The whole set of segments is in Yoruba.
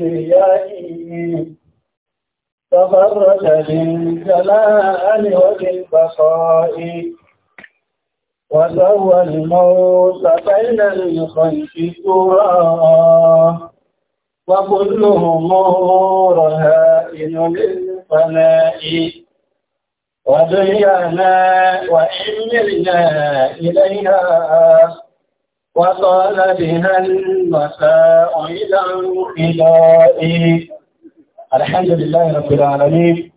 إيائي تبرج للجلال وللبقاء وسوى الموت بين الخلق ترى وكلهم رهائن للفناء ودنيانا وإن ملنا إليها وقال بها المساء إلى انخلائي الحمد لله رب العالمين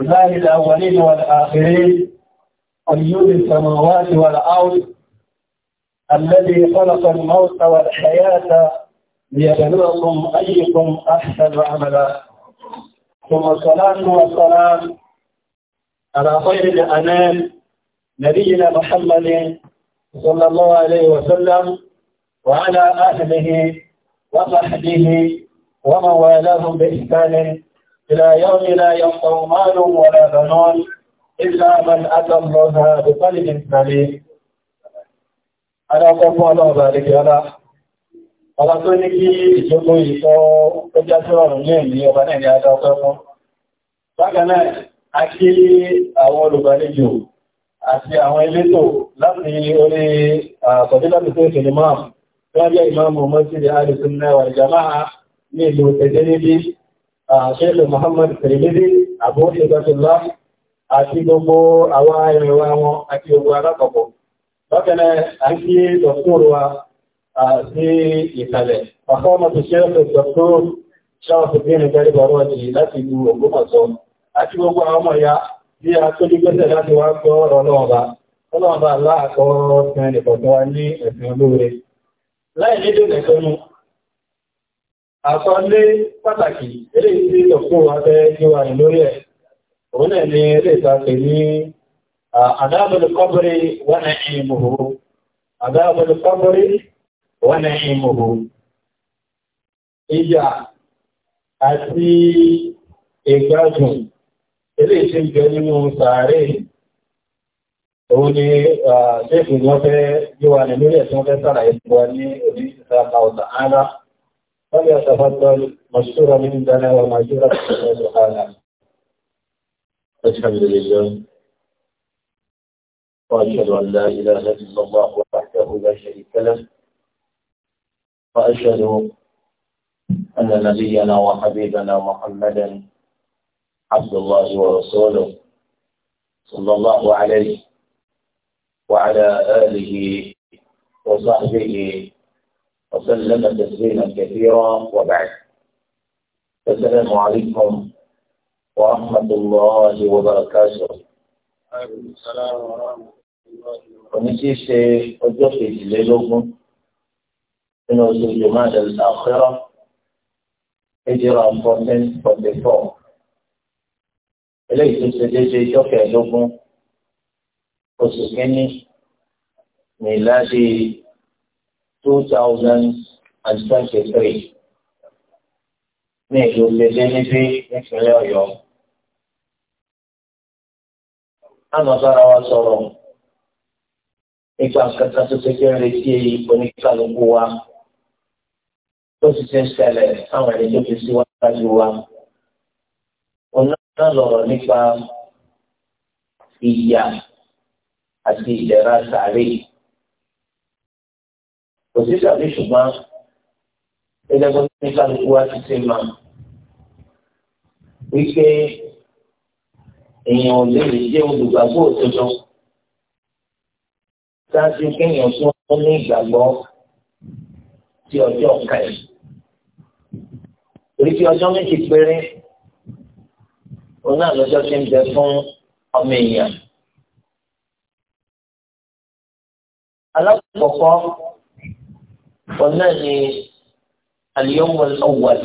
الله الأولين والآخرين قيوم السماوات والأرض الذي خلق الموت والحياة ليبلوكم أيكم أحسن عملا ثم الصلاة والسلام على خير الأنام نبينا محمد صلى الله عليه وسلم وعلى أهله وصحبه وموالهم والاهم بإحسان إلى يوم لا ينفع مال ولا بنون إلا من أتى الله بقلب سليم أنا أقول على بارك الله Ọba tó ní kí ìjókòó ìfọ́ tó já sí ọ̀rùn ní èmì ọba náà ni a dá ọpẹ́ fún. Bákan a kí àwọn olùgbàlejò àti àwọn elétò láti orí àkọ̀dílàmì tó ìfẹ̀lẹ̀ máa wọ́n jẹ́ ìmáàmù mọ́sílẹ̀ àrísùn náà jama'a ní ìlú tẹ̀lẹ́lẹ́bí ṣẹ́lù Muhammad tẹ̀lẹ́lẹ́bí àbúrúṣẹ́gbàtúlá àti gbogbo àwọn ìrìnwá wọn àti gbogbo alákọ̀ọ́kọ́ lọ́kẹ̀lẹ́ àti dọ̀kúrò wa sí ìkàlẹ̀ pàfọ́mọ̀tò ṣẹ́lù dọ̀kúrò ṣáwọ̀fẹ́ bí a tó ló gbẹ́sẹ̀ láti wá gbọ́ ọlọ́ọ̀bá ọlọ́ọ̀bá aláàkọ́ ọ̀sán ìpọ̀tọ́ wa ní ẹ̀sìn olóore láì lédè nẹ̀sọ́nù àkọlé pàtàkì eré tí ọ̀pọ̀ wa fẹ́ kí wà ní lórí ẹ̀ òun náà ni eré ìtàkì ní àdábọ̀lù kọ́bọ̀rì wọ́n ìmòhò àdábọ̀lù kọ́bọ̀rì wọ́n ìmòhò ìjà àti ìgbádùn ilé ṣe ń jẹ nínú sàárè òun ni ṣéèkì ni wọ́n fẹ́ yíwa ní lórí ẹ̀sùn fẹ́ sára ìgbọ́ ní orí ìsáàlá ọ̀tà ara wọ́n yà tàbátọ́ mọ̀ṣúra ní ìdáná wa mọ̀ṣúra أشهد لله وأشهد أن لا إله إلا الله وحده لا شريك له وأشهد أن نبينا وحبيبنا محمدا عبد الله ورسوله صلى الله عليه وعلى آله وصحبه وسلم تسليما كثيرا وبعد السلام عليكم ورحمة الله وبركاته السلام ورحمة الله وبركاته إنه سجمال الآخرة هجرة 1444 eléyìí tó ṣe déédéé ijọ́ kẹẹ̀ẹ́dógún oṣù kínní míládì two thousand and twenty three ní ìlú gbèdé níbí nípínlẹ̀ Ọ̀yọ́. Àmọ́ bára wa sọ̀rọ̀ nípa kẹta tó ṣe kí n retí èyí oníkàlùkù wa tó ti ṣe ń ṣẹlẹ̀ sáwọn ẹni tó fi síwájú wa náà lọ̀rọ̀ nípa ìyà àti ìdẹ̀ra sàárè. Kò sí tàbí ṣùgbọ́n gẹ́gẹ́ bó ní kálukú wá ti ṣe máa wípé èèyàn ò lè lè jẹ́ olùgbàgbọ́ òdodo ṣáájú kéèyàn tún ní ìgbàgbọ́ tí ọjọ́ kan yìí. Orí tí ọjọ́ méjì péré òun náà lọ́jọ́ ti ń bẹ fún ọmọ èèyàn. alákọ̀ọ́kọ́ òun náà ni al-yawm al-awwal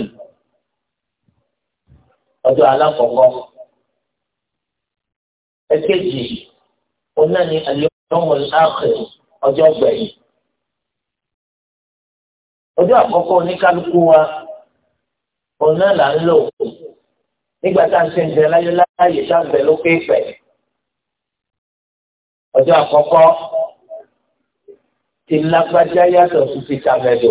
ọjọ́ alákọ̀ọ́kọ́ ẹ̀kejì òun náà ni al ọjọ́ gbẹ̀yìn ọjọ́ àkọ́kọ́ oníkálukú wa òun náà là ń lò nígbà tá à ń ṣe ìṣẹ̀ láyé láàyè sábẹ̀ ló pé pẹ̀. ọjọ́ àkọ́kọ́ ti lágbájá yàtọ̀ sí ti tàmẹ̀dò.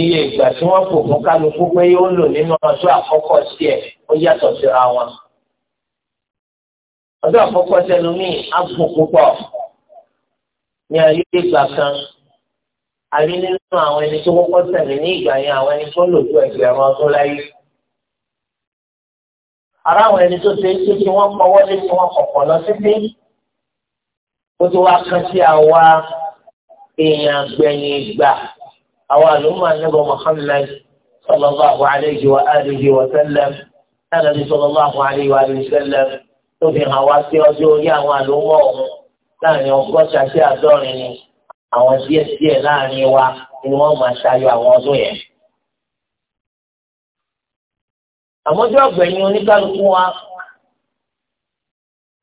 iye ìgbà tí wọ́n kò fún kálukú pé yóò lò nínú ọjọ́ àkọ́kọ́ sí ẹ̀ ó yàtọ̀ síra wọn. ọjọ́ àkọ́kọ́ sẹ́nu mí á gùn ní ayé ìgbà kan àrí nínú àwọn ẹni tó kọ́kọ́ tẹ̀lé ní ìgbà yẹn àwọn ẹni tó lò ju ẹgbẹ̀rún ọdún láyé ara àwọn ẹni tó ṣe é kí wọ́n kọ́wọ́ lé kí wọ́n kọ̀kọ̀ lọ títí ó ti wá kan sí àwa èèyàn gbẹ̀yìn ìgbà àwa àlùmọ́ ànábọ̀ Muhammad sallallahu alayhi wa alihi wa sallam Ànábì sallallahu alayhi wa alihi wa tó fi hàn wá sí ọjọ́ orí àwọn àlùmọ́ ọ̀hún láàrin ọgọ́ta sí àádọ́rin ni àwọn díẹ̀ díẹ̀ láàrin wa ni wọ́n máa ṣayọ àmọ́jọ́ ọ̀gbẹ̀yìn oníkálukú wa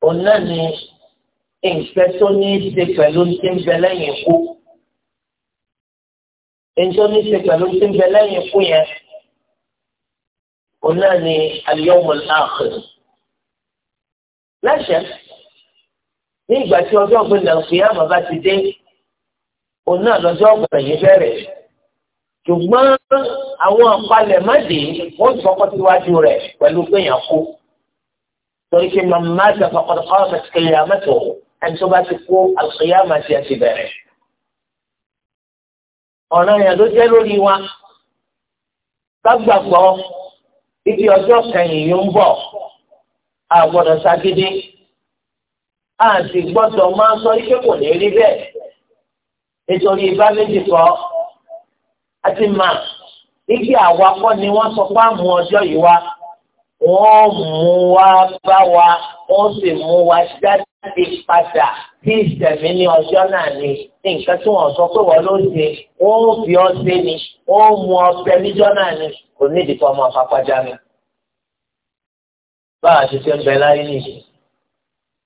òun náà ni nǹkan tó ní í ṣe pẹ̀lú ti ń bẹ lẹ́yìn ikú nǹkan tó ní í ṣe pẹ̀lú ti ń bẹ lẹ́yìn ikú yẹn òun náà ni al-yawmul akhir lẹ́sẹ̀ ní ìgbà tí ọjọ́ ọ̀gbìn náà fi ti dé òun náà lọ́jọ́ ọ̀gbìn bẹ̀rẹ̀ ṣùgbọ́n àwọn àpalẹ̀mọ́dé wọ́n ti kọ́kọ́ síwájú rẹ̀ pẹ̀lú pé yàn kú. torí pé màmá ti fọkàn kọ́ra bẹ̀ kiri àmọ́tò ẹni tó bá ti kú àlùkìyà máa ti àti bẹ̀rẹ̀. ọ̀nà yẹn ló jẹ́ lórí wa lágbàgbọ́ ibi ọjọ́ kẹyìn yìí ń bọ̀ a gbọ́dọ̀ ságídí a sì gbọ́dọ̀ máa sọ ike kò ní rí bẹ́ẹ̀ nítorí bá méjì kọ́ a ti máa níbi àwa kọ́ ni wọ́n sọ pé àmú ọjọ́ yìí wá wọ́n mú wa bá wa wọ́n sì mú wa jáde padà bí ìṣẹ̀mí ní ọjọ́ náà ni nǹkan tí wọ́n sọ pé wọ́n ló ṣe wọ́n fi ọ́ ṣe ni wọ́n mú ọbẹ̀ níjọ́ náà ni kò ní ìdìbò ọmọ àpapàjá mi. báwa ti ṣe ń bẹ láyé nìyí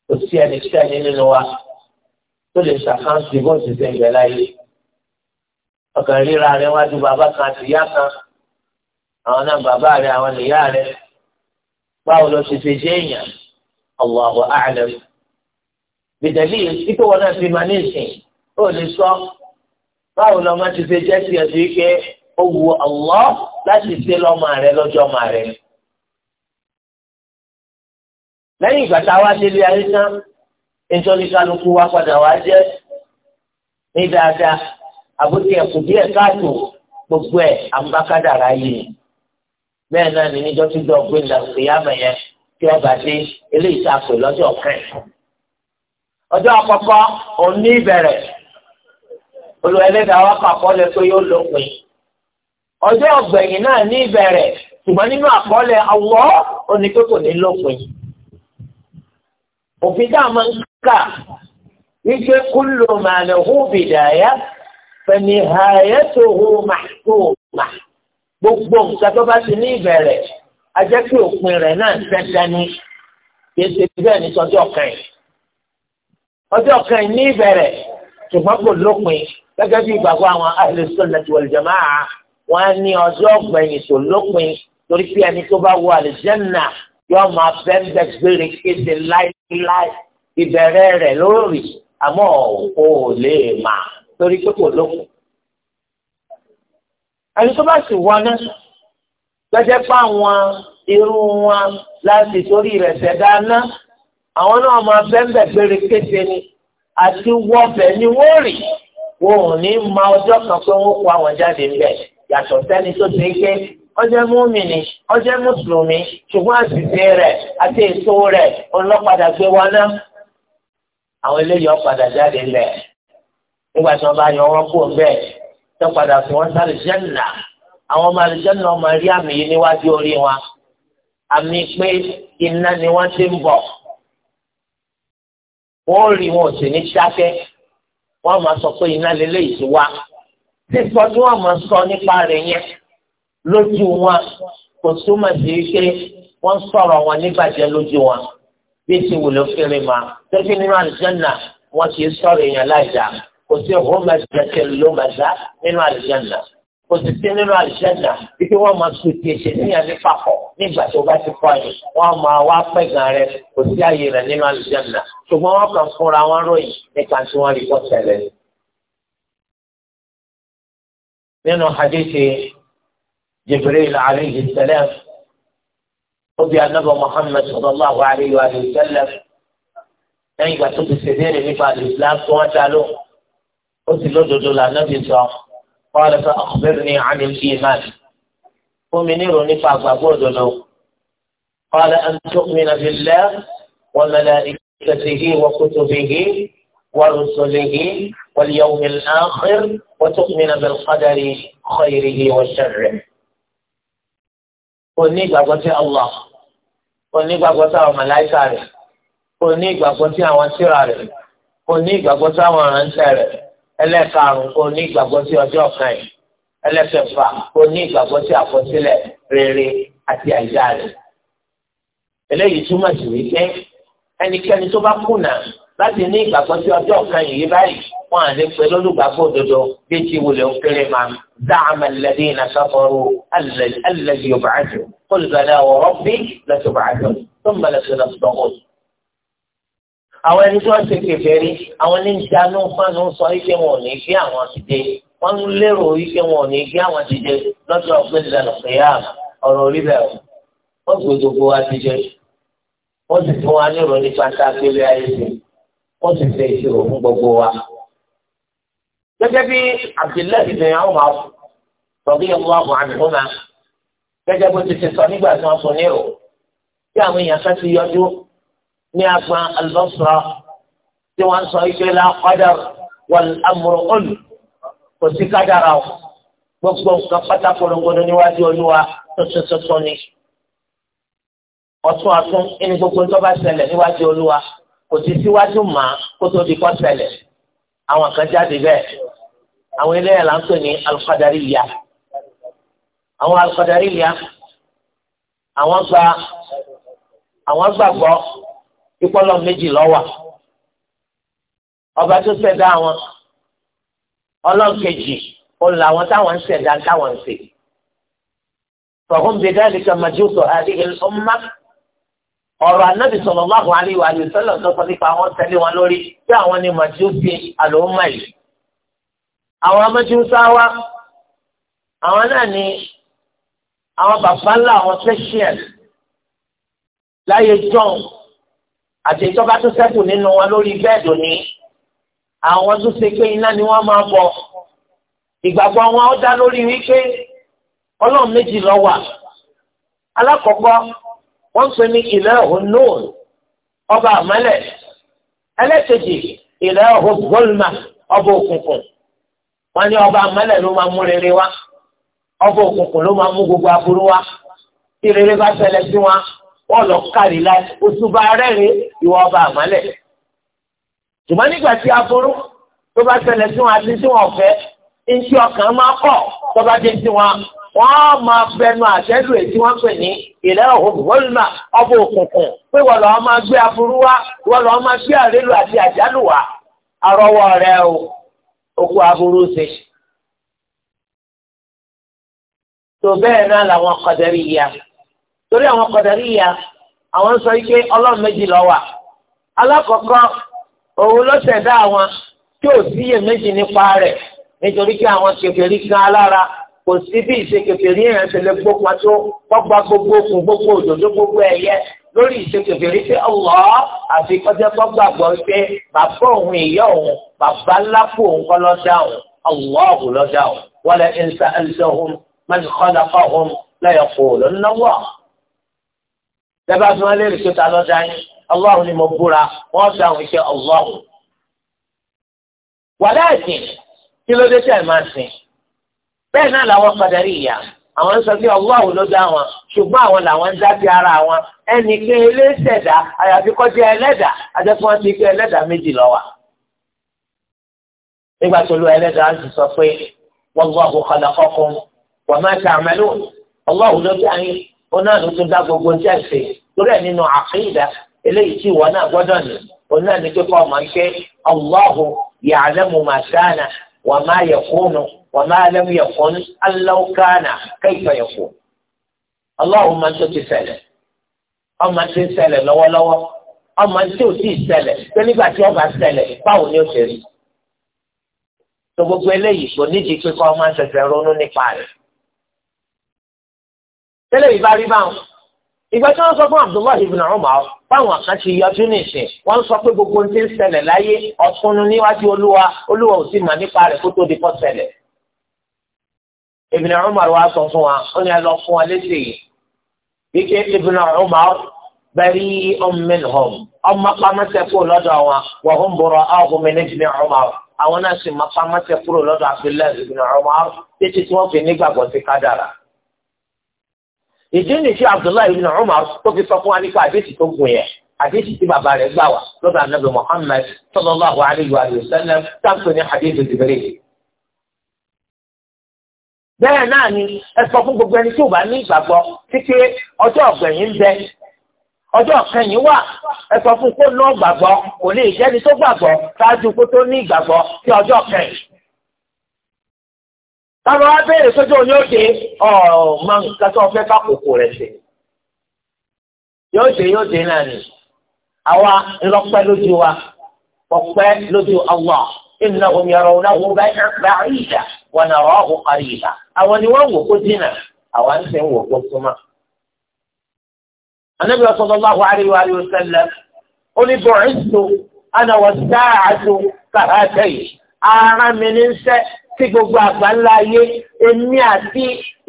kò sí ẹnikẹ́ni nínú wa tó lè ṣàkáǹtì bó ti ṣe ń bẹ láyé. ọkàn ríra rẹ wájú bàbá kan àti ìyá kan àwọn náà bàbá rẹ àwọn ìyá rẹ báwo ló ti ṣe ṣe èèyàn Allahu a'lam bìtẹ̀lì ipò wọn náà fi máa ní ìsìn ó lè sọ báwo lọ́mọ ti ṣe lati sí ẹ̀sìn wípé ó wu Allah láti ṣe rẹ ọmọ rẹ. lẹ́yìn ìgbà a àbótí ẹ̀kú díẹ̀ káàtó gbogbo ẹ̀ àmúbákádàrá yìí bẹ́ẹ̀ náà ní níjọ́ tí dọ́gbé ìyàmẹ̀ yẹn tí ọba dé eléyìí tá a pè lọ́jọ́ kẹ́ẹ̀. ọjọ́ àkọ́kọ́ òun ní ìbẹ̀rẹ̀ olùwà ẹlẹ́dàá wa kọ́ àkọọ́lẹ̀ pé yóò lópin ọjọ́ ọ̀gbẹ̀yìn náà ní ìbẹ̀rẹ̀ ṣùgbọ́n nínú àkọọ́lẹ̀ ọwọ́ oníkó kò ní lópin. òfin dáa máa ń kà wípé kúlò màlẹ̀ hù bìdàyà fanihayatuhu mahkuma gbogbo nǹkan tó bá ti ní ìbẹ̀rẹ̀ ajẹ́ pé òpin rẹ̀ náà dandan ni kì í ṣe bẹ́ẹ̀ ní sọjọ́ kan yìí ọjọ́ kan yìí ní ìbẹ̀rẹ̀ ṣùgbọ́n kò lópin gẹ́gẹ́ bí ìgbàgbọ́ àwọn ahlu sunnati wal jamaa wọ́n á ní ọjọ́ ọ̀gbẹ̀yìn tó lópin torí pé ẹni tó bá wọ àlùjànnà yóò máa bẹ́ńdẹ̀ gbére kéde láíláí ìbẹ̀rẹ̀ rẹ̀ lórí àmọ́ ò lè máa torí pé kò lókun. ẹni tó bá sì wọná gbẹ́jẹ́ pé àwọn irú wọn láti torí rẹ̀ ṣẹ̀dá ná àwọn náà máa bẹ́ńbẹ̀ gbére kété ni àti wọ́bẹ̀ ni wọ́n rì wọn ò ní ma ọjọ́ kan pé wọ́n kó àwọn jáde ńbẹ̀ yàtọ̀ sẹ́ni tó ti ké ọjọ́ múmìnì ọjọ́ mùsùlùmí ṣùgbọ́n àṣìṣe rẹ̀ àti èso rẹ̀ ọlọ́padà gbé wọn àwọn eléyìí ọ̀padà jáde ńbẹ̀ nígbà tí wọn bá yọ wọn kó bẹ́ẹ̀ tó padà fún wọn sáré jẹnà àwọn ọmọ àlùjẹnà ọmọ rí àmì yìí níwájú orí wọn àmì pé iná ni wọn ti ń bọ̀ wọn ò rí wọn ò sì ní dákẹ́ wọn máa sọ pé iná lélẹyìí ti wá sísọ tí wọn máa sọ nípa rẹ̀ yẹn lójú wọn kò túmọ̀ sí pé wọ́n sọ̀rọ̀ wọn nígbàjẹ́ lójú wọn bí ti wùlò kéré ma tẹ́kí nínú àlùjẹ́nà wọ́n ti sọ̀rọ̀ èèyàn láìdáa kò sí ọ̀hún màdàkẹ́ ló màdá nínú àlùjánnà kò sì sí nínú àlùjánnà wípé wọ́n máa sùn tiẹ̀ ṣe níyàn ní papọ̀ nígbà tó bá ti kọ́ ẹ̀ wọ́n máa wá pẹ́ gan rẹ kò sí àyè rẹ nínú àlùjánnà ṣùgbọ́n wọ́n kàn fúnra wọn ròyìn nípa tí wọ́n rí kọ́ tẹ̀lé. nínú hadithi jibril alayhi salam ó bi anabi sallallahu alayhi wa sallam lẹ́yìn ìgbà tó ti ṣèlérí nípa àlùjánnà tó wọ́n dá lóhùn. ó sì lódodo lànàbí sọ qala fa akhbirni ani al-iman fún mi nírò nípa àgbàgbọ́ òdodo qala an tu'mina billahi wa malaikatihi wa kutubihi wa rusulihi wal yawmil akhir wa tu'mina bil qadari khayrihi wa sharrihi. oní ìgbàgbọ́ sí Allah oní ìgbàgbọ́ sí àwọn màláíkà rẹ̀ oní ìgbàgbọ́ sí àwọn tírà rẹ̀ oní ìgbàgbọ́ sí àwọn ìránṣẹ́ rẹ̀. ẹlẹ́karùn-ún kò ní ìgbàgbọ́ sí ọjọ́ kan yìí ẹlẹ́kẹfà kò ní ìgbàgbọ́ sí àkọsílẹ̀ rere àti àìdá rẹ̀. eléyìí túmọ̀ sí wípé ẹnikẹ́ni tó bá kùnà láti ní ìgbàgbọ́ sí ọjọ́ kan yìí báyìí wọn à ní pẹ́ lólùgbàgbọ́ òdodo bí ti wulẹ̀ òkèrè ma dáàmà lẹ́dí iná sáfọ́rù alẹ́dí ọ̀bàájò kólùbẹ̀lẹ̀ ọ̀rọ̀ bí lẹ́tọ̀bàájò tó ń bẹ̀rẹ̀ sí lọ́sọ̀rọ̀ àwọn ẹni tí wọ́n ṣe kèfèrí àwọn ní ìdáná fánú sọ ike wọn ò ní gbé àwọn ti dé wọ́n ń lérò ike wọn ò ní gbé àwọn ti dé lọ́dọ̀ ọ̀gbìn ìlànà pẹ̀yà ọ̀rọ̀ orí bẹ̀ wọ́n gbé gbogbo wa ti dé wọ́n sì fún wa nírò nípa tá a gbélé ayé sí wọ́n sì fẹ́ ìṣirò fún gbogbo wa. gẹ́gẹ́ bí Abdullahi bin Umar tọ́bí ọmọ àwọn àdúgbò gẹ́gẹ́ bó ti ti sọ nígbà tí wọ́n fún nírò tí àwọn èèyàn kan ti yọjú ní agbọn alùbọ́sọ̀rọ̀ tí wọ́n sọ ike la kọ́dà wọ́n amúrò olù kò sí kádàrà o gbogbo nǹkan pátá korongodo níwájú olúwa tuntun ni ọ̀tún ọ̀tún ẹni gbogbo tó bá ṣẹlẹ̀ níwájú olúwa kò sí síwájú mà kó tó di kó ṣẹlẹ̀ àwọn kan jáde bẹ́ẹ̀ àwọn eléyà là ń pè ní alùpàdárìyà àwọn alùpàdárìyà àwọn gba àwọn gbàgbọ́ ìpọlọ méjì lọ́wà ọba tó ṣẹ̀dá wọn ọlọ́ọ̀kejì òun làwọn táwọn ń ṣẹ̀dá táwọn ń ṣe. فهم بذلك مجوس هذه الأمة ọ̀rọ̀ anábì sallallahu alaihi wa sallam tó sọ nípa àwọn tẹ̀lé wọn lórí bí àwọn ni màjúsí àlòmà yìí àwọn amájúsáwá àwọn náà ni àwọn bàbá ńlá àwọn christian láyé john àti ìjọba tó ṣẹ́kù nínú wọn lórí bẹ́ẹ̀dù ni àwọn tó ṣe pé iná ni wọ́n máa bọ̀ ìgbàgbọ́ wọn ó dá lórí wípé ọlọ́run méjì ló wà alákọ̀ọ́kọ́ wọ́n ń pè ní ilahun nur ọba àmọ́lẹ̀ ẹlẹ́kejì ilahun zulma ọba òkùnkùn wọ́n ní ọba àmọ́lẹ̀ ló máa mú rere wá ọba òkùnkùn ló máa mú gbogbo aburú wá tí rere bá ṣẹlẹ̀ sí wọn wọ́n lọ kárí láì òṣùbà rẹ́rìn ìwọ ọba àmọ́lẹ̀. ṣùgbọ́n nígbà tí aburú tó bá ṣẹlẹ̀ sí wọn àti sí wọn ọ̀fẹ́ ntí ọkàn máa kọ̀ tó bá dé sí wọn wọ́n máa bẹnu àtẹ́lù èyí wọ́n pè ní ìlẹ́ òhùnmọ́lùmá ọba òkùnkùn pé wọ́n lọ́ọ́ máa gbé aburú wá wọ́n lọ́ọ́ máa gbé àrélu àti àjálù wá arọ́wọ́ rẹ o okú aburú ṣe. tó bẹ́ẹ̀ náà làwọn Qadariyya torí àwọn Qadariyya àwọn sọ ike ọlọ́run méjì ló wà alákọ̀ọ́kọ́ òun ló ṣẹ̀dá àwọn tí ò síyè méjì nípa rẹ̀ nítorí kí àwọn kèfèrí kan alára kò sí bí ìṣe kèfèrí yẹn ṣe lè gbópa tó gbọ́gba gbogbo okùn gbogbo òdòdó gbogbo ẹ̀yẹ lórí ìṣe kèfèrí pé Allah àfi kọjá gbọ́gbàgbọ́ pé bàbá òun ìyá òun bàbá ńlá òun kọ́ lọ́dá òun Allah lọ́dá òun wala in sa'altahum man khalaqahum la yaqulunna Allah tẹ́bá tí wọ́n lè rí kíta lọ́dá yín ọlọ́run ni mo búra wọ́n fi àwọn iṣẹ́ ọlọ́run. wàdà ẹ̀sìn kí ló dé tẹ́ ẹ̀ máa sìn bẹ́ẹ̀ náà làwọn padà rí ìyá àwọn ń sọ pé ọlọ́run ló dá wọn ṣùgbọ́n àwọn làwọn ń dá sí ara wọn ẹnì pé eléṣẹ̀dá àyàfi kọjá ẹlẹ́dà àjẹpọ́n ti pé ẹlẹ́dà méjì lọ́wà. nígbà tó lu ẹlẹ́dà á sì sọ pé wallahu khalaqakum wa torí ẹ̀ nínú àkídà eléyìí tí ìwọ náà gbọ́dọ̀ ní òun náà ní ọmọ ṣe Allahu ya'lamu ma kana ma yakunu wa ma lam yakun allahu kana kayfa yakun. Allahu máa tó ti ṣẹlẹ̀ ọmọ tí sẹlẹ lọwọlọwọ ọmọ tí ò tí ì ṣẹlẹ̀ nígbà tí ọba sẹlẹ báwo ni rí. tó gbogbo eléyìí kò ọmọ ronú nípa ìgbà tí wọ́n sọ fún Abdullahi ibn Umar báwọn àkànṣe yọjú nìṣẹ wọ́n sọ pé gbogbo ohun tí ń ṣẹlẹ̀ láyé ọtúnú níwájú olúwa olúwa ò sì mà nípa rẹ̀ kó tó di kó ṣẹlẹ̀ Ibn Umar wa sọ fún wa ó ní ẹ lọ fún wa létí yìí wíkẹ Ibn Umar bari'un minhum ọmọ pàmẹsẹ kúrò lọ́dọ̀ wọn wa hum bura'u min Ibn Umar àwọn náà sì mọ pàmẹsẹ kúrò lọ́dọ̀ Abdullahi ibn Umar ìdí nìyí tí abdullahi ibn umar tó fi sọ fún wa nípa àdéhìí tó gùn yẹn àdéhìí tí bàbá rẹ̀ gbà wá lọ́dọ̀ anabi muhammad sallallahu alayhi wa sallam ní ni ẹ sọ fún gbogbo ẹni tí ò bá ní ìgbàgbọ́ títí ọjọ́ ọ̀gbẹ̀yìn ń bẹ ọjọ́ kẹyìn wà ẹ sọ fún kó gbàgbọ́ kò ní tó gbàgbọ́ ṣáájú kó tó ní ìgbàgbọ́ táwọn wá béèrè sójú òní òde ọ̀ọ́mọ nǹkan tó fẹ́ kákòókò rẹ̀ sí yóò dé yóò dé náà ni àwa ńlọpẹ́ lójú wa ọ̀pẹ́ lójú Allah innahum yarawnahu ba'ida wa narahu qariba àwọn ni wọ́n wò kó dínà àwa ń sẹ́ ń wò kó súnmọ́. النبي صلى الله عليه وآله وسلم قل بعثت أنا والساعة كهاتين أنا من إنسى tí gbogbo àgbà ńlá ayé èmi àti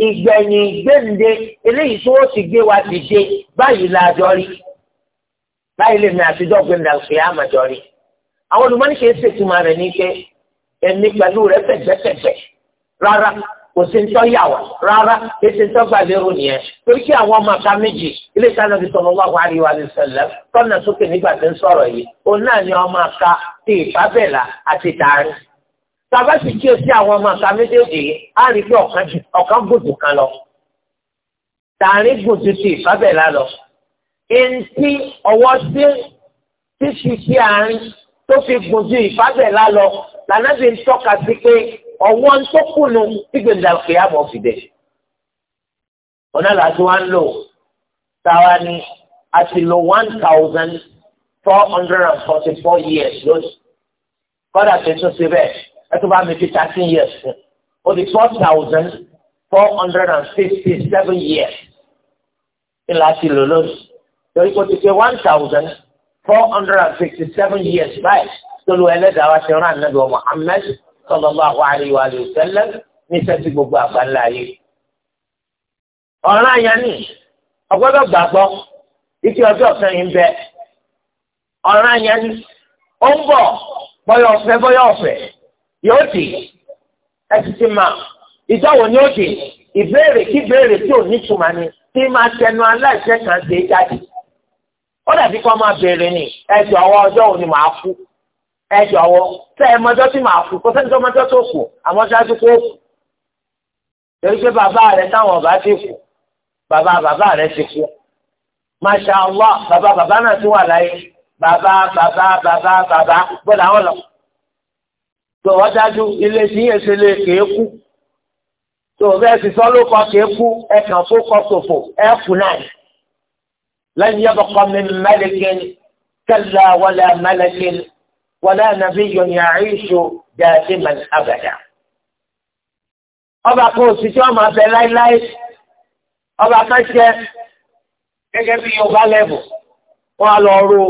ìgbẹ̀yìn gbẹ̀ǹde eléyìí tí wọ́n ti gbé wa dìde báyìí la jọ rí báyìí lèmi àtijọ́ gbẹ̀ǹda òkè àmàjọ rí àwọn olùmọ́nìkè ṣètùmọ̀ rẹ̀ ní pé ẹ̀mí pẹ̀lú rẹ̀ fẹ̀gbẹ́fẹ̀gbẹ́ rárá kò sí ntọ́ yà wá rárá ètò ntọ́ gbà lérò nìyẹn torí kí àwọn ọmọ àká méjì ilé ìtàn Ànábì sallallahu alaihi wa sallam tọ́nà sókè nígbà tí ń sọ̀rọ̀ yìí òun náà ni ọmọ àká ti ìfábẹ́là àti tààrin tàbá sì kí o sí àwọn ọmọ àka méjèèjì á rí pé ọ̀kan gòtò kan lọ tààrí gòtò sí ìfábẹ́lá lọ eŋti ọwọ́ sí títí sí àárín tó fi gùn ju ìfábẹ́lá lọ lànàbí ń tọ́ka sí pé ọwọ́ ń tó kùnú tí gbèǹdà kìyàmọ̀ fìdẹ̀ ọ̀nà làtí wọ́n ń lò táwa ni a ti lò one thousand four hundred and forty four years lónìí kọ́dà tuntun síbẹ̀ ẹ tó bá mi fi thirteen years fún ó di four thousand four hundred and fifty seven years ní láti lò lórí torí kò ti pé one thousand four hundred and fifty seven years báyìí tó lu ẹlẹ́dàá wa ṣe rán ànábì Muhammad sallallahu alaihi wa sallam ní sẹ́sì gbogbo àgbáńlá yìí. ọ̀ràn àyàn ni ọgbọ́dọ̀ gbàgbọ́ ike ọjọ́ kan yìí ń bẹ ọ̀ràn àyàn ni ó ń bọ̀ bọ́yọ̀ ọ̀fẹ́ bọ́yọ̀ ọ̀fẹ́ yóò dì ẹ sì ti mà ìjọwọ ni ó dì ìbéèrè kí béèrè tí ò ní túmọ̀ ni tí máa tẹnu aláìsẹ kan ṣe é jáde ó dàbí kó máa béèrè ni ẹ jọ̀wọ́ ọjọ́ òní màá kú ẹ jọ̀wọ́ tẹ ẹ mọjọ tí màá kú kó sẹ́ni tó mọjọ tó kù àmọ́ ṣáájú kó kù torí pé bàbá rẹ táwọn ọba ti kù bàbá bàbá rẹ ti kú Masha Allah bàbá bàbá náà ti wà láyé bàbá bàbá bàbá bàbá bọ́lá wọn lọ tó wọ́n dájú ilé tí yẹn ṣe lè kéé kú tó bẹ́ẹ̀ sì sọ ló kọ kéé kú ẹ̀kàn fó kọ sòfò ẹ̀ kú náà lẹ́yìn yẹ́ bọ̀kọ́ mi mẹ́lẹ̀kẹ́ kẹ́lá wọlé mẹ́lẹ̀kẹ́ wọlé nàbí yọ̀nyà àìṣó dàdí mẹ́lẹ̀ abẹ́dà. ọba kan òṣìṣẹ́ ọmọ abẹ láíláí ọba kan jẹ gẹ́gẹ́ bí yorùbá lẹ́bù wọ́n á lọ ro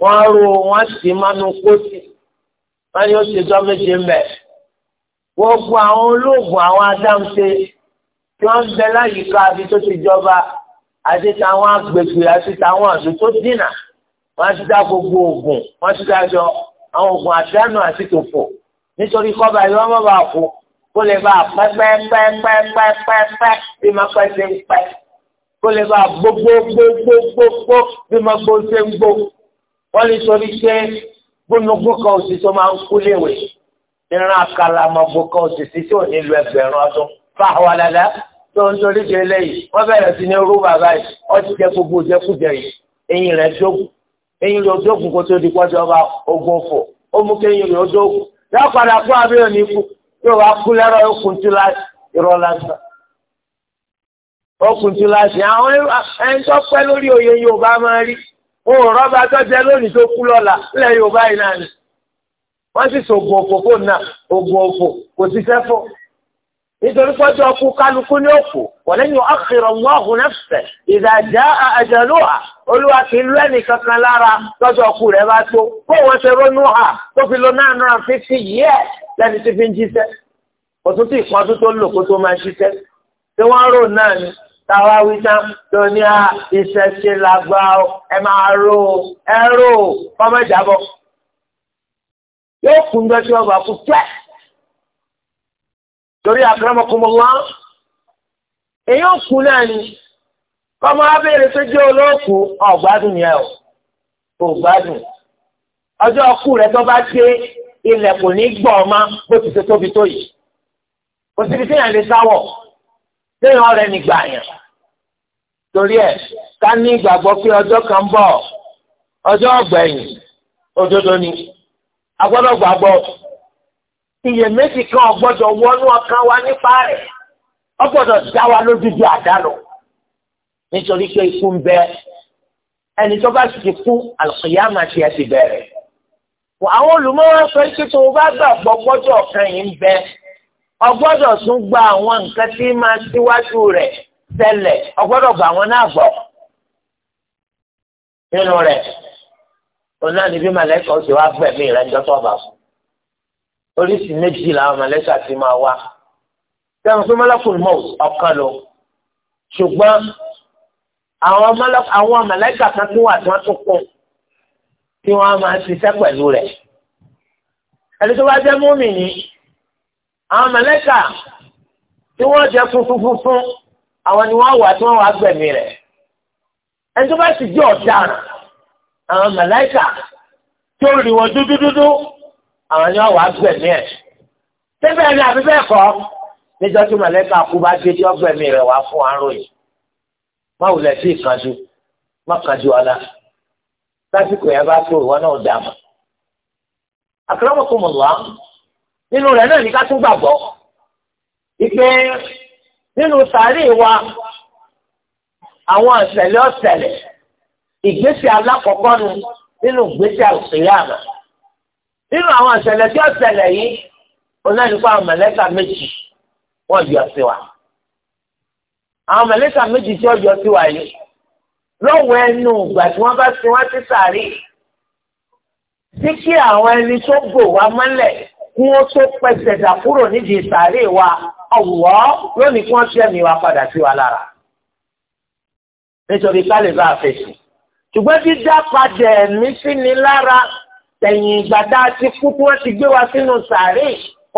wọ́n á ro wọ́n á sì mánu kó sí i wọ́n ní ó ṣe jọ́ méje ń bẹ̀. gbogbo àwọn olóògùn àwọn adáǹṣe tí wọ́n ń bẹ láyìíká àbí tó ti jọba àti táwọn agbègbè àti táwọn àdó tó dínà wọ́n ti dá gbogbo oògùn wọ́n ti dájọ́ àwọn oògùn àdánù àti tòfò nítorí kọ́ba yìí wọ́n mọ̀ bá kú kó lè bá pẹ́ pẹ́ pẹ́ pẹ́ pẹ́ pẹ́ pẹ́ bí máa pẹ́ ṣe ń pẹ́ kó lè bá gbogbo gbogbo gbogbo bí máa gbó ṣe ń gbó wọ́n lè sọ ní ṣe gbólógbó kan oṣù tó máa ń kú léwe ìran àkàlà àmọ̀gbó kan oṣù tí ò ní lu ẹgbẹ̀rún ọdún fáwọn dada tó ń torí ṣe lẹ́yìn wọ́n bẹ̀rẹ̀ sí ní rú bàbá yìí ọtí jẹ gbogbo jẹkújẹ yìí eyín rẹ̀ dógùn eyín rẹ̀ dógùn kó tó di pọ́jọba ogun fò ó mú kéyìn rẹ̀ dógùn yóò padà kú abẹ́rẹ́ òní kú yóò wá kú lẹ́rọ okùntù láti irọ́ lásán okùntù láti àwọn ẹni tó pẹ́ lórí oyè Yorùbá máa rí o rọ́bà tó jẹ lónìí tó kú lọ́la lẹ́ yorùbá yìí náà ni wọ́n sì sògùn òfò fóònù náà ògùn òfò kò sì sẹ́fọ́ nítorí pọ́jọ́ ọkú kálukú ní òfò walan yu'akhkhira Allahu nafsan idha jaa ajaluha olúwa kì í lú ẹnì kankan lára lọ́jọ́ ọkú rẹ̀ bá tó kó wọ́n ṣe ronú hà tó fi lo nine hundred fifty years lẹ́ni tí fi ń jíṣẹ́ kò tó ti ìpọ́n tó tó lò kó tó máa ṣiṣẹ́ tí wọ́n rò náà ni táwa wí tán tó ní à ìṣẹ̀ṣe làgbà ọ ẹ máa rò ó ẹ rò ó fọmọjàbọ yóò kún gbẹ́sí ọgbà kú tẹ́ torí akramakumullah èyí ò kú náà ni kọ́mọ abẹ́rẹ́ tó jẹ́ olóòkú ọ̀gbádùn yẹn o ọ̀gbádùn ọjọ́ ọkú rẹ tó bá dé ilẹ̀ kò ní gbọ́ ọ ma bó ti ṣe tóbi tó yìí kò síbi téèyàn lè sáwọ̀ téèyàn rẹ nígbà yẹn torí ẹ̀ ká ní ìgbàgbọ́ pé ọjọ́ kan bọ̀ ọjọ́ ọ̀gbẹ̀yìn òdodo ni Agbọ́dọ̀ gbàgbọ́ iyèméjì kan ọ̀gbọ́dọ̀ wọnú ọkàn wa nípa rẹ̀ ọ̀gbọ́dọ̀ dá wa lójú di àdánù nítorí pé ikú ń bẹ ẹni tó bá ti kú àlùkìyàmà tiẹ̀ ti bẹ̀rẹ̀ àwọn olùmọ̀ràn sọ pé tó o bá gbàgbọ́ gbọ́dọ̀ kan yìí ń bẹ ọgbọ́dọ̀ tún gba àwọn nǹkan tí máa síwájú rẹ̀ ṣẹlẹ̀ ọgbọ́dọ̀ gbà wọn náà gbọ́ nínú rẹ̀ òun náà níbi màlẹ́kà ó sì wá gbẹ̀mí rẹ̀ ńjọ́ tó bá fún oríṣi méjì làwọn màlẹ́kà ti máa wá sẹ́wọ̀n pé mọ́lẹ́kùn mọ́ ọ̀kan lò ṣùgbọ́n àwọn màlẹ́kà kan tún wà tí wọ́n tún kún tí wọ́n máa ṣiṣẹ́ pẹ̀lú rẹ̀ ẹni tó bá jẹ́ múmi ni àwọn màlẹ́kà tí wọ́n jẹ́ funfun funfun àwọn ni wọ́n wà tí wọ́n wà gbẹ̀mí rẹ̀ ẹni tó bá sì jẹ́ ọ̀daràn àwọn màláìkà tó rí wọn dúdúdúdú àwọn ni wọ́n wà gbẹ̀mí ẹ̀ síbẹ̀ ni àbí bẹ́ẹ̀ kọ́ níjọ́ tí màláìkà kú bá dé tí ọgbẹ̀mí rẹ̀ wá fún aróyìn má wulẹ̀ sí ìkanjú má kanjú ọ̀la lásìkò yẹn bá tó ìwọ náà dà mọ́ àkàrà wọn kò mọ̀ wá nínú rẹ̀ náà ní ká tún gbàgbọ́ ìpè nínú sàárè wa àwọn àṣẹlẹ̀ ọ̀ṣẹlẹ̀ ìgbésẹ̀ alákọ̀ọ́kọ́ nu nínú ìgbésẹ̀ àṣeyàmà nínú àwọn àṣẹlẹ̀ tí ọ̀ṣẹlẹ̀ yìí onáyìnbó àwọn mẹlẹ́kà méjì wọ́n yọ sí wa àwọn mẹlẹ́kà méjì tí wọ́n yọ sí wa yìí lọ́wọ́ ẹnu ìgbà tí wọ́n bá sin wá sí sàárè sí kí àwọn ẹni tó gbò wá mọ́lẹ̀ kí wọ́n tó pẹsẹ̀ dà kúrò nídìí sàárè wa ọ̀wọ́ lónìí kí wọ́n tẹ́ mi wá padà sí wa lára nítorí ká bá a fèsì ṣùgbọ́n dídá padà ẹ̀mí sí ni lára tẹ̀yìn ìgbà tá a ti kú tí wọ́n ti gbé wa sínú sàárè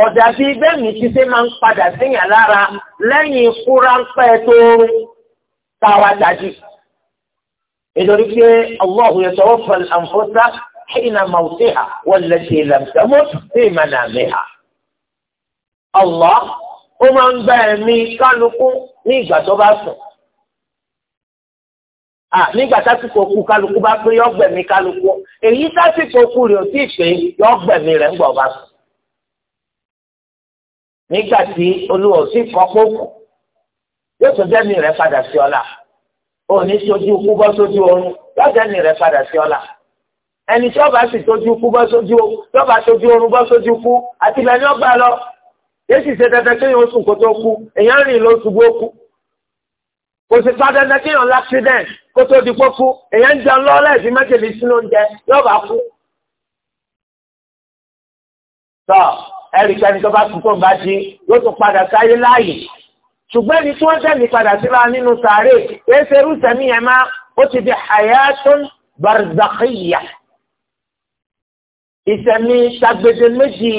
ọ̀dà bí bẹ́ẹ̀mí ti ṣe máa ń padà síyàn lára lẹ́yìn ikú ráńpẹ́ tó táwa dájú. nítorí pé Allahu yatawaffa al-anfusa. حين موتها والتي لم تمت في منامها الله ó máa ń gba ẹ̀mí kálukú ní ìgbà tó bá sùn nígbà tásìkò kú kálukú bá pé yọ gbẹ̀mí kálukú èyí tásìkò kú rẹ̀ ò tí ì pé yọ gbẹ̀mí rẹ̀ ń gbọ̀ bá sùn nígbà tí olúwa ò sì kọ́pọ̀ kù yóò tún jẹ́mi rẹ̀ padà sí ọ̀la òní sojú kú bọ́ sójú oorun yóò jẹ́mi rẹ̀ padà sí ọ̀la ẹni tí ọba sì tójú kú bọ́ sójú o tí ọba sójú oorun bọ́ sójú kú àti ìgbà ni ọba lọ yéèsì ṣe dandan kéèyàn oṣù kó tó kú èèyàn rìn ló ṣubú ó kú kò sì pa dandan kéèyàn l'accident kó tó di kókú èèyàn ń jẹun lọ́ọ́lẹ̀ sí mẹ́tẹ̀lẹ́ sínú oúnjẹ yọba kú. tọ́ ẹ̀rì kẹ́ni tó bá kú tó ń bá jí yóò tún padà sáyé láàyè ṣùgbọ́n ẹni tí wọ́n tẹ̀lé padà síra nínú sàárè kì í ó ti di hayatun barzakhiyah ìsẹ̀mí ṣàgbéde méjì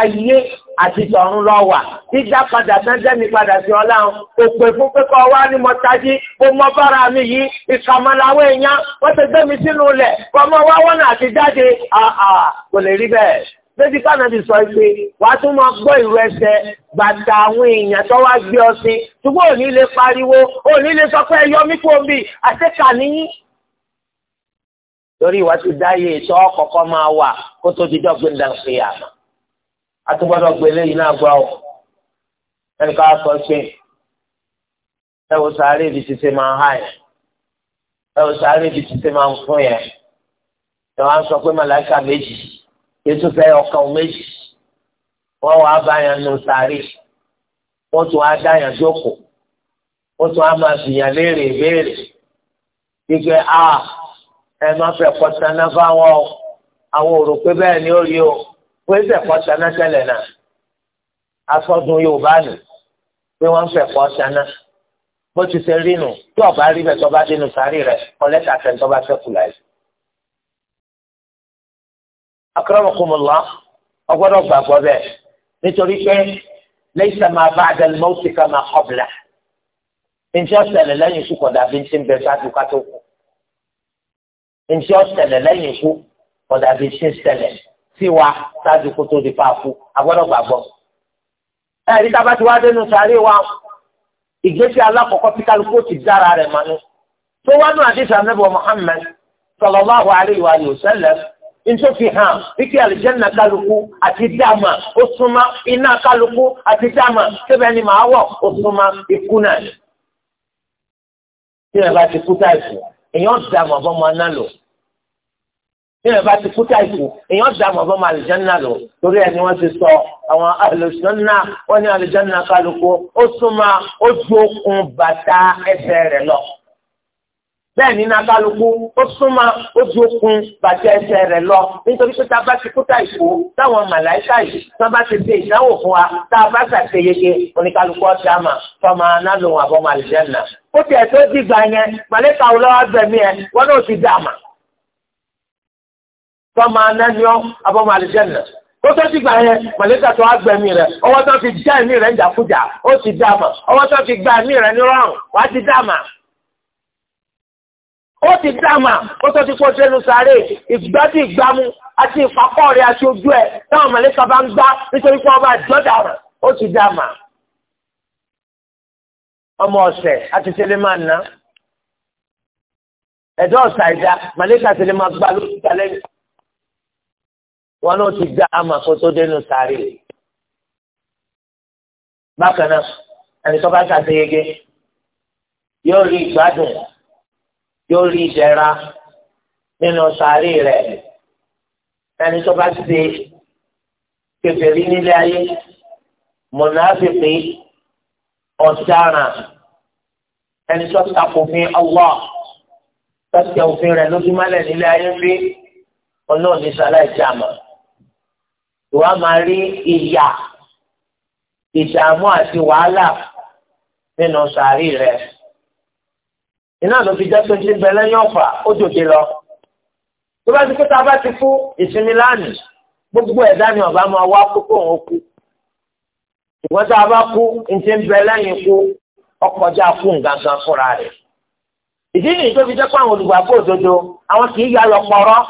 ayé àti tọ̀run lọ wà dídá padà sẹ́ńtẹ́mì padà sí ọlá ń òpè fún pípọ̀ wá ní mọ́tájí ó mọ bára mi yìí ìkàmọ́láwọ́ èèyàn wọ́n ti gbé mi sínú ilẹ̀ kọ́mọ wá wọ́nà àti jáde kò lè rí bẹ́ẹ̀ lójú kánà ti sọ pé wà á tún máa gbọ́ ìrú ẹsẹ̀ bàtà àwọn èèyàn tó wá gbé ọ sí ṣùgbọ́n òní lè pariwo òní lè sọ pé ẹ yọ mí kú omi àṣekà níyìn torí ìwà ti dáyé ìtọ́ kọ̀kọ́ máa wà kó tó ti dọ́gbìn dàgbìyà àtúgbọ́dọ̀ gbélé yìí náà gbọ́ ọ ẹnìkan sọ pé ẹ wò sáré ibi títí máa ń hà yẹn ẹ wò sáré ibi títí máa ń fún yẹn ẹ wàá sọ pé màláìka méjì yéésù fẹ́ ọkàn méjì wọ́n wàá bá yẹn nù sáré wọ́n tún wá dá yẹn jókòó wọ́n tún wá máa fìyàn léèrè béèrè gbígbé a. Ah, ẹ má fẹ́ kọ́sáná fáwọn o àwọn òrò pé bẹ́ẹ̀ ni ó rí o pé fẹ́ kọ́sáná tẹ́lẹ̀ náà afọ́dún yorùbá nù pé wọ́n fẹ́ kọ́sáná bó ti ṣe rí nù tí ọba rí bẹ́ẹ̀ tó bá dénú sáré rẹ̀ kọ́lẹ́tà fẹ́ tó bá fẹ́ kù láì. akramakumullah ọgbọ́dọ̀ gbàgbọ́ bẹ́ẹ̀ nítorí pé laysa ma ba'da al-mawti kama qablahu ǹjẹ́ ọ̀sẹ̀ lẹ́yìn sùkọ̀dà bí ń ti ń bẹ sáájú ká tó kù ntí ọ̀sẹ̀lẹ̀ lẹ́yìn ikú ọ̀dà bíi ṣe ṣẹlẹ̀ sí wa ṣáàjú kó tó di pa kú agbọ́dọ̀ gbàgbọ́. ẹ̀rí tá a bá ti wá dénú sàárè wa ìgbésí alákọ̀ọ́kọ́ tí kálukú ti dára rẹ̀ mọ́nú. tó wá nù àdìsá nàbọ̀ Muhammad sallallahu alayhi wa sallam ntó fi hàn wíkí àlìjẹ́nà kálukú àti dáàmà ó súnmọ́ iná kálukú àti dáàmà síbẹ̀ ni màá wọ̀ ó súnmọ́ ikú náà. tí ẹ bá ti kú táìpù wa èèyàn da mọ̀ bọ́ máa ná lò bí ẹ bá ti kú táìpù èèyàn da mọ̀ bọ́ máa àlùjánnà lò torí ẹni wọ́n ti sọ àwọn àlùjánnà wọ́n ní àlùjánnà kálukú ó súnmọ́ ó ju bàtà ẹsẹ̀ rẹ̀ lọ bẹ́ẹ̀ ni nàkàlùkù ó súnmọ́ ó ju okùn bàtẹ ẹsẹ̀ rẹ̀ lọ nítorí pé tá a bá ti kúta ìkó táwọn màláìka yìí tá a bá ti ṣe ìdánwò fún wa tá a bá ṣàṣeyege oníkàlùkù ọ̀sẹ̀ àmà fọmọ anáàlùwọ̀n àbọ̀mọ àlùjẹ́nà ó tiẹ̀ tó di gbà yẹn màláìka ọlọ́wọ́ bẹ̀mí ẹ wọn náà ti dàmà fọmọ anáàlùwọ̀n àbọ̀mọ àlùjẹ́nà ó tó ti gbà yẹn màláìka tó wá gbẹ̀mí rẹ̀ ọwọ́ ó ti dáàmà ó tó ti kó sẹ́nu sáré ìgbádùn ìgbámú àti ìfakọ́ rẹ̀ àti ojú ẹ̀ táwọn mọ̀lẹ́ka bá ń gbá nítorí pé wọ́n bá jọ́dà rẹ̀ ó ti dáàmà. ọmọ ọ̀sẹ̀ àti tẹ́lẹ̀ máa ná ẹ̀dọ́ ọ̀sà ìdá mọ̀lẹ́ka tẹ́lẹ̀ máa gbá lórí ìtàlẹ́yìn wọn ló ti dáàmà kó tó dénú sáré rẹ̀ bákan náà ẹni tó bá ṣàṣeyege yóò rí ìgbádùn yóò rí ìṣẹ́ra nínú sàárì rẹ̀ ẹni tó bá ṣe kèfèrí nílé ayé mọ̀nàfíìpé ọ̀daràn ẹni tó takòfin Allah tọ́sí òfin rẹ̀ lójúmọ́lẹ̀ nílé ayé ń bí ọlọ́run ní ìwà máa rí ìyà ìdààmú àti wàhálà nínú sàárì rẹ̀ iná ló fi jẹ́ pé ní bẹ lẹ́yìn ọ̀fà ó dòde lọ. tó bá ti pé tá a bá ti kú ìsinmi lánìí gbogbo ẹ̀dá ni ọba máa wá kú kó òun kú. ṣùgbọ́n tá a bá kú ní ti ń bẹ lẹ́yìn kú ọkọjá kú nǹkan fúnra rẹ̀. ìdí nìyí tó fi jẹ́ pé àwọn olùgbàgbọ́ òdodo àwọn kì í yá lọ pọ̀rọ́.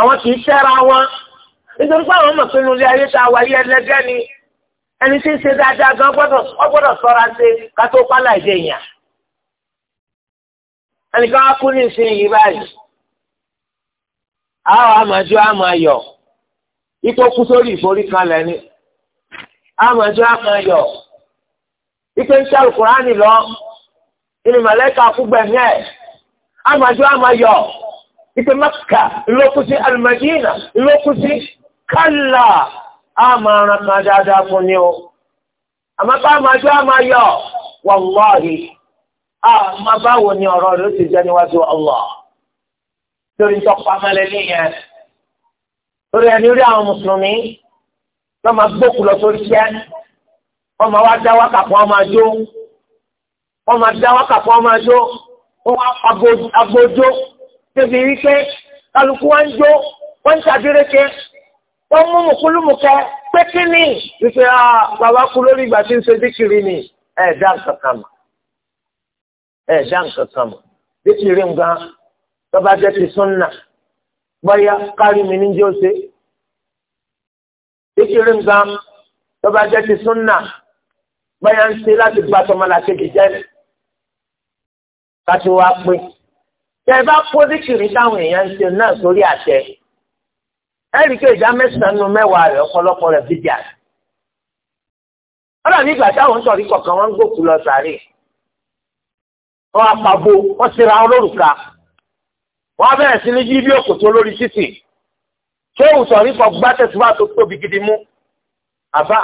àwọn kì í ṣẹ́ra wọn nítorí pé àwọn mọ̀ pé nulẹ̀ ayé tá a wáyé ẹlẹ́gẹ́ ni ẹni tí ń ṣe dáadáa gan gbọ́dọ̀ sọ́ra ṣe kátó pálá ìdè yàn ẹnìkan á kú ní ìsinyìí báyìí àwọn àmàjọ àmàyọ ikú kú sórí ìforíkalẹ̀ ni àmàjọ àmàyọ ikú ń ṣe àlùkùránì lọ ìní màlẹ́kà kúgbẹ̀mí ẹ̀ àmàjọ àmàyọ ikú Mẹ́kà ńlọkùsí àlùmọ̀dínà ńlọkùsí kálá a máa ran kan dáadáa fún ni o àmọ́ ká máa jó a máa yọ wàláhì a máa báwo ni ọ̀rọ̀ rẹ̀ ó ti jẹ́ níwájú Allah torí tọ́pọ̀ amẹ́lẹ́lẹ́ yẹn lórí ẹni rí àwọn mùsùlùmí wọ́n máa gbókù lọ sórí iṣẹ́ wọ́n máa wá dá wákà fún ọmọ àjò wọ́n máa dá wákà fún ọmọ àjò wọ́n wá agbójó débi wípé kálukú wá ń jó wọ́n ń ṣàdíreke wọ́n mú mùkúlùmùkẹ́ pé kí ni ìfẹ́ ah, bàbá kú lórí ìgbà tí ń ṣe díkìrì ni ẹ̀ dá nǹkan kan mọ̀ ẹ̀ dá nǹkan kan mọ̀ díkìrì nǹkan tọ́ba jẹ́ ti súnà bọ́yá kárí mi níjẹ́ ó ṣe díkìrì nǹkan tọ́ba jẹ́ ti súnà bọ́yá ń ṣe láti gba tọmọlàkejì jẹ́ ká ti wá pé tẹ́ ẹ bá kó díkìrì táwọn èèyàn ń ṣe náà sórí àtẹ ẹ̀rí kí ìjà mẹ́sàn-án nu mẹ́wàá rẹ̀ ọ̀pọ̀lọpọ̀ rẹ̀ fi dìá. ọ̀rọ̀ nígbà táwọn ń sọ̀rí kọ̀ọ̀kan wọ́n ń gòkú lọ sàárè. wọ́n apàbo wọ́n sira olórùka. wọ́n á bẹ̀rẹ̀ sí ní yí bí òkòtò lórí títì. ṣé òun sọ̀rí kọ gbá tẹ̀síwá tó tóbi gidi mú? àbá.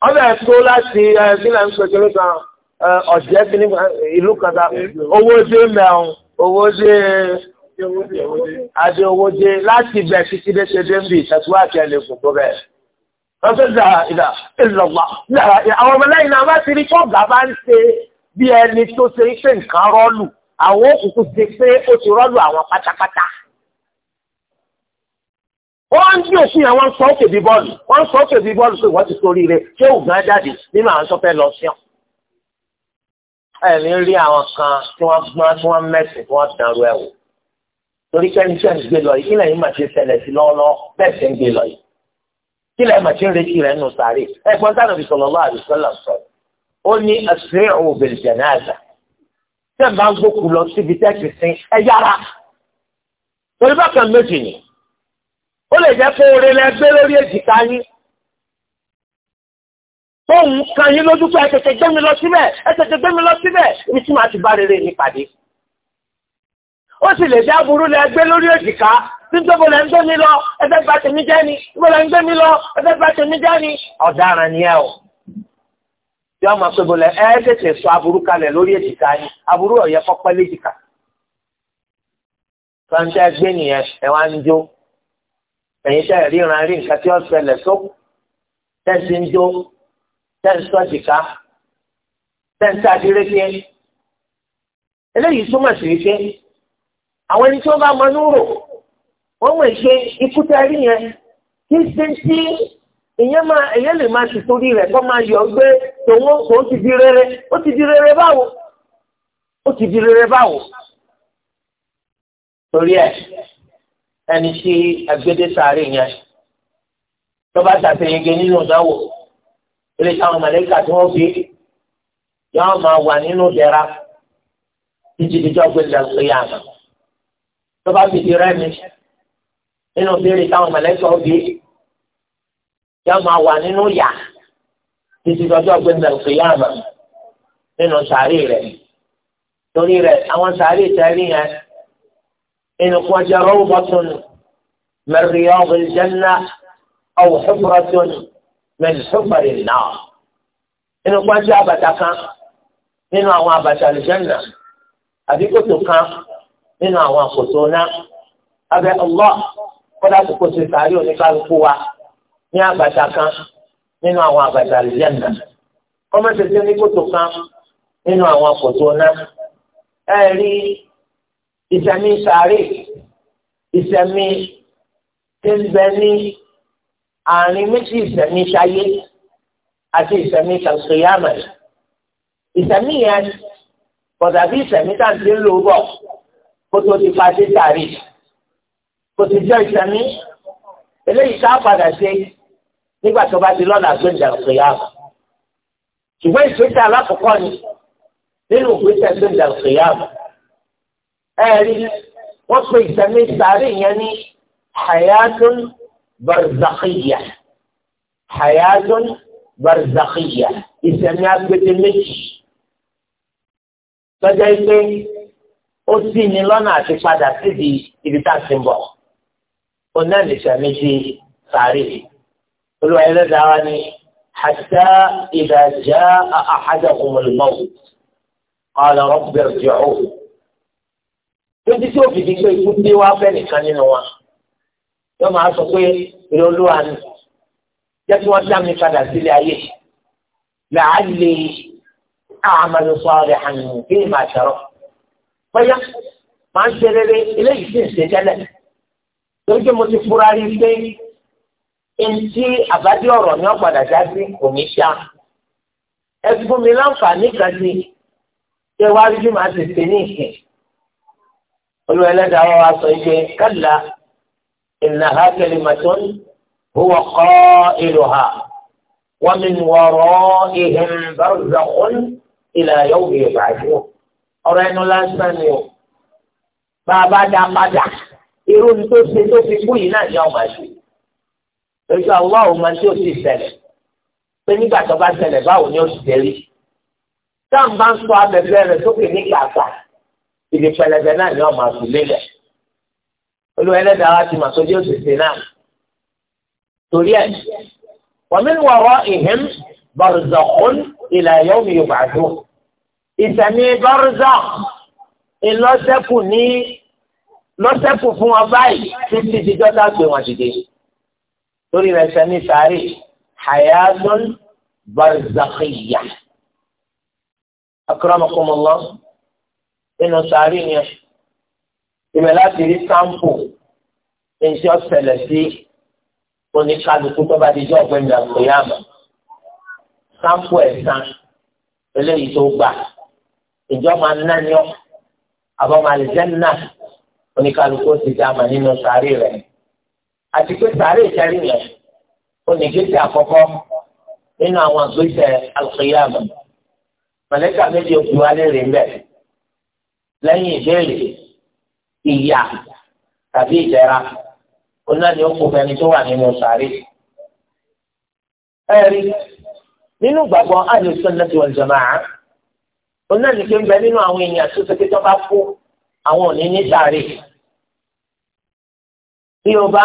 wọ́n bẹ̀rẹ̀ tó láti gílẹ̀ ń pèsè lóta ọ̀jẹ́ ìlú kan ta owó dé mẹ́rin owó dé. Adéowódé láti ibẹ̀ títí dé ṣe dé ń bì ìtẹ̀síwá àti ẹlẹ́gùn tó bẹ̀. Lọ́sẹ̀ ìdá ìdá ìlọ̀gbà. Àwọn ọmọ lẹ́yìn náà bá ti rí fọ́ọ̀gà bá ń ṣe bí ẹni tó ṣe pé nǹkan rọ́ọ̀lù. Àwọn òkùnkùn ti pé ó ti rọ́ọ̀lù àwọn pátápátá. Wọ́n ń gbé òfin àwọn sọ òkè bí bọ́ọ̀lù. Wọ́n sọ òkè bí bọ́ọ̀lù pé wọ́n ti sórí rẹ̀ ṣé ògùn ajáde nínú àwọn tó lọ sí ẹ̀rín rí àwọn kan tí wọ́n gbọ́n tí wọ́n mẹ́sìn tí wọ́n dàrú ẹ̀wò torí kẹ́ni tí a ń gbé lọ yìí kí lẹ́yìn máa ṣe ṣẹlẹ̀ sí lọ́wọ́lọ́wọ́ bẹ́ẹ̀ ṣe ń gbé lọ yìí kí lẹ́yìn máa ṣe ń retí rẹ̀ nù sáré ẹ̀gbọ́n táwọn fi sọ̀rọ̀ lọ́wọ́ àdùsọ́là sọ ó ní ẹ̀sìn òbèrè jẹ̀náàzà tẹ̀ bá ń gbókù lọ síbi tẹ́sí sin ẹ yára torí bákan méjì ni ó lè jẹ́ pé oore lẹ gbé lórí èjìká yín tóun kan yín lójú pé ẹ tètè gbé mi lọ síbẹ̀ ẹ tètè gbé mi lọ síbẹ̀ ó sì lè dá burú lẹ gbé lórí òjìká nítorí bọ́lá ń gbé mi lọ ẹgbẹ́ bá tèmi jẹ́ ni bọ́lá ń gbé mi lọ ẹgbẹ́ bá tèmi jẹ́ ni ọ̀daràn ni ẹ o. bí wọ́n máa pé bọ́lá ẹ tètè sọ aburú kalẹ̀ lórí èjìká yín aburú ọ̀yẹ́ fọ́pẹ́ léjìká. sọ́ńtẹ́ gbé nìyẹn ẹ wá ń jó ẹ̀yin tẹ́ ríran rí nǹkan tí ó ṣẹlẹ̀ só tẹ́sí ń jó tẹ́sí ọ̀jìká tẹ́sí adírẹ́kẹ́ eléyìí túmọ̀ sí wípé àwọn ẹni tí wọ́n bá mọ núrò wọ́n mọ̀ ṣe ikú tẹ́rí yẹn kí ṣe tí ìyẹn máa ìyẹn lè máa ṣètòrí rẹ̀ kó máa yọ gbé tòun kò ti di rere ó ti di rere báwo ó ti di rere báwo. torí ẹ ẹni tí agbédé sáré yẹn tó bá ṣàtẹ̀yẹgẹ nínú ìdánwò ilé táwọn mọ̀lẹ́kà tí wọ́n fi yọ́n máa wà nínú ìdẹ̀ra títí díjọ́ gbé lẹ́sọ̀ yàrá. tó bá fi di rẹ́mi nínú béèrè táwọn mọ̀lẹ́kọ̀ bí yá máa wà nínú yà títí dọjọ́ yà mà nínú sàárì rẹ̀ torí rẹ̀ àwọn sàárì tẹ̀lé yẹn nínú kí wọ́n jẹ́ rọ́bọ̀tún mẹ́rìndínlẹ́ ọ̀gbìn jẹ́nà ọ̀wọ̀ ṣùgbọ́n mẹ́rìndínlẹ́ náà nínú kí wọ́n jẹ́ àbàtà kan nínú àwọn àbàtà àlùjẹ́nà àbíkòtò kan. nínú àwọn àkótó náà abẹ́ Allah kọ́dà kókó ti sàárì oníkálukú wa ní àbàtà kan nínú àwọn àbàtà àlùjánnà kọ́mọ́tẹ́tẹ́ ní kòtò kan nínú àwọn àkótó náà ẹ rí ìsẹ̀mí sàárì ìsẹ̀mí tí ń bẹ ní àárín méjì ìsẹ̀mí sáyé àti ìsẹ̀mí kàkìyàmẹ̀ ìsẹ̀mí yẹn kọ̀dà bí ìsẹ̀mí tàǹtí ń lò bọ̀. kó tó ti fa sí sàárì kó ti jẹ́ ìsẹ̀mí eléyìí ká padà ṣe nígbà tó bá ti lọ́nà àgbéǹdà òkèèyà ṣùgbọ́n ìgbésẹ̀ alákọ̀ọ́kọ́ ni nínú ìgbésẹ̀ àgbéǹdà òkèèyà ẹ̀rí wọ́n pe ìsẹ̀mí sàárì yẹn ní hayatun barzakhiya hayatun barzakhiya ìsẹ̀mí agbẹ́dẹ méjì tọ́jà ìgbẹ́ ó sì ní lọ́nà àti padà síbi ibi tá a ti ń bọ̀ ó náà lè sàmì sí sàárè olùwà ẹlẹ́dàá wa ni hatta idha jaa ahadahumul mawt qala rabbi irji'un lójú tí òfin ti gbé ikú dé wá fẹ́ nìkan nínú wa máa sọ pé olúwa ni jẹ́ kí wọ́n dá mi padà sílé ayé la'alli a'malu salihan fima bóyá màá ṣe rere eléyìí sì ń ṣe tẹ́lẹ̀ torí pé mo ti fura rí pé ntí àbádé ọ̀rọ̀ ni wọ́n padà já sí kò ní ṣá ẹ fún mi láǹfààní kan sí ṣé wàá rí bí màá ti ṣe ní ìsìn olú ẹlẹ́dàá wa sọ ife kálá ìnáhà kalimatun huwa qailuha wa min wara'ihim barzakhun ila yawmi yub'athun ọ̀rọ̀ ẹnu lásán ni o bàbá dá padà irú ni tó ṣe tó fi kú yìí náà ní ọmọ ẹ̀ṣin ojú àwọn àwọn ọmọ tí ó ti ṣẹlẹ̀ pé nígbà tó bá ṣẹlẹ̀ báwo ni ó ti tẹ̀lé táwọn bá ń sọ abẹ́fẹ́ rẹ̀ sókè ní kàkà ìdí pẹlẹbẹ náà ní ọmọ àti lélẹ̀ olú ẹlẹ́dàá wa ti mà sójú òṣèṣe náà torí ẹ̀ wọ́n mi wọ̀rọ̀ ìhẹ́m bọ̀rọ̀dọ̀kún ìlà yọ̀ọ́ mi yóò bàdùn ìsẹ̀mí bárúzà ìlọ́sẹ̀kù ní lọ́sẹ̀kù fún wọn báyìí títí dídọ́ dàgbé wọn dìde lórí rẹ̀ ìsẹ̀mí sàárè hayatun barzakhiya akramakumullah nínú sàárè yẹn ibẹ̀ láti rí sáǹpù èyí ọ̀sẹ̀lẹ̀ sí oníkálukú tó bá di jọ́ ọ̀gbẹ́ni àgbéyàmọ̀ sáǹpù ẹ̀sán eléyìí tó gbà ìjọ máa ná ni ọ àbọ̀mọ àlìjẹ́nà oníkàlùkù ti dá àmà nínú sàárè rẹ̀ àti pé sàárè ìtẹ́rì rẹ̀ onígbèsè àkọ́kọ́ nínú àwọn àgbèsè àlùkìyàmù mọ̀lẹ́kà méjì òkú alẹ́ rè mbẹ́ lẹ́yìn ìbéèrè ìyà tàbí ìjẹra onáni òkú fẹni tó wà nínú sàárè. ẹ̀rí nínú gbàgbọ́ àlùsùnnà wal jamā'ah náà ní kí n bẹ nínú àwọn èèyàn tó ṣe pé tó bá kú àwọn ò ní ní sàárè tí o bá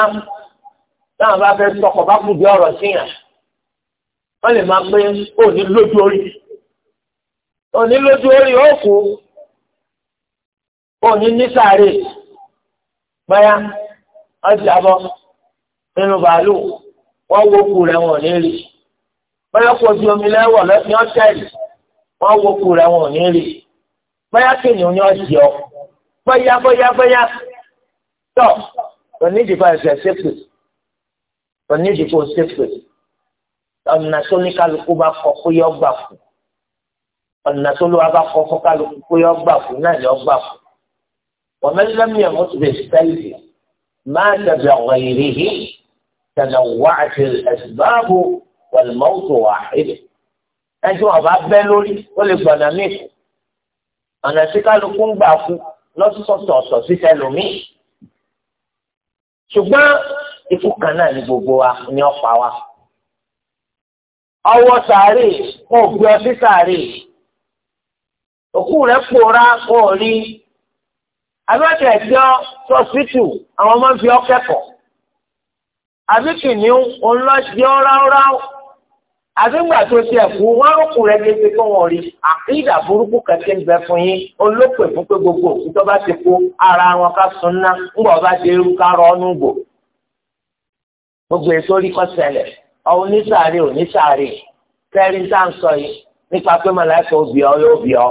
táwọn bá fẹ́ sọkọ̀ bá kú di ọ̀rọ̀ síyàn wọ́n lè máa pé ó ní lójú orí ó lójú orí ó kú ó ní ní báyà wọ́n ti àbọ̀ nínú bàálù wọ́n wo kù rẹ̀ wọ́n ní rí báyà kó ojú omi lẹ́wọ̀ lọ́sìn ọ̀tẹ̀lì wọ́n wo kú rẹ̀ wọn ò ní rí bóyá kìnìún ni wọ́n jẹ ọ bóyá bóyá bóyá tọ́ onídìbò ẹ̀sẹ̀ ṣépè onídìbò ṣépè ọ̀nà tó ní kálukú bá kọ pé yọ gbà fún ọ̀nà tó lọ́wọ́ bá kọ fún kálukú pé yọ gbà fún náà yọ gbà fún wọ́n mẹ́lẹ́ mi ò mọ́tò bẹ̀ sẹ́yìn máa tẹ̀lé ọ̀rọ̀ ìrírí tẹ̀lé wáàtí ẹ̀sìn báàbò wọ̀lmọ́tò wàhídìí ẹni tí wọn bá bẹ́ lórí ó lè gbọ̀nà míì kù ọ̀nà tí kálukú ń gbà kú lọ́sọ̀tọ̀ọ̀tọ̀ sí tẹlòmíì ṣùgbọ́n ikú kan náà ni gbogbo wa ni ó pa wa ọwọ́ sàárè wọn ò gbé ọ sí sàárè òkú rẹ̀ pòórá wọn ò rí abẹ́tẹ̀ ẹ̀jọ́ sọ́sítù àwọn ọmọ fi ọ́ kẹ́kọ̀ọ́ àbí òun lọ sí ọ́ ráúráú àdúgbà tó ṣe ẹ̀kú wọn ó kù rẹ kété kó wọn rí àkídà burúkú kẹtẹ ń bẹ fún yín olópè fún pé gbogbo òkú tó bá ti kú ara wọn ká sunná ńgbà ọba ti rú ká rọ ọnú gbò gbogbo èso rí kọ́ ṣẹlẹ̀ ọ̀hún onísàárè onísàárè kẹrin tá à ń sọ yìí nípa pé màláìka òbí ọ yóò bí ọ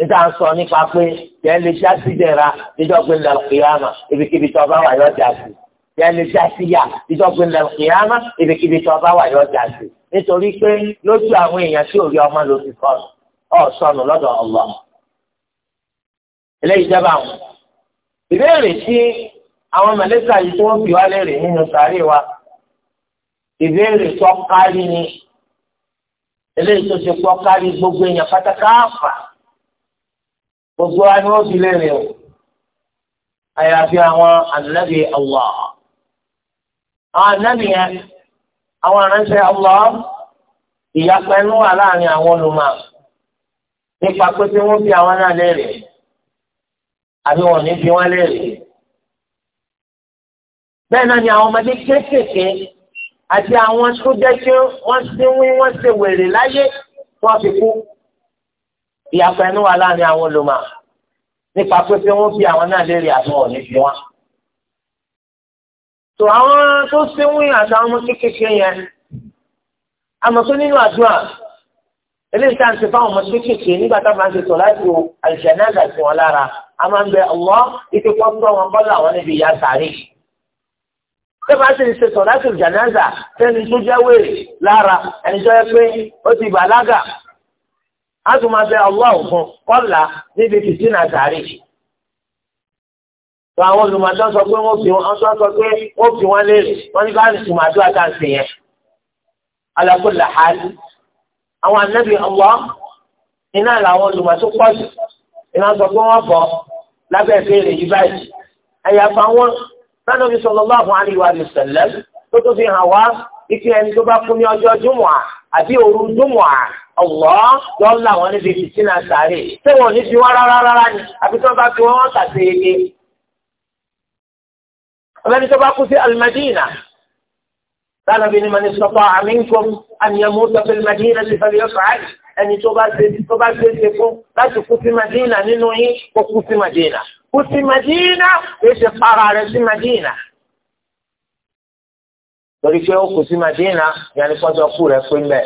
níta ń sọ nípa pé jẹ́ lè já sí dẹ̀ra dídọ́gbé lẹ́lẹ́kìyàmà nítorí pé lójú àwọn èèyàn tí ò rí ọmọ ló ti kọ́ ọ sọnù lọ́dọ̀ Allah eléyìí jẹ́ báwọn ìbéèrè tí àwọn mẹlẹ́kà yìí tí wọ́n fi wá lérè nínú sàárè wa ìbéèrè tó kárí ni eléyìí tó ti pọ́ kárí gbogbo èèyàn pátákáàfà gbogbo wa ni wọ́n fi lérè o àyàfi àwọn ànábì Allah àwọn ànábì yẹn àwọn aránṣẹ́ Allah ìyapẹnu wà láàrin àwọn olùmọ̀ nípa pé tí wọ́n fi àwọn náà léèrè àbí wọn ò ní fi wọn léèrè. bẹ́ẹ̀ náà ni àwọn ọmọdé kéékèèké àti àwọn tó jẹ́ pé wọ́n ti wí wọ́n ti wèrè láyé wọ́n fi kú. ìyapẹnu wà láàrin àwọn olùmọ̀ nípa pé tí wọ́n fi àwọn náà léèrè àbí wọn ní fi wọn tó àwọn tó séwìn àtàwọn ọmọ kékeré yẹn àmọ́ tó nínú àdúrà eléyìí tá à ń ṣe fáwọn ọmọ kékeré nígbà tá a máa ń ṣe tọ̀ láti wo àìsàn náà sí wọn lára a máa ń bẹ ọ̀wọ́ ike pọ́ńtọ́ wọn bọ́lá àwọn níbi ìyá sàárè tẹ́fà sì ń ṣe sọ̀dáṣì jànáza tẹ́ni tó jẹ́ lára ẹni tó yẹ pé ó ti bàlágà á tún máa bẹ ọlọ́ òfun kọ́là níbi kìtìnà sàárè tó àwọn olùmọ̀tọ́ sọ pé wọ́n fi wọ́n sọ pé wọ́n fi wọ́n léèrè wọ́n ní káàdì tòmátò àtàǹsì yẹn. alákó làhálì àwọn anábì ọwọ́ iná làwọn olùmọ̀tọ́ pọ̀ jù iná sọ pé wọ́n bọ̀ lábẹ́ ìbéèrè yìí báyìí. àyàfà wọn sanabi sallallahu alaihi wa sallam tó tó fi hàn wá ike ẹni tó bá kú ní ọjọ́ júmọ̀ àti òru júmọ̀ ọ̀wọ́ yọ ọ́ làwọn níbi fìtínà sáré tí wọn ní fi wá rárá rárá ni àbí tó bá fi wọn wọ́n tàṣe yege ọlọ́ni tó bá kú sí alimadina sáà nàbí ni mani sọ́kọ́ àmínkùn àníyàmú sọ́kọ́ alimadina lè fẹ́ yọ̀sọ̀ àyè ẹni tó bá ṣe tó bá ṣe ṣe fún láti kú sí madina nínú yín kó kú sí madina kú sí madina kì í ṣe para rẹ̀ sí madina torí pé ó kù sí Madina yẹn kọjọ kú rẹ̀ pé mbẹ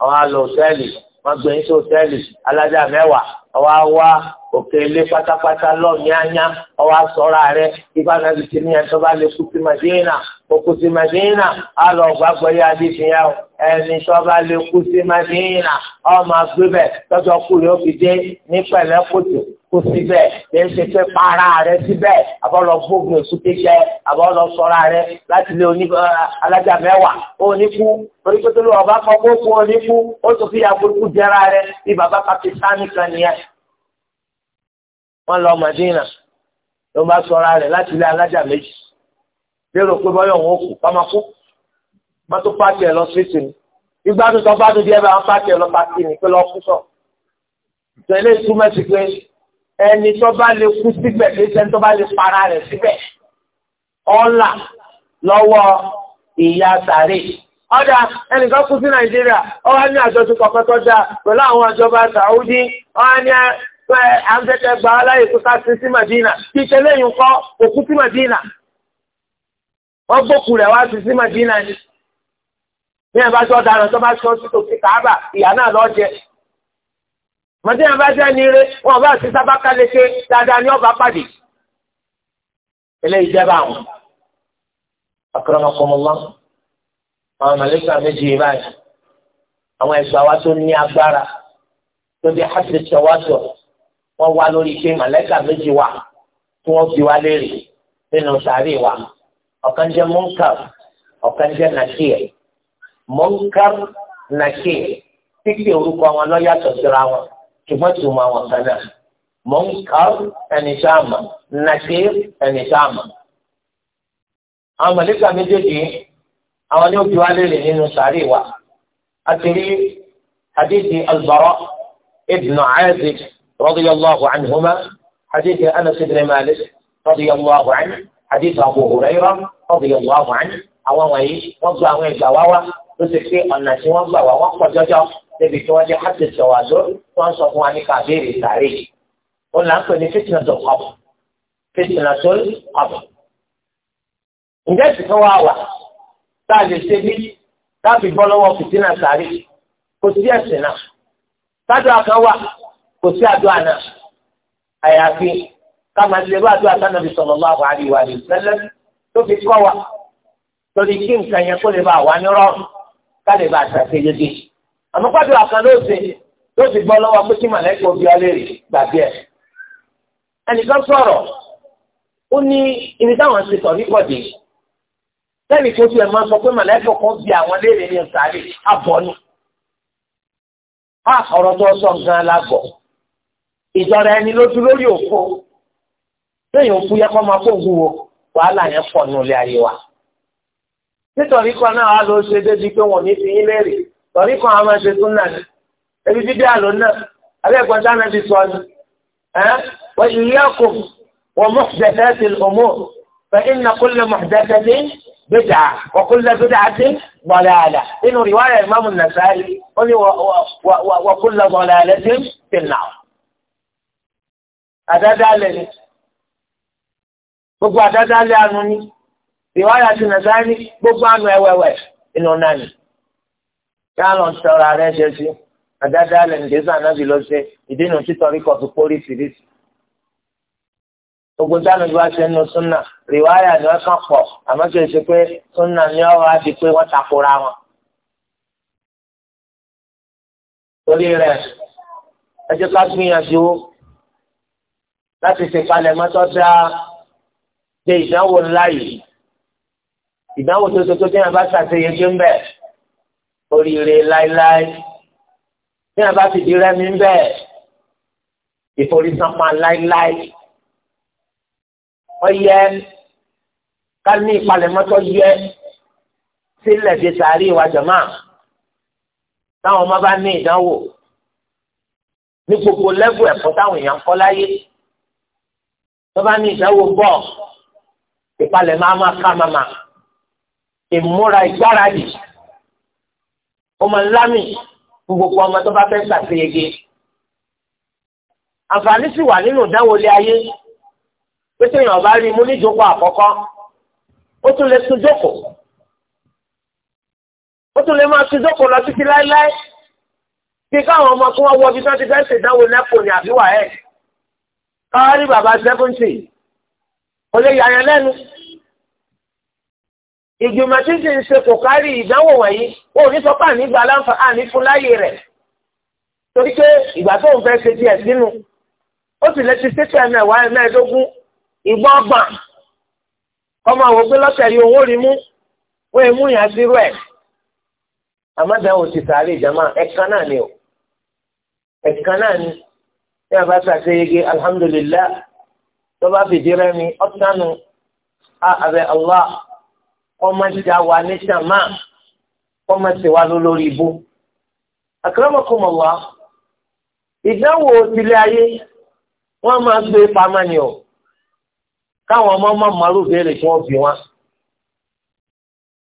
àwọn àlọ hòtẹ́ẹ̀lì wọn gbé yín sí hòtẹ́ẹ̀lì alájà mẹ́wàá àwọn àwa òkè ilé pátápátá lọ yányá ọwọ asọra rẹ ibà náà ti ti ní ẹtọ bá lè kú sí Madina òkú sí Madina alọ gbàgbọ yá di fìyà o ẹni tó bá lè kú sí Madina ọmọ agbébẹ tọjọ kú yóò fi dé ní pẹ̀lẹ́kùtù kó síbẹ̀ lẹ́yìn ṣe fẹ́ para rẹ síbẹ̀ àbọ̀lọ gbógun èso kéjẹ àbọ̀lọ sọ̀ra rẹ láti lé oní alájà mẹ́wàá oníkú oníkótóló ọba kan kó kú oníkú ó tó fi àbúrúkú jẹra rẹ bí bàbá Pakistani kan nìyẹn wọ́n lọ Madina ló bá sọra rẹ̀ láti ilé alájà méjì lérò pé bọ́yọ̀ òun ò kù kọ́mọ kú wọ́n tún pàṣẹ ẹ̀ lọ sí ìsìn ìgbádùn tó bá dùn díẹ̀ bá wọn pàṣẹ ẹ̀ lọ pàṣẹ ní pé lọ kú sọ. ìtẹ̀lé ìtumọ̀ sí pé ẹni tó lè kú síbẹ̀ lè sẹ́ni tó lè para rẹ̀ síbẹ̀ ọ̀la lọ́wọ́ ìyá sàrè ọ̀dà ẹnìkan kú sí Nàìjíríà ó wá ní kọ̀ọ̀kan tó dáa pẹ̀lú àwọn àjọba ẹ àǹtẹ̀tẹ̀ gbà á láyè sí Madina kí ìṣẹ̀lẹ̀ yìí kọ́ òkú sí Madina wọ́n gbókù rẹ̀ wá sí sí Madina ni ní ẹ̀ bá tó ọ̀daràn tó bá a títò sí Kaaba ìyá náà lọ́ọ́ jẹ Madina bá jẹ́ nire wọn bá sí sábàkà léke dáadáa ní ọba pàdé eléyìí àwọn báyìí àwọn tó ní agbára tó wọ́n wá lórí pé màlẹ́kà méjì wà tí wọ́n fi wá léèrè nínú sàárè wa ọ̀kan jẹ́ munkar ọ̀kan jẹ́ nàkíyè munkar nàkíyè pípé orúkọ wọn lọ yàtọ̀ síra wọn ṣùgbọ́n tùmọ̀ àwọn kan náà munkar ẹni sáàmà nàkíyè ẹni sáàmà. àwọn màlẹ́kà méjèèjì àwọn ni ó fi wá léèrè nínú sàárè wa àti rí hadithi albara ibnu aazib. رضي الله عنهما حديث أنس بن مالك رضي الله عنه حديث أبو هريرة رضي الله عنه àwọn wọ̀nyí wọ́n gba àwọn ìgbà wá wá ló ti pé ọ̀nà tí wọ́n gbà wá wọ́n pọ̀ jọjọ débi tí wọ́n jẹ́ hàtì sọ̀wá ló wọ́n sọ fún wa ní kàbéèrè sàárè ó là ń pè ní fìtìnà tó kọ̀bù fìtìnà tó kọ̀bù. ǹjẹ́ ìsìnkú wa wà tá a lè ṣe bí táàbì bọ́ lọ́wọ́ fìtìnà sàárè kò sí ẹ̀sìn náà tájọ́ àkànwà kò sí àdúrà náà àyàfi káma lè bá àdúrà sáà nàbì sallallahu alaihi wa sallam tó fi kọ́ wa torí kí nǹkan yẹn kó lè bá wà ní rọrùn ká lè bá àṣàṣe yege àmọ́ pàdé àkàn ló ṣe ló ti gbọ́ lọ́wọ́ pé kí màlẹ́kọ̀ bí ọlẹ́rì gbàgbé ẹ̀ ẹnìkan sọ̀rọ̀ ó ní ibi táwọn ti sọ̀ nípọ̀ dé lẹ́yìn tó tiẹ̀ máa sọ pé màlẹ́kọ̀ kan bí àwọn léèrè ní ìsàlẹ̀ àbọ̀ a ọ̀rọ̀ tó sọ gan-an ìjọra ẹni lójú lórí òfo lẹ́yìn òkú yẹ kó máa kó wúwo wàhálà yẹn pọ̀ nù lé ayé wa. nítorí kan náà wàá lọ ṣe débi pé wọn ò ní fi yín léèrè torí kan àwọn ẹṣẹ tún náà ni ebi bíbí àlọ́ náà abẹ́ẹ̀kan sáà náà ti sọ ni wọ́n ìyá kò wọ́n mọ̀ ṣẹ̀ṣẹ̀ ti lọ́mọ́ فإن كل محدثة بدعة وكل بدعة ضلالة إنه رواية الإمام النسائي وكل ضلالة في النار àdádálẹ̀ ni gbogbo àdádálẹ̀ anu ni ìwádìí àti nàìjíríà gbogbo anu ẹ̀wẹ̀wẹ̀ inú náà ni yálọ̀ tọrọ ààrẹ jẹ sí àdádálẹ̀ ní jésù ànábì ló ṣe ìdínà títorí kọ̀ fi pórí sírísì gbogbo táwọn ìgbà ṣe ń lo súnà rìwáyà ni wọn kàn pọ̀ àmọ́ kì ṣe pé súnà ni láti ṣe palẹ̀mọ́ tó dáa de ìdánwò ńlá yìí ìdánwò tó tuntun tí wọn bá ṣàṣeyege ńbẹ oríire láéláé tí wọn bá ti di rẹmi ńbẹ ìforísánpá láéláé ọyẹ ká ní ìpalẹ̀mọ́tọ́ yẹ sílẹ̀ di sàárì wa jọ̀mọ́ táwọn ọmọ bá ní ìdánwò ní gbogbo lẹ́bù ẹ̀kọ́ táwọn èèyàn kọ́ láyé tó bá ní ìdánwò bọ̀ ìpalẹ̀ máa máa ká màmá ìmúra ìgbáradì ọmọ ńlámì gbogbo ọmọ tó bá fẹ́ ṣàṣeyege àǹfààní sì wà nínú ìdánwò ilé ayé pé téèyàn bá rí i mú níjókòó àkọ́kọ́ ó tún lè tún jókòó ó tún lè máa tún jókòó lọ títí láéláé bí káwọn ọmọ kí wọ́n wọ ibi tí wọ́n ti fẹ́ ṣèdánwò nẹ́pọ̀ ní àbí ọ́rí bàbá sẹ́fúntì kò lè yàyàn lẹ́nu. ìgbìmọ̀ tí kì í ṣe kò kárí ìdánwò wọ̀nyí ó ní sọ pé ànígbà láǹfààní fún láyé rẹ̀ torí pé ìgbà tó ń fẹ́ ṣe tiẹ̀ sínú ó sì lè ti títẹ̀ mẹ́wàá mẹ́ẹ̀ẹ́dógún ìgbọ́ ọgbà ọmọ àwọn ògbé lọ́sẹ̀ owó rí mú wọ́n èmú yàn sí rẹ̀ àmọ́dáwò ti sàárè ìjàmá ẹ̀ka náà ni ò ẹ̀ka náà ni tí a bá ṣàṣeyege alhamdulillah tó bá fìdí rẹmi ọ̀tánu àbẹ allah kọ́mọ̀jà wa ní sàmà kọ́mọ̀sì wa lórí ibú. akramakumullah ìdánwò tilé ayé wọ́n máa gbé pamọ́ ni o káwọn ọmọ ọmọ màálù béèrè tí wọ́n wọn.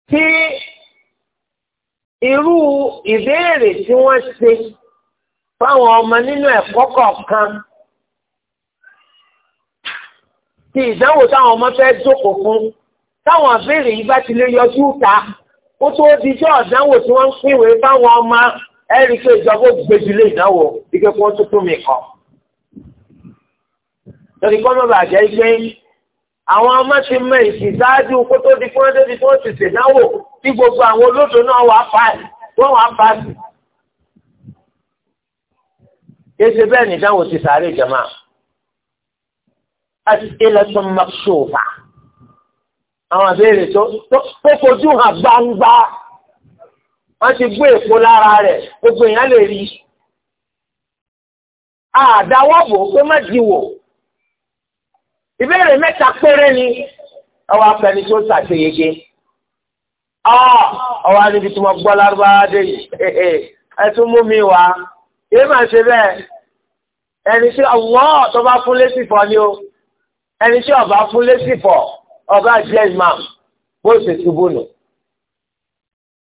tí irú ìbéèrè tí wọ́n ṣe fáwọn ọmọ nínú ẹ̀kọ́ kọ̀ọ̀kan ti ìdánwò táwọn ọmọ fẹ́ jókòó fún táwọn àbẹ̀rẹ̀ yìí bá ti lè yọjú ta ó tó di jọ́ ọ̀dánwò tí wọ́n ń pínwèé fáwọn ọmọ ẹ̀rí pé ìjọba gbèjìlé ìdánwò ike kí wọ́n tún tún mi kọ́. torí kọ́ mọ́ba àjẹ́ pé àwọn ọmọ ti mọ ìsìn ṣáájú kó tó di kí wọ́n débi tí wọ́n ti ṣèdánwò tí gbogbo àwọn olódò náà wà pa wọ́n wà pa sí i kéṣe bẹ́ẹ̀ ní dáwọ́ ti sàárè jama as'ilatun makshufa àwọn àbẹ̀rẹ̀ tó tó kojú hàn gbangba wọ́n ti gbé èpo lára rẹ̀ gbogbo èèyàn lè rí àdáwọ́bò pé má diwò ìbéèrè mẹ́ta péré ni ọwọ́ afẹ́ni tó ṣàṣeyege ah, ọwọ́ àdébìtì mọ́ gbọ́ lárúbáwá dé yìí ẹ tún mú mi wá kìí máa ṣe bẹ́ẹ̀ ẹni tí Allah tó bá fún létí fọ ni o ẹni tí ọba fún létí fọ ọba jẹ́ imam bó ṣe ṣubú nù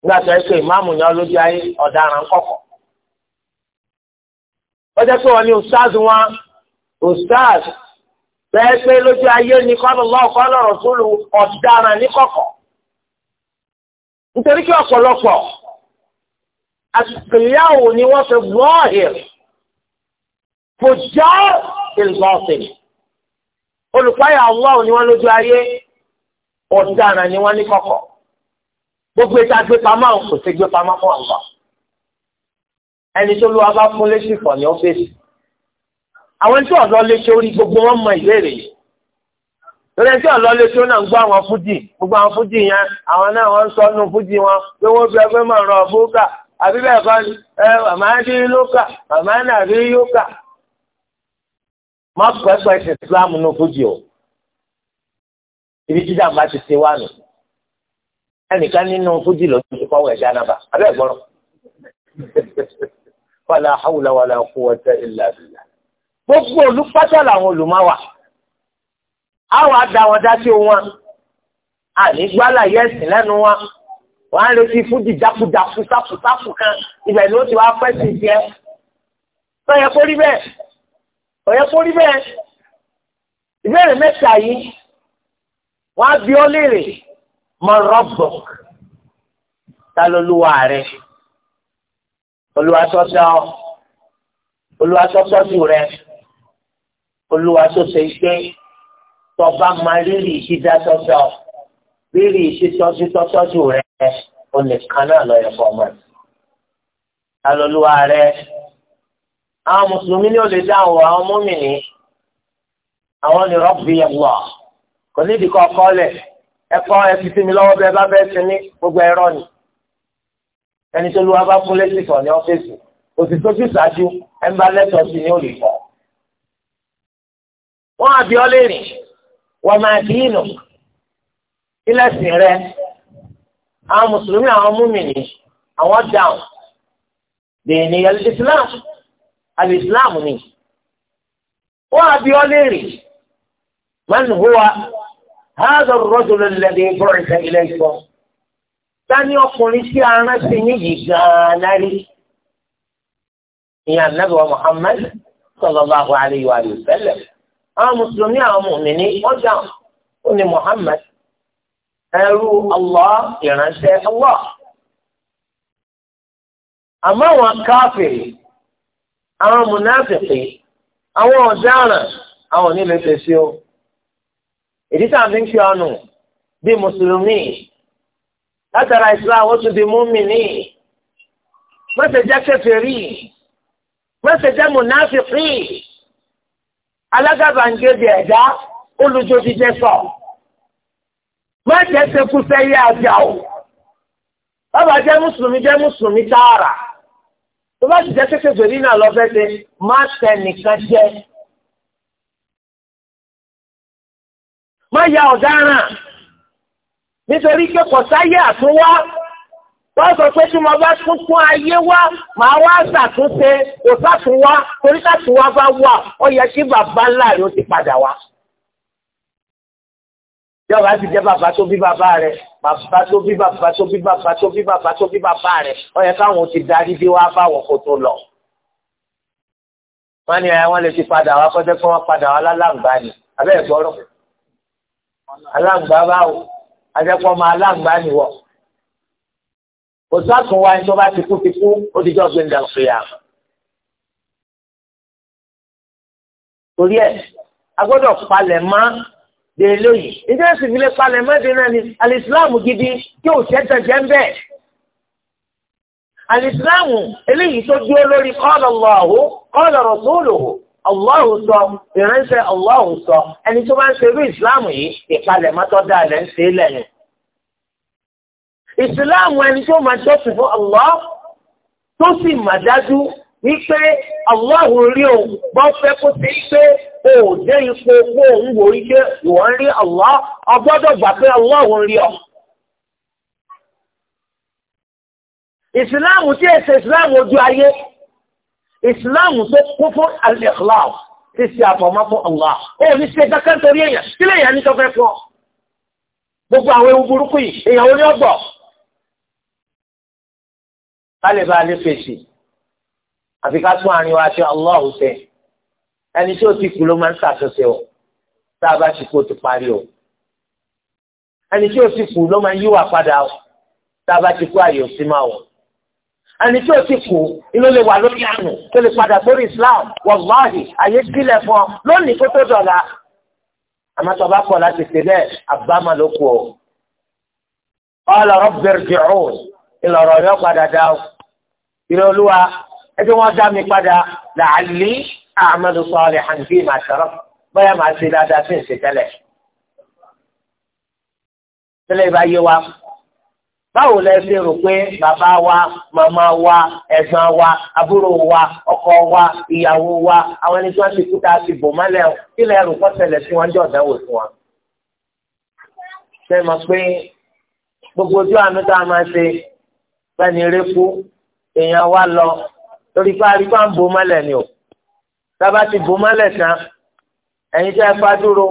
nígbà tó ẹ ṣe ìmáàmù yẹn lójú ayé ọ̀daràn kọ̀kọ̀ ó jẹ́ pé wọ́n ní ustaz wọn ustaz bẹ́ẹ̀ pé lójú ayé ni kọ́nù lọ́ọ̀ kọ́nù rọ̀ṣúlù ọ̀daràn ní kọ̀kọ̀ nítorí kí ọ̀pọ̀lọpọ̀ àtìkìyàwó ni wọ́n fi wọ́ọ̀hìr kò já ìlọ́sìn olùpáyà Allah ni wọ́n lójú ayé ọ̀daràn ni wọ́n ní kọ̀kọ̀ gbogbo ìta gbé pamọ́ àwọn kò sí gbé pamọ́ fún Allah ẹni tó lọ́wọ́ bá fún léṣì pọ̀ ní ọ́fíìsì àwọn tí ọ̀dọ́ léṣe orí gbogbo wọn mọ ìbéèrè yìí lórí ẹni tí ọ̀dọ́ léṣe náà ń gbọ́ àwọn fújì gbogbo àwọn fújì yẹn àwọn náà wọ́n ń sọ nù fújì wọn pé wọ́n fi ẹgbẹ́ máa rọ búkà àbí bẹ́ẹ̀ kọ́ ẹ màmá ní lókà màmá nàbí yókà má pẹ́pẹ́ ti Islam ní fújì o ibi jíjà bá ti ṣe wá nù ẹnìkan nínú fújì ló ti kọ́ wẹ̀ jánaba abẹ́ gbọ́rọ̀ wàlà hàwùlà wàlà quwwata illa billah gbogbo olùpátá làwọn olùmọ̀wà àwọn àdá wọn dá sí wọn àní gbálà yẹ́sìn lẹ́nu wọn wọ́n á retí fújì jákujàku sáfùsáfù kan ibẹ̀ ni ó ti wá fẹ́ sí jẹ́ ọ̀yẹ́ kórí bẹ́ẹ̀ ọ̀yẹ́ kórí bẹ́ẹ̀ ìbéèrè mẹ́ta yìí wọ́n á bí ọ́ léèrè mọ́ rọ́bọ̀k ta lolúwa rẹ̀ olùwàsọ́sọ́ olùwàsọ́sọ́sù rẹ̀ olùwàsọ́sọ́ ìgbé tọba máa rírì ìṣídásọ́sọ́ rírì ìṣítọ́sítọ́sọ́sù rẹ̀ rẹ o lè kan náà lọ ẹ̀kọ́ ọmọ rẹ. alọ́lúwa rẹ àwọn mùsùlùmí ni ó lè dáhùn àwọn mọ́mìnì àwọn ni rọ́bì ẹ̀wọ̀ kò ní ìdíkọ̀ kọ́lẹ̀ ẹ̀kọ́ ẹ̀sìn sí mi lọ́wọ́ bẹ́ẹ̀ bá bẹ́ẹ̀ sí ní gbogbo ẹ̀rọ ni ẹni tó lùwà bá fún lẹ́sìn kan ní ọ́fíìsì òsì tó ti ṣáájú ẹ̀ ń bá lẹ́tọ̀ọ́ sí ní olùkọ́. wọ́n àbí ọ lè rìn wọ́n máa dín ìnù ilẹ̀sìn rẹ̀ àwọn mùsùlùmí àwọn múmìnì àwọn dáhùn bẹ́ẹ̀ni alìsílám alìsílám ni wọn àbí ọ léèrè man huwa hàdà rọjòlè lẹbi bọrìsà ilé ìfọ tani ọkùnrin tí a rántí níyì gan-an lárí ìyá nàbẹwò muhammad sallallahu alayhi wa sallam àwọn mùsùlùmí àwọn múmìnì wọn dáhùn ó ní muhammad ẹrú Allah ìránṣẹ́ Allah. àmọ́ àwọn káfìrí àwọn mùnáfìkì àwọn ọ̀daràn àwọn onílé fèsì o. ìdí tá a fi ń fi ọnù bí mùsùlùmí látara islam ó tún di múmìnì má ṣe jẹ́ kèfèrí má ṣe jẹ́ mùnáfìkì alágàbàǹgẹ̀dẹ̀ ẹ̀dá olùjọ́jíjẹ́ sọ. So. má jẹ́ sekúsẹ́ yé àjà o bàbá jẹ́ mùsùlùmí jẹ́ mùsùlùmí tààrà tó bá sì jẹ́ kékeré bèrè náà lọ́fẹ́ ṣe má tẹ ya ọ̀daràn nítorí pé sáyé àtúnwá wọ́n sọ pé tí mo bá tuntun ayé wá màá wá ṣàtúnṣe kò torí bá wà yẹ kí bàbá ńlá ó yọba ti jẹ bàbá tó bí bàbá rẹ bàbá tó bí bàbá tó bí bàbá tó bí bàbá tó bí bàbá rẹ ó yẹ káwọn ti darí bí wàá báwọn kó tó lọ. wọ́n ní ẹ wọ́n lè ti padà wá kọjá kí wọ́n padà wá lálàǹgbá ni abẹ ẹgbọrọ aláǹgbá báwo ajẹpọ ọmọ aláǹgbá ni wọ. kò sáàtún wáyé tó bá ti kú ti kú ó ti jọ gbé ń dàgbé yà. torí ẹ a gbọ́dọ̀ palẹ̀ mọ́. dé eléyìí ìjọ sì fi lè palẹ̀ mọ́dé náà ni gidi tí ò ṣẹ́tàn jẹ́ ń bẹ̀. eléyìí tó dúró lórí qala Allahu qala rasuluhu Allahu sọ ìránṣẹ́ Allahu sọ ẹni tó bá ń ṣerú yìí ìpalẹ̀ mọ́tọ́ ṣe é lẹ́yìn. ẹni tó máa jọ́sìn fún Allah tó sì mà dájú wípé Allahu rí òun bọ́ fẹ́ kó ti o ò dé ipò owó òun wò rí pé ìwọ ń rí Allah ọgbọ́dọ̀ gbà pé Allah òun rí ọ. ìsìláàmù tí èsè ìsìláàmù ojú ayé ìsìláàmù tó kún fún al-ikhlas ti ṣe àfọ̀mọ́ fún Allah ó ní ṣe kankan torí èèyàn kí lèèyàn ní tọ́fẹ́ fún ọ. gbogbo àwọn ewu burúkú yìí èèyàn orí ọgbọ̀ kálíbà lè fèsì àfi ká tún àárín wa ṣe Allah ṣe ẹni tí ó ti kú ló máa ń ṣàtúnṣe o tá a bá ti kú ó ti parí o ẹni tí ó ti kú ló máa ń yíwà padà o tá a bá ti kú àyè òsì máa wọ̀ ẹni tí ó ti kú inú lè wà lórí àánú tó lè padà sórí Islam wàláhì àyè sílẹ̀ fún ọ lónìí kó tó dọ̀la àmọ́ tó bá kọ̀ láti ṣe bẹ́ẹ̀ àbámọ̀ ló kù o ọlọ́rọ̀ bẹ̀rẹ̀ jẹ̀ ọ́ ìlọ̀rọ̀ yọ padà dá o ìrọ̀lúwa ẹ àmàlù sọ̀rọ̀ hànfì máa sọ̀rọ̀ bóyá máa ṣe dáadáa sí ìṣe tẹ́lẹ̀. tẹ́lẹ̀ bá yé wa báwo lẹ ṣe rò pé bàbá wa màmá wa ẹ̀gbọ́n wa àbúrò wa ọkọ wa ìyàwó wa àwọn ẹni tí wọ́n ti kú tá a ti bò mọ́lẹ̀ o kí lẹ rò kọ́ ṣẹlẹ̀ sí wọn jẹ́ ọ̀dánwò sí wọn. ṣé mo pé gbogbo ojú àánú tá a máa ṣe bẹ́ẹ̀ ni eré kú èèyàn wa lọ torí pé àríkà ń bò mọ́lẹ̀ ni o tába ti bò mọ́lẹ̀ tán ẹ̀yin tí a fa dúró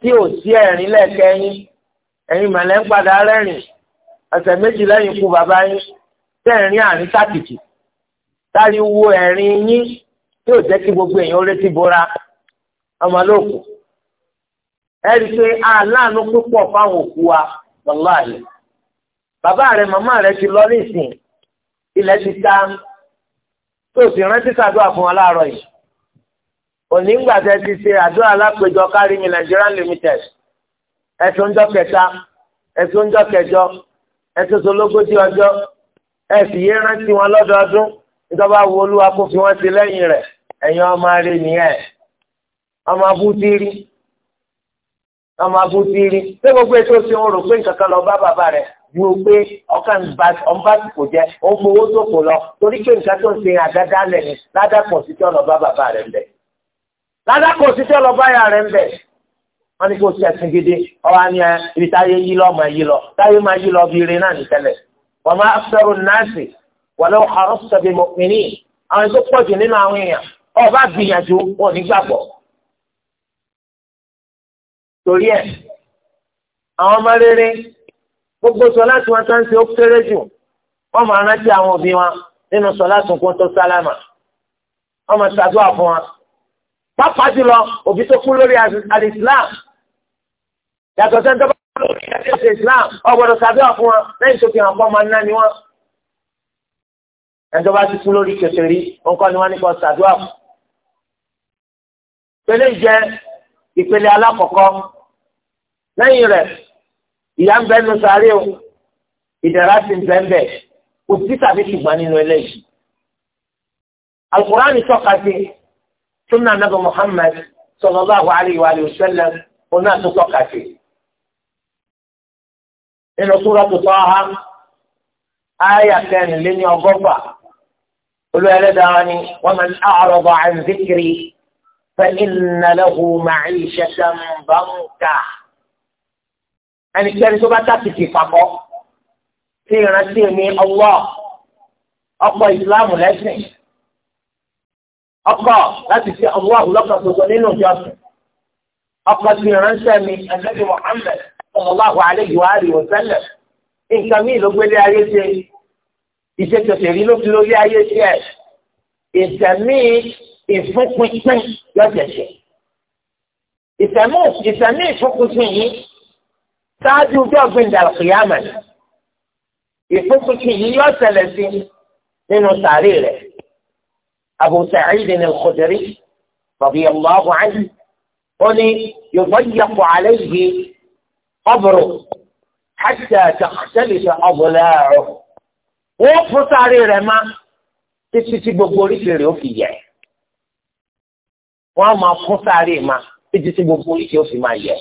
tí ò sí ẹ̀rín lẹ́ẹ̀kẹ́yìn ẹ̀yin mọ̀lẹ́ ń padà rẹ́rìn ọ̀sẹ̀ méjì lẹ́yìn ikú bàbá yín tẹ̀rín àrín tàkìtì táyì wo ẹ̀rín yín tí ò jẹ́ kí gbogbo èèyàn ó létí bora ọmọlóòkù ẹ̀rí pé aláàánú púpọ̀ fáwọn òkú wa wàláhì bàbá rẹ̀ màmá rẹ̀ ti lọ nísìn ilẹ̀ ti ta tó sì rántí sàdúrà fún wọn láàárọ̀ yìí onígbà tẹ́ ti ṣe àdúrà lápèjọ kárí mi Nigeria limited ẹsùn ọjọ́ kẹta ẹsùn ọjọ́ kẹjọ ẹsùn ológójì ọjọ́ ẹsì yé rántí wọn lọ́dọọdún ìjọba wo olúwa kó fi wọn ti lẹ́yìn rẹ̀ ẹ̀yin ọmọ rẹ̀ nìyẹn ọmọ abútírí ọmọ abútírí ṣé gbogbo ètò ìsìn pé nǹkan kan lọ bá bàbá rẹ̀ ju pé ọkàn ọ̀nbásìkò jẹ́ ó ń gbowó sóko lọ torí pé nǹkan tó ń ṣe àdáda lẹ̀ ni ládàpọ̀ sí tọ́lọ̀ bá bàbá rẹ̀ ń bẹ̀. ládàpọ̀ sí tọ́lọ̀ bá yà rẹ̀ ń bẹ̀. wọ́n ní kó ṣe ẹ̀sìn gidi ọwọ́ ni ibi táyé yí lọ máa yí lọ táyé máa yí lọ bí irin náà ní tẹ́lẹ̀. wọ́n máa fẹ́rù náàsì wọ́n lọ́wọ́ àrùn sọ̀bì mọ̀kìnní àwọn ní àwọn ọmọ rere gbogbo sọlá tí wọn tó ń ṣe ó kéré jù wọn máa rántí àwọn òbí wọn nínú sọlá tó kún tó sálámà wọn máa ṣàdúrà fún wọn pápá jùlọ òbí tó kú lórí alìsílám yàtọ̀ sẹ́ni tó bá kú lórí ẹ̀sìn islam ọgbọ́dọ̀ ṣàdúrà fún wọn lẹ́yìn tó fi hàn pọ́ máa ná ni wọn ẹni tó bá ti kú lórí kèfèrí nǹkan ni wọn ní kó ṣàdúrà fún pẹ̀lẹ́ jẹ ìpele alákọ̀ọ́kọ́ lẹ́yìn rẹ̀ ìyá ń bẹ nínú sáré o ìdẹ̀ra ti ń bẹ ń bẹ kò sí tàbí ṣùgbọ́n nínú eléyìí. alukur'ani tọ́ka sí sunna nabi muhammad sallallahu alayhi wa sallam oní àtúntọ́ka sí. nínú suratu Taha ayà kẹrin lé ní ọgọ́fà olùyẹlẹ́dàá ni wa man a'rada 'an dhikri fa inna lahu ma'ishatan banka ẹnikẹ́ni tó bá tàkìtì papọ̀ tí ìrántí mi ọwọ́ ọkọ̀ ìsìláàmù lẹ́sìn ọkọ̀ láti fi ọwọ́ ọlọ́kan tuntun nínú ìjọsìn ọkọ̀ tí ìrántí mi ẹ̀ẹ́dẹ́gbẹ̀rún Muhammad sallallahu alayhi wa alihi wa sallam nǹkan mi ló gbélé ayé ṣe ìṣètòtò èrí ló fi lórí ayé ṣe ẹ̀ ìtẹ̀mí ìfúnpinpin lọ́jẹ̀ṣẹ̀ ìtẹ̀mí ìfúnpinpin yìí ṣáájú bí ọ̀gbìn dàlùkìyàmà ni ìpínpínkì yìí yọ ṣẹlẹ̀ sí nínú sàárè rẹ̀ Abu Sa'id al-Khudri radiyallahu anhu ó ní yudayyaqu alayhi qabru hatta takhtalifa adla'uhu wọ́n fún sàárè rẹ̀ má títí tí gbogbo oríṣiríṣi ó fi yẹ̀ wọ́n á máa fún sàárè má títí tí gbogbo oríṣiríṣi ó fi máa yẹ̀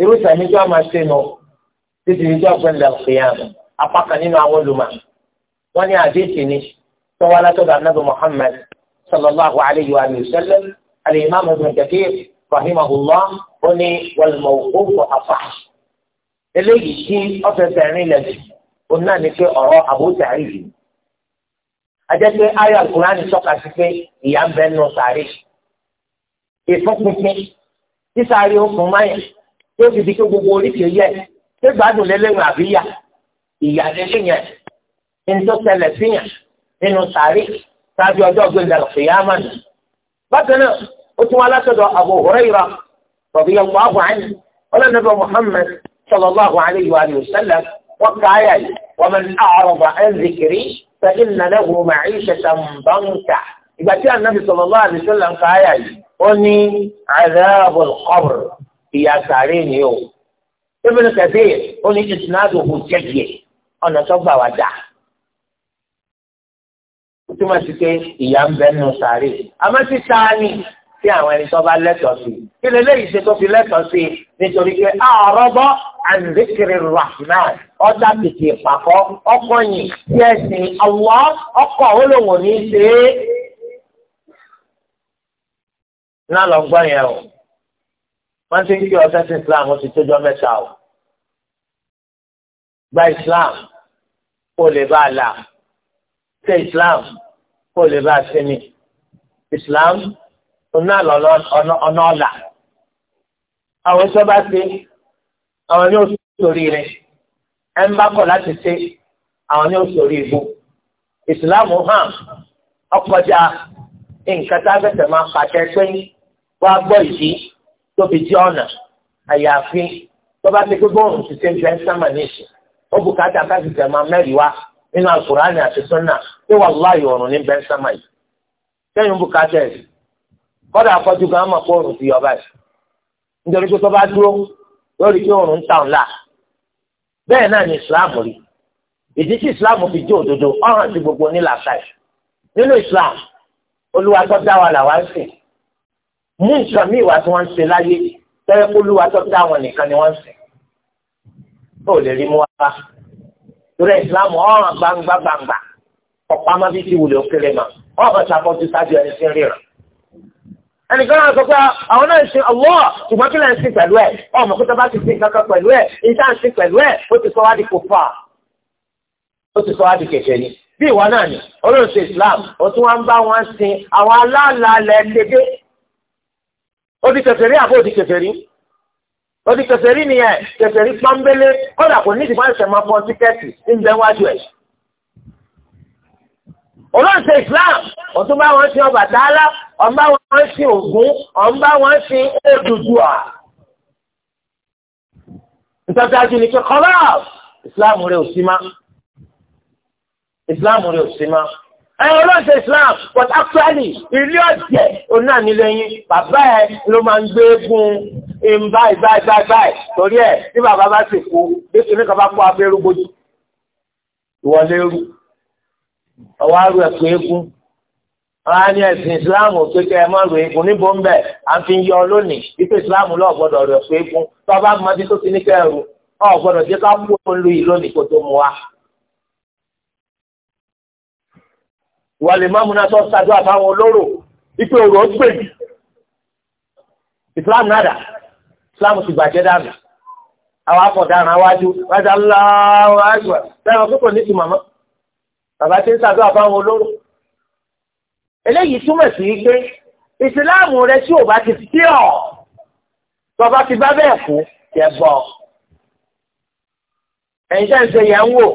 irú sàmì tí wọ́n máa ṣe nù títí ní jọ́pẹ́ ńlẹ̀ òkèèyàn apá kan nínú àwọn olùmọ̀ wọ́n ní àdéhìí ni tọ́wọ́ alátọ́dọ̀ anábì Muhammad sallallahu alayhi wa sallam al-imam ibn Kathir rahimahullah ó ní wal-mawqufu asah eléyìí tí ọ̀fẹ́fẹ́ rìn lẹ̀ jù ó náà ní pé ọ̀rọ̀ Abu yìí ajẹ́pẹ́ ayé alukurani tọ́ka sí pé ìyá ń bẹ́ẹ̀ nù sàárè ìfúnpinpin sísáré ó fún máyà tó fi di pé gbogbo oríṣi yẹ ṣé gbádùn lẹ́lẹ́yìn àbí yà ìyá lẹ́lẹ́yìn ẹni tó tẹlẹ̀ síyàn nínú sàárì sáájú ọjọ́ gbẹ̀ngàn fìyàmà nù. bákan náà ó tún wá látọ̀dọ̀ Abu Hurairah radiyallahu anhu ọlọ́nàbẹ Muhammad sallallahu alayhi wa sallam wọ́n ká ayà yìí wa man a'rada an dhikri fa inna lahu ma'ishatan banka ìgbà tí ànábì sallallahu alayhi wa sallam ká ayà yìí ó ní adhabul qabr ìyá sàárè ni o ebile kẹsí ó ní ìsìnàdù kò jẹjẹ ọ̀nà tó gbà wá dà túmọ̀ sí pé ìyá ń bẹ nù sàárè àmọ́ ti ta ni tí àwọn ẹni tó bá lẹ́tọ̀ọ́ sí kí lè léyìí ṣe tó fi lẹ́tọ̀ọ́ sí nítorí pé àrọ́bọ́ àǹdékèrè rahman ọ̀dà tètè pàkọ́ ọkọ̀ yìí tí ẹ̀sìn ọ̀wọ́ ọkọ̀ olóhùn ní í ṣe é. náà lọ gbọ́ yẹn o wọ́n ti ń kí ọ̀sẹ̀ sí islam ó ti tójọ́ mẹ́ta o gba islam kó lè bá a là ṣe islam kó lè bá a sinmi islam ọ̀nà ọ̀nà ọ̀là àwọn iṣẹ́ bá ṣe àwọn ní oṣù sórí rẹ̀ ẹ̀ ń bá kọ̀ láti ṣe àwọn ní oṣù sórí ibu islam hàn ọkọjà nǹkan tá a fẹsẹ̀ máa pàṣẹ pé wàá gbọ́ ìdí. tó fi jẹ́ ọ̀nà àyàfi tó ti gbogbo òun ti ṣe ń bẹ́ẹ̀ sámà níṣì ó bùkátà káàkiri tẹ̀mọ́ mẹ́rin wá nínú àkùránì àti sọ́nà pé wà láàyò ọ̀run ní bẹ́ẹ̀ sámà yìí ẹ̀ kọ́dà afọ́jú gan mọ̀ òrùn ti nítorí dúró lórí pé òrùn ń ta bẹ́ẹ̀ náà ni Islam Islam fi òdodo gbogbo nínú Islam olúwa tó dá wa mú nǹkan míì wá tí wọ́n ń ṣe láyé tẹ́lẹ̀ kó wa tó dá wọn nìkan ni wọ́n ń sìn ó lè rí mú wá bá torí ìsìlámù ọ̀ràn gbangba gbangba ọ̀pá má bí ti wùlé òkèlè mà ọ̀ràn ṣàkóso sáájú ẹni sí ríran. ẹnìkan náà sọ pé àwọn náà ń sin ọwọ́ ṣùgbọ́n kí lẹ́yìn sí pẹ̀lú ẹ̀ ọmọ kó tó bá ti sin kankan pẹ̀lú ẹ̀ ìta ń sin pẹ̀lú ẹ̀ ó ti sọ wá di kópa ó ti sọ wá di kẹ̀kẹ́ ni bí ìwọ náà ni olóòṣè Islam ó tún wá ń bá wọn sin àwọn aláàlá lẹ́ẹ̀dẹ́gbẹ́ ó di kèfèrí àbó di kèfèrí ó di kèfèrí nìyẹn kèfèrí pọ́nbélé kódà kò ní ìdìbò àṣẹ máa fọ́n tíkẹ́ẹ̀tì ń bẹ ẹ̀. olóòṣè Islam ọ̀tún bá wọn sin Ọbàtálá ọ̀n bá wọn sin Ògún ọ̀n bá wọn sin Odùduwà. ìtọ́jú ajú ni pé kọ́lá Islam rẹ̀ ò sí má Islam rẹ̀ ò sí má ẹ ọlọ́sẹ̀ Islam but actually ilé ọ̀jẹ̀ òun náà nílé yín bàbá ẹ ló máa ń gbé gun ìmbá ìbá ìbá ìbá ẹ torí ẹ tí bàbá bá sì kú bíkí ní kaba kó abẹ́rú bójú ìwọlé rú ọwọ́ àrùn ẹ̀kọ́ eégún wọn á ní ẹ̀sìn Islam pé kẹ́ ẹ má rò eégún níbo ń bẹ̀ à ń fi yọ lónìí wípé Islam lọ́ọ̀ gbọ́dọ̀ rẹ̀ pé eégún tọ́ bá mọ bí tó ti ní kẹ́ ẹ̀rù ọ̀ gbọ́dọ̀ jẹ́ ká mú òun lu yìí lónìí kó tó mu wá. wà lè máa múná tó ṣàdó àtàwọn olóró ipe òrò ó gbè jù islam nada islam ti bàjẹ́ dànù àwọn afọ̀daràn wájú wájú aláwọ̀ àgbà táwọn púpọ̀ ní ti màmá bàbá ti ń ṣàdó àtàwọn olóró eléyìí túmọ̀ sí pé ìsìláàmù rẹ tí ò bá ti tí ọ̀ tọba ti bá bẹ́ẹ̀ kú yẹ bọ̀ ẹ̀yin tẹ́ ń ṣe yẹn ń wò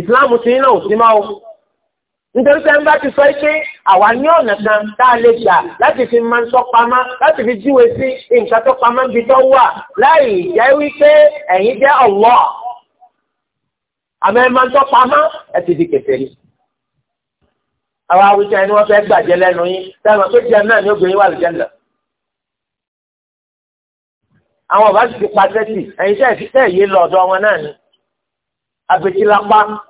Islam ti ń náà ò sí nítorí pé ẹnbá ti sọ pé àwa ní ọ̀nà kan tá a lè gbà láti fi máa ń tọ́ pamọ́ láti fi jíwe sí nǹkan tó pamọ́ níbi tó wà láì jẹ́ wípé ẹ̀yin jẹ́ Allah àmọ́ ẹ máa ń tọ́ pamọ́ ẹ ti di kèfèrí. àwa awùjọ ẹni wọ́n fẹ́ gbàjẹ́ lẹ́nu yín táwọn pé jẹun náà ní obìnrin wà lójẹ́ lọ. àwọn ọba sì ti pa tẹ́tì ẹ̀yin tẹ́ ìfisẹ́ yìí lọ ọ̀dọ̀ wọn náà ni àbètí lápá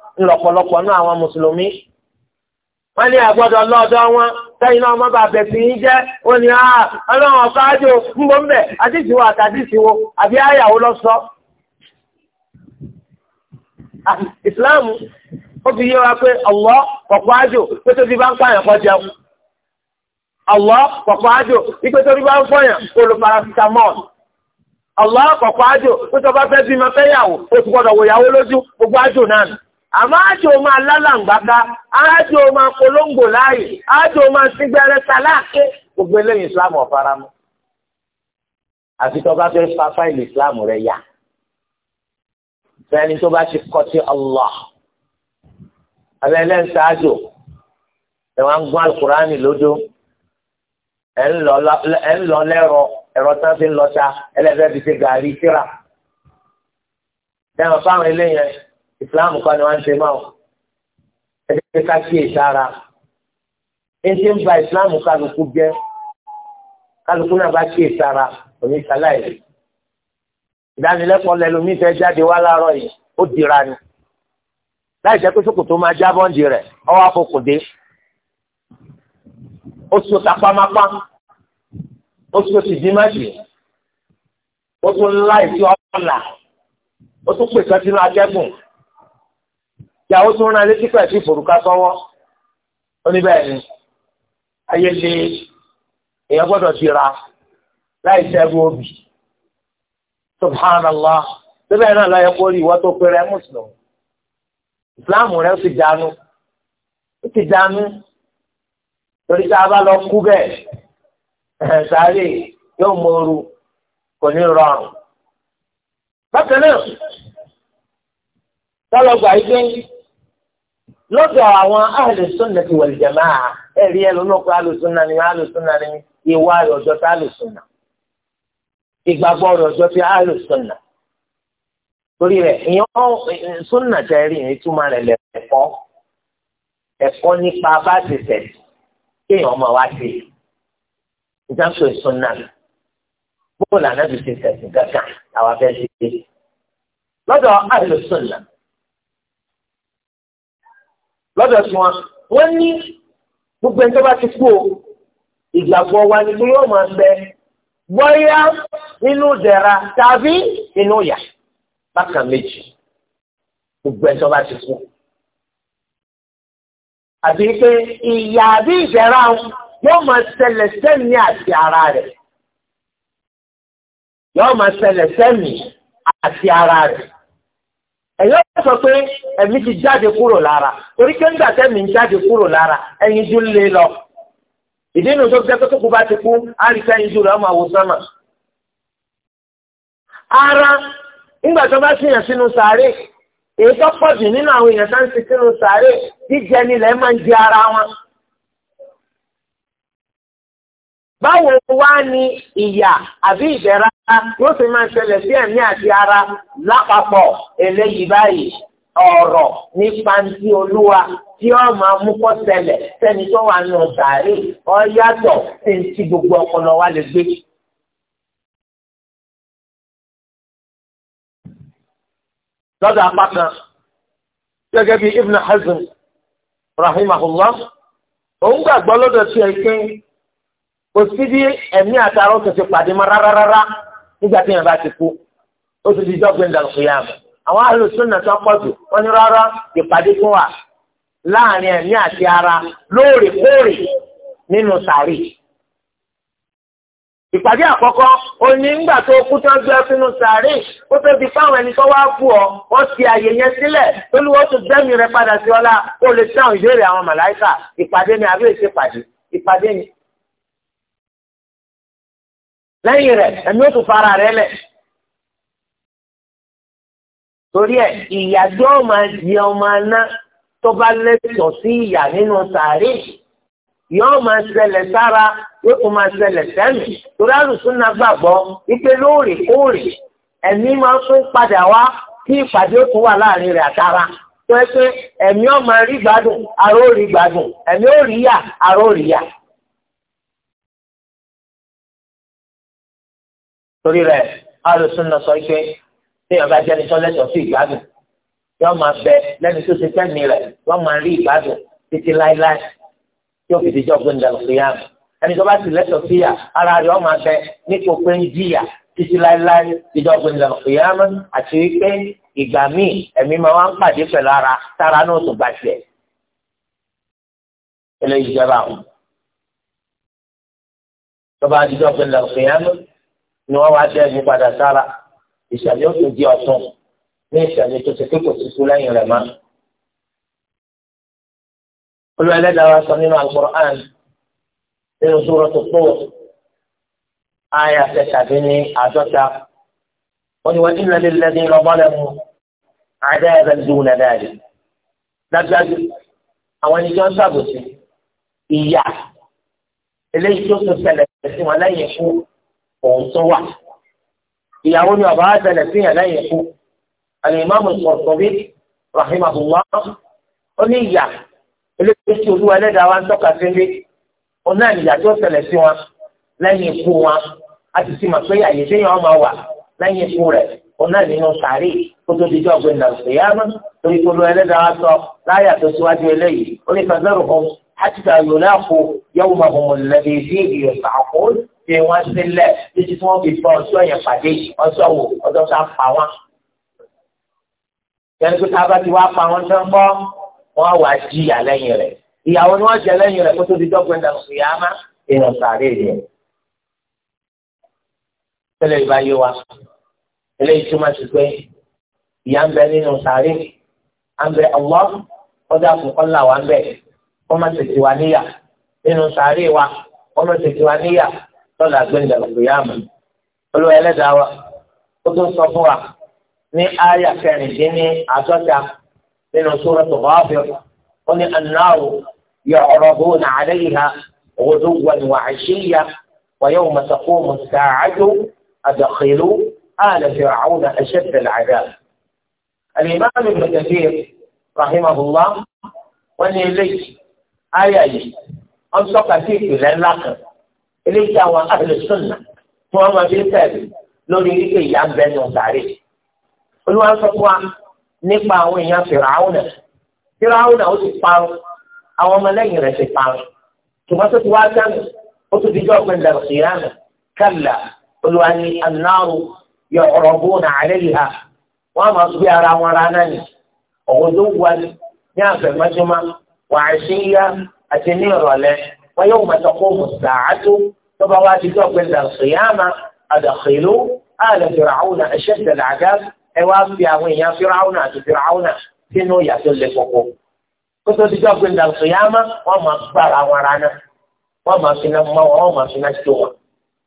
wọ́n ní àgbọ́dọ̀ ọnwa wọn sẹ́yìn náà ọmọ bàbẹ̀ sí yín jẹ́ ó ní ah, ọlọ́run ń bọ́ àbí àyàwó ìsìláàmù ó fi yé wa pé ọ̀wọ́ pọ̀pọ̀ àjò pé tó fi bá ń pààyàn jẹun. ọ̀wọ́ pọ̀pọ̀ àjò pé tó fi bá ń fọyàn paracetamol. àmọ́ àjò máa lálàǹgbáká àjò máa polongo láàyè àjò máa sígbẹ́rẹ́ sáláàké gbogbo eléyìí islam ọ̀faramọ́ àfi tó bá fẹ́ fa fáìlì islam rẹ̀ yá fẹ́ni tó bá ti kọ́ sí Allah abẹ́lẹ́ ń ṣáájò ẹ̀ wá ń gún alukurani lójó ẹ̀ ń lọ lẹ́rọ ẹ̀rọ tán fi ń lọ ta ẹlẹ́fẹ́ fi ṣe gàrí síra. Dẹ́wọ̀n fáwọn eléyẹn islam kan ni wọ́n ń ṣe máa ọ̀ ẹ̀jẹ̀ ká kí èsì ara ẹ̀jẹ̀ ń ba islam kálukú jẹ́ kálukú náà bá kí èsì ara òní sáláì ìdánilẹ́kọ̀ọ́ lẹ́lómi fẹ́ jáde wá láàárọ̀ yìí ó dira ni láì jẹ́ pé sókòtò máa já bọ́ǹdì rẹ̀ ọwọ́ àkókò dé ó sọ tapamapa ó sọ tìdímàṣì ó tún láì sí ọ̀la ó tún pèsè sínú atẹ́gùn ìyàwó tó rán létí pẹ̀lú ìforúkà sọ́wọ́ oníbẹ̀rẹ̀ ayé lé èèyàn gbọ́dọ̀ ti ra láì sẹ́gun obì subhanallah síbẹ̀ náà lọ́yẹ kó rí ìwọ tó péré mùsùlùmí ìsìláàmù rẹ ti dànù ó ti dànù torí tá a bá lọ kú bẹ́ẹ̀ sáré yóò mọ̀ọ́rù kò ní rọrùn bákan náà tọ́lọ́gbà yìí lọ́dọ̀ àwọn àlùsùnà ti wal jamaa ẹ̀rí ẹ̀ lọ́lọ́kọ̀ àlùsùnà ni àlùsùnà ni ìwà ọ̀jọ́ ti àlùsùnà ìgbàgbọ́ ọ̀jọ́ ti àlùsùnà torí rẹ̀ ìyẹn sùnà tẹ̀ rí ní túmọ̀ rẹ̀ lẹ́kọ́ ẹ̀kọ́ nípa bá ti tẹ̀ kéèyàn ọmọ wa ti ìjànsọ ìsùnà bóòlù ànábìsí tẹ̀sìn gàgà àwọn afẹ́ ti dé lọ́dọ̀ àlùsùnà lọ́dọ̀ sí wọn wọ́n ní gbogbo ẹni tó bá ti kú o ìgbàgbọ́ wa ni pé yóò máa bẹ bọ́yá nínú dẹ̀ra tàbí inú yà bákan méjì gbogbo ẹni tó bá ti kú. àbí pé ìyà àbí ìdẹ̀ra yóò máa ṣẹlẹ̀ sẹ́mi àti ara rẹ̀ yóò máa ṣẹlẹ̀ sẹ́mi àti ara rẹ̀ ẹ̀yọ́ sọ pé ẹ̀mí ti jáde kúrò lára torí pé nígbà tẹ́mi ń jáde kúrò lára ẹ̀yin ju lé lọ ìdí inú tó jẹ́ pé tó kú bá ti kú á rí sẹ́yìn ju rẹ̀ ọmọ àwọn sọ́mà. ara nígbà tó bá ṣìyàn sínú sàárè èyí tó pọ̀ jù nínú àwọn èèyàn tó ń ṣe sínú sàárè jíjẹ nílẹ̀ máa ń jẹ ara wọn. báwo wá ní ìyà àbí ara yóò fi máa ṣẹlẹ̀ sí ẹ̀mí àti ara lápapọ̀ eléyìí báyìí ọ̀rọ̀ nípa ti olúwa tí ó máa mú kó ṣẹlẹ̀ sẹ́ni tó wà nù gbogbo ọpọlọ wa lè gbé. lọ́dọ̀ apata gẹ́gẹ́ bí Ibn Hazm rahimahullah òun gbàgbọ́ lọ́dọ̀ tí ẹ kò sí bí ẹ̀mí àtàrà ó tètè pàdé mọ́ rárárárá nígbà tí yẹn bá ti kú ó ti di dọ́gbìn dàgbìyàmù àwọn alùsùn náà tó pọ̀ jù wọ́n ní rárá ìpàdé fún wa láàrin ẹ̀mí àti ara lóòrèkóòrè nínú sàárì. ìpàdé àkọ́kọ́ ó ní ńgbà tó kú tán gbé sínú sàárì ó tó di fáwọn ẹni tó wá bù ọ́ wọ́n ti àyè yẹn sílẹ̀ tó ní wọ́n tún gbẹ́mí rẹ padà sí ọlá ó lè dáhùn ìbéèrè àwọn màláìkà ìpàdé ni àbí èsì pàdé ìpàdé ni lẹ́yìn rẹ̀ ẹ̀mí ó tún fara rẹ̀ lẹ̀. torí ẹ̀ ìyàjọ́ máa di ọmọ aná tó bá lẹ́tọ̀ọ́ sí ìyà nínú sàárè yóò máa ṣẹlẹ̀ sára yóò tún máa ṣẹlẹ̀ sẹ́mi torí àlùsùn náà gbàgbọ́ wípé lóòrèkóòrè ẹ̀mí máa tún padà wá kí ìpàdé tún wà láàrin rẹ̀ àtara tó pé ẹ̀mí ó rí gbádùn àrò rí gbádùn ẹ̀mí ó rí yà àrò rí yà. torí rẹ̀ alùsùn náà sọ pé téèyàn bá jẹ́ni tó lẹ́tọ̀ọ́ sí ìgbádùn yóò máa bẹ lẹ́ni tó ṣe tẹ́ni rẹ̀ wọ́n máa rí ìgbádùn títí láéláé yóò fi dijọ́ gbẹ̀ndà lùkìyàmù ẹni tó bá sì lẹ́tọ̀ọ́ sí yà ara rẹ̀ wọ́n máa bẹ nípò pé ń jìyà títí láéláé dijọ́ gbẹ̀ndà lùkìyàmù àti wípé ìgbà míì ẹ̀mí máa ń pàdé pẹ̀lú ara tára náà tó gbà tiẹ̀ eléyìí jẹba àwọn tó bá dijọ́ gbẹ̀ndà lùkìyàmù ni wọ́n wá dẹ́gun padà sára ìṣẹ̀lẹ̀ ó tún di ọ̀tún ní ìṣẹ̀lẹ̀ tó ti pé kò sí kú lẹ́yìn rẹ̀ má. olùwẹ̀lẹ́dàá wa sọ nínú Al-Qur'an nínú Sūratu Tūr aya kẹtàdín ní àádọ́ta ó ní wa inna lilladhīna ẓalamū 'adhāban dūna dhālik dájúdájú àwọn ẹni tí wọ́n ìyá eléyìí tó tún ṣẹlẹ̀ sí wọn lẹ́yìn fún òun tó wà ìyàwó ni ọba àtẹlẹ sí yàn lẹ́yìn ikú alimami Qurtubi rahimahullah ó ní ìyà eléyìí tí olúwa ẹlẹ́dàá wa ń tọ́ka sí ní òun náà nìyà tó ṣẹlẹ̀ sí wọn lẹ́yìn ikú wọn a ti ti mọ̀ pé àyè téèyàn ọmọ wà lẹ́yìn ikú rẹ̀ òun náà nínú sàárì kó tó di jọ́ọ̀gbìn nàìjíríà torí pé olúwa ẹlẹ́dàá wa sọ láyà tó síwájú eléyìí ó ní fẹ́ fẹ́ràn àti tààyò náà kó yẹ́wùmọ̀ òun lẹ́bi bí ìyẹn sàkóso fi wọ́n sílẹ̀ títí tí wọ́n fi bọ́ ọjọ́ yẹn pàdé ọjọ́ wo ọjọ́ tá a pa wọ́n. yẹn tó tábà ti wá pa wọ́n tán bọ́ wọ́n wá jìyà lẹ́yìn rẹ̀ ìyàwó ni wọ́n jẹ lẹ́yìn rẹ̀ kó tó di dọ́gbọ̀n dànù ìyáàmá èèyàn sàárè rẹ̀. tẹ́lẹ̀ ìbá yé wa eléyìí túmọ̀ sí pé ìyá ń bẹ nínú sàárè à ń bẹ ọ̀wọ́ ọjà fún kọ́là wa ń bẹ ọmọ tètè wa níyà nínú sàárè wa ọmọ tètè wa níyà lọ́la gbẹ̀ngàn lọ́kùyàmù olúwa ẹlẹ́dàá wa ó tún sọ fún wa ní àyà kẹrìndínlẹ́ni àtọ́ta nínú sóràtò Ghafir ó ní anáwó يعرضون عليها غدوا وعشيا ويوم تقوم الساعة أدخلوا آل فرعون أشد العذاب الإمام ابن كثير رحمه الله وني لي آية أنصق فيك لنلقى eléyìí àwọn àlùsùnà tí wọ́n máa fi tẹ̀lé lórí ike ìyá ń bẹnu sàárè. olúwa sọ fún wa nípa àwọn èèyàn fìràwùnà fìràwùnà ó ti parun àwọn ọmọlẹ́yìn rẹ̀ ti parun ṣùgbọ́n tó ti wá dánù ó tún fi jọ́ ọ̀gbìn dàrú sí ránù kálá olúwa ní anáàrú yọ ọ̀rọ̀ bóun àlẹ́ yìí ha wọ́n á máa gbé ara wọn ra náà ní ọ̀gbọ́n tó wù ní àfẹ̀mọ́júmọ́ wàá yá àti ní ìrọ̀lẹ́ ويوم تقوم الساعة فبالله تقبل القيامة أدخلوا آل فرعون أشد العذاب إواب يا وين يا فرعون أتو فرعون سنو يسل فقوم كنت تقبل الصيامة وما أكبر أمرنا وما سنما وما سنشتوا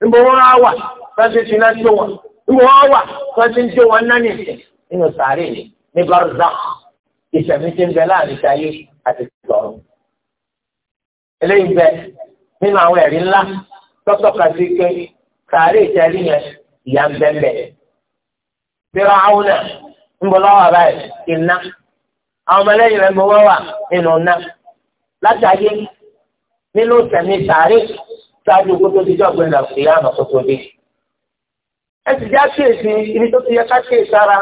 إنبوا هوا فاسي سنشتوا إنبوا هوا فاسي سنشتوا أنني إنو ساريني نبرزخ إذا مثل بلاني سايش أتكتورو eléyìí bẹ nínú àwọn ẹ̀rí ńlá tọ́tọ́ka sí pé sàárè ìtẹ́rí yẹn ìyá ń bẹ́ẹ̀ bẹ́ẹ̀ àwọn náà ń bọ̀ lọ́wọ́ báyìí iná àwọn ọmọlẹ́yìn rẹ̀ gbowó wà nínú iná látàgé nínú sẹ̀mí sàárè ṣáájú kótó dídí ọ̀gbìn náà ìyá àmọ̀ kótó dé. ẹ sì já kíyèsí ibi tó ti yẹ ká kíyèsí ara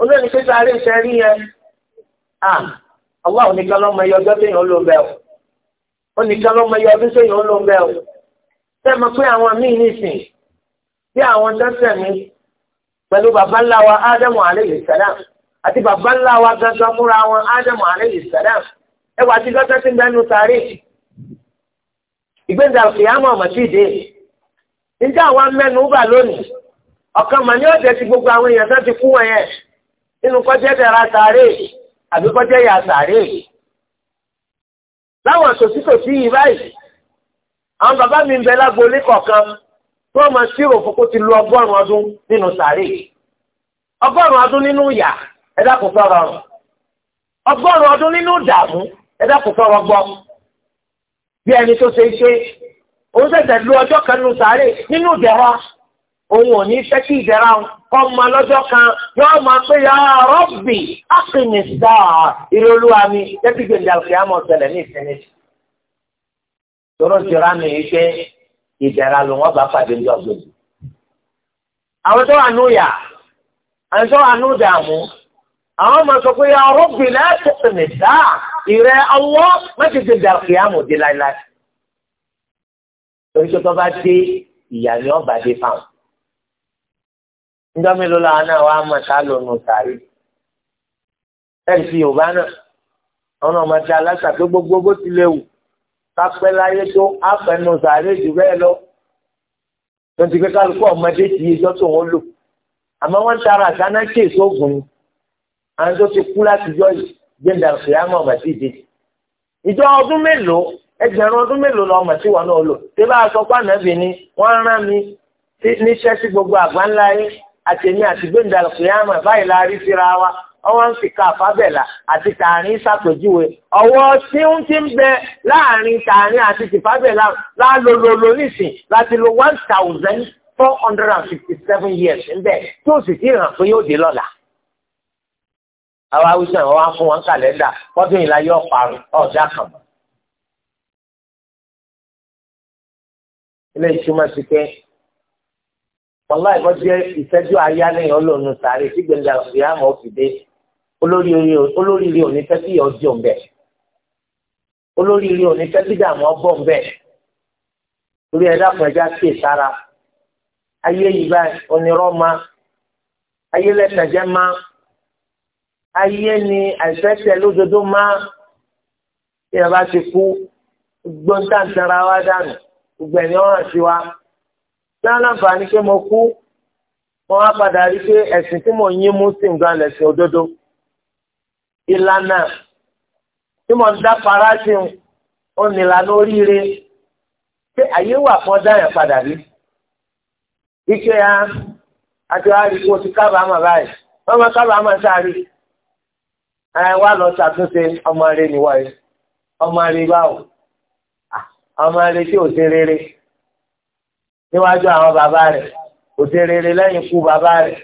olóòní pé sàárè ìtẹ́rí yẹn à ọwọ́ àwọn oníkan lọ́mọ ẹyọ ọjọ́ téèyàn ló bẹ́ẹ̀ ó nìkan ló mọ iye ọdún sẹ́yìn ó ló ń bẹ́ o ṣé mo pé àwọn míì nìsín bí àwọn sẹ́sẹ̀ mi pẹ̀lú bàbá ńlá wa ádámù alayhi salam àti bàbá ńlá wa gangan fúnra wọn ádámù alayhi salam ẹ wà tí lọ́sẹ̀ ti ń bẹnu sáré ìgbéǹda ìyámọ̀ ọ̀mọ̀ sí ìdè níjà wa mẹ́nu bà lónìí ọ̀kan màní ọ̀jẹ̀ ti gbogbo àwọn èèyàn tó ti kú wọn yẹn nínú kọjá dẹ̀ra sáré àbí kọjá yà sáré láwọn tòsítòsí yìí báyìí àwọn bàbá mi ń bẹ lágboolé kọ̀ọ̀kan tí wọ́n máa ṣírò fokó ti lu ọgọ́rùn-ún ọdún nínú sàárè ọgọ́rùn-ún ọdún nínú ìyà ẹ̀dá kò sọ̀rọ̀ ọ̀rùn ọgọ́rùn-ún ọdún nínú ìdààmú ẹ̀dá kò sọ̀rọ̀ gbọ́ bí ẹni tó ṣe é ṣe òun ṣẹ̀ṣẹ̀ lu ọjọ́ kan nínú sàárè nínú ìdẹ̀ra òun ò ní fẹ́ kí ìdẹ̀ra kọ́ ma lọ́jọ́ kan yóò máa pé ya rọ́bì ákìnìsá ìrọlúwa mi tẹ́tí gbèǹdà kìámọ̀ ṣẹlẹ̀ ní ìsinmi. tọ́rọ̀ ti rá mi yìí pé ìdẹ̀ra ló wọ́n bá pàdé ní ọ̀gbìn. àwọn tó wà nù yà àwọn tó wà nù dààmú àwọn ọmọ sọ pé ya rọ́bì lákìnìsá ìrẹ́ ọwọ́ mẹ́tí gbèǹdà kìámọ̀ dé láéláé. torí tó bá dé ìyà ni ọ níjọ́ mélòó làwọn náà wàá mọ̀ ká lò nù sàárè ẹ̀rì fi yorùbá náà àwọn ọmọ ti aláṣà tó gbogbo bó ti léwu kápẹ́ láyé tó àfẹnù sàárè jù bẹ́ẹ̀ lọ tó ti pé kálukú ọmọdé ti yé ìjọ́ tó wọ́n lò àmọ́ wọ́n ń tara àṣánà kí èso ògùn ni àwọn tó ti kú láti jọ gbẹ̀ndà fìyàmọ̀ ọmọ sí ìdè ìjọ ọdún mélòó ẹgbẹ̀rún ọdún mélòó lọ ọmọ tí wọn náà lò tí bá a sọ pé ànábì ni wọ́n rán mi níṣẹ́ sí gbogbo àgbáńlá yìí àtẹ̀mí àti gbẹ̀ndàlùkìyàmọ̀ báyìí la rí síra wa ọwọ́ ń fìkà fábẹ́là àti tààrin ṣàpèjúwe ọwọ́ tí ń ti ń bẹ láàrin tààrin àti tìfábẹ́là lálololo nísìn láti lo one thousand four hundred and fifty seven years ńbẹ tó sì ti hàn pé yóò dé lọ́la. àwa awísọ àwọn wa fún wọn kàlẹ́ndà kọ́dún ìlà yóò parun ọ̀dà kan ilé ìtumọ̀ sí pé wàlá ìbọn jẹ́ ìṣẹ́jú àyá lẹ́yìn ọlọ́run sáré tí gbẹ̀ngà ìyáàmọ̀ òfìdé olóríire òní tẹ́tí ọjọ́ ńbẹ olóríire òní tẹ́tí dààmú ọgbọ́n ńbẹ torí ẹ̀dá kan ẹja sí ìtara ayé yìí báyìí onírọ́ ma ayé lẹ́tẹ̀jẹ́ ma ayé ni àìsẹ́sẹ́ lódodo ma tí a bá ti kú gbọ́ntàntara wa dànù gbẹ̀yìn ọ̀hún sí wa sálábà ni pé mo kú mo wá padà rí pé ẹ̀sìn tí mo yín muslim gan lẹ̀sìn òdodo ìlànà tí mo ń dá farasin ó nílànà oríire pé àyè wà fún ọdá yẹn padà rí ike ya àti wàá rí kó o ti kábàámà báyìí wọ́n máa kábàámà sáré ẹ wá lọ ṣàtúnṣe ọmọ rẹ níwáyé ọmọ rẹ báwo ọmọ rẹ tí ò ṣe rere níwájú àwọn bàbá rẹ̀ kò ṣe rere lẹ́yìn ikú bàbá rẹ̀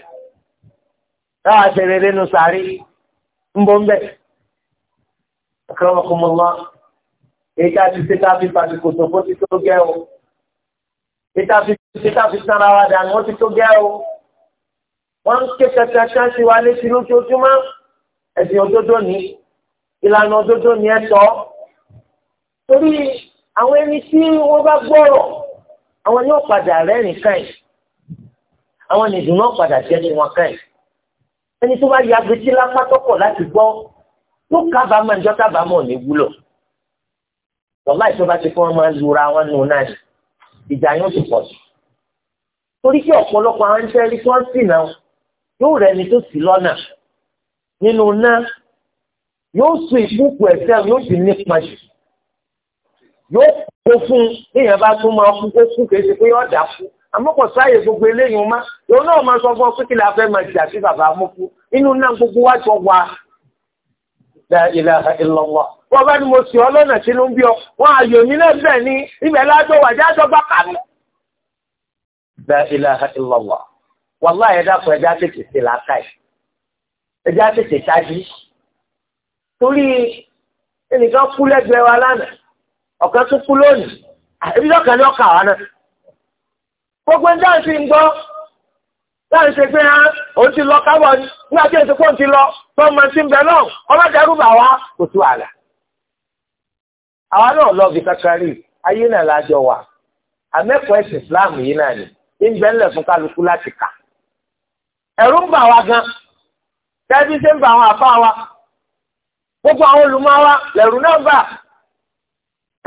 táwa ṣe rere nu sàárì ń bọ́ ń bẹ̀. akramakumullah èyí tá a ti ṣe tá a fi pàṣẹ kòtò fún ti tó gẹ́ o èyí fi ṣe wa dànù ó ti tó gẹ́ o wọ́n ké kẹta ṣáṣí wa létí lójoojúmọ́ ẹ̀sìn òdodo ní ìlànà òdodo ní ẹ̀tọ́ torí àwọn ẹni tí wọ́n bá gbọ́rọ̀ àwọn ni wọ́n padà rẹ́rìn káyìn àwọn ni ìdùnnú padà jẹ́ ní wọn káyìn ẹni tó bá ya gbèsè lápá tọ́pọ̀ láti gbọ́ ló kábàámọ̀ ìjọ kábàámọ̀ ní wúlò wọ́n láì tó bá ti fún wọn máa lura wọn nù náà ìjà yóò ti pọ̀ jù torí kí ọ̀pọ̀lọpọ̀ àwọn ẹni tí wọ́n sì náà yóò rẹni tó sì lọ́nà nínú náà yóò sún ìkúkú ẹ̀sẹ̀ yóò sì nípa jù yóò kó fún un níyàn bá tún máa kú kó kú kìí ṣe pé yóò dà kú àmọ́ kò sáàyè gbogbo eléyìí má yóò náà máa sọ fún ọ pé kí la fẹ́ máa jà sí bàbá amúkú inú náà gbogbo wá jọ wà la ilaha illallah wọ́n bá ní mo sì ọ́ lọ́nà tí ló ń bí ọ wọ́n àyò mi náà bẹ̀ ni ibẹ̀ lájọ wàjá jọ bá kà mí. la ilaha illallah wàlá ẹ̀dá kan ẹ̀dá tètè ṣe làákàyè ẹ̀dá tètè ṣáájú torí ẹnìkan kú lẹ́gbẹ̀ẹ́ wa lánàá. ọ̀kan tún kú lónìí ibi lọ́kàn ni ọkà wa náà gbogbo ń dáhùn sí ń gbọ́ láì ṣe pé hàn ah, òun ti lọ kábọ̀ ní nígbà tí èsì pọ̀ ti lọ tó ọmọ sí ń bẹ náà ọlọ́dẹrù bà wá kò tú àlà. àwa náà lọ bí kankan ayé náà lájọ wà àmẹ́kọ̀ọ́ ẹ̀sìn Islam yìí náà ni ń bẹ ńlẹ̀ fún kálukú láti kà. ẹ̀rù ń bà wá gan tẹ́bí ṣe ń bà wọn wa gbogbo àwọn olùmọ̀ wa lẹ̀rù náà bà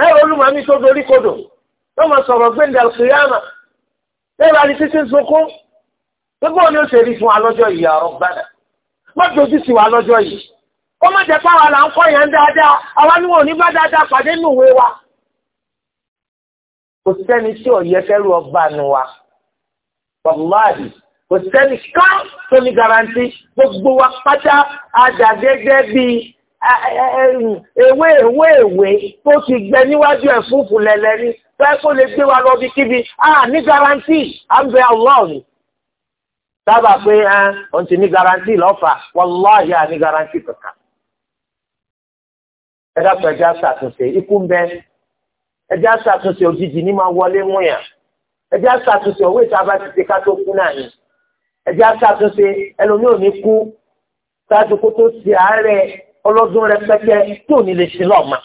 ẹ olùmọ̀mí tó dorí kodò tó máa sọ̀rọ̀ gbẹ̀ndẹ̀ àlùkìyàmà lẹ́yìn àti títí sunkún gbogbo ni ó ṣe rí fún wa lọ́jọ́ yìí àrùn gbàdà má dojú sí wa lọ́jọ́ yìí kó má jẹ́ pàwọn là ń kọ́ yẹn dáadáa àwa ni wọn ò ní bá dáadáa pàdé nùwé wa kò sẹ́ni tí ò yẹ kẹ́rù ọgbà nu wa wàláàdì kò sẹ́ni ká tó garanti gbogbo wa pátá àdàgẹ́gẹ́ bíi ewé ewé ewé tó ti gbẹ níwájú ẹ̀ fúnfù lẹ̀lẹ̀ ni fẹ́ kó lè gbé wa lọ bí kíbi a ní garanti à ń bẹ Allah ni sábà pé ọ̀n ti ní garanti lọ́fà wàláhì à ní garanti kankan. ẹ dákun ẹja ṣàtúnṣe ikú ń bẹ ẹja ṣàtúnṣe òjijì ní máa wọlé mú yàn ẹja ṣàtúnṣe òwe tá a bá ti ṣe ká tó kú náà ni ẹja ṣàtúnṣe ẹlòmíì ò ní kú ṣáájú kó tó ṣe àárẹ̀ ọlọ́dún rẹpẹtẹ tí ò ní lè ṣe lọ́ọ̀ma.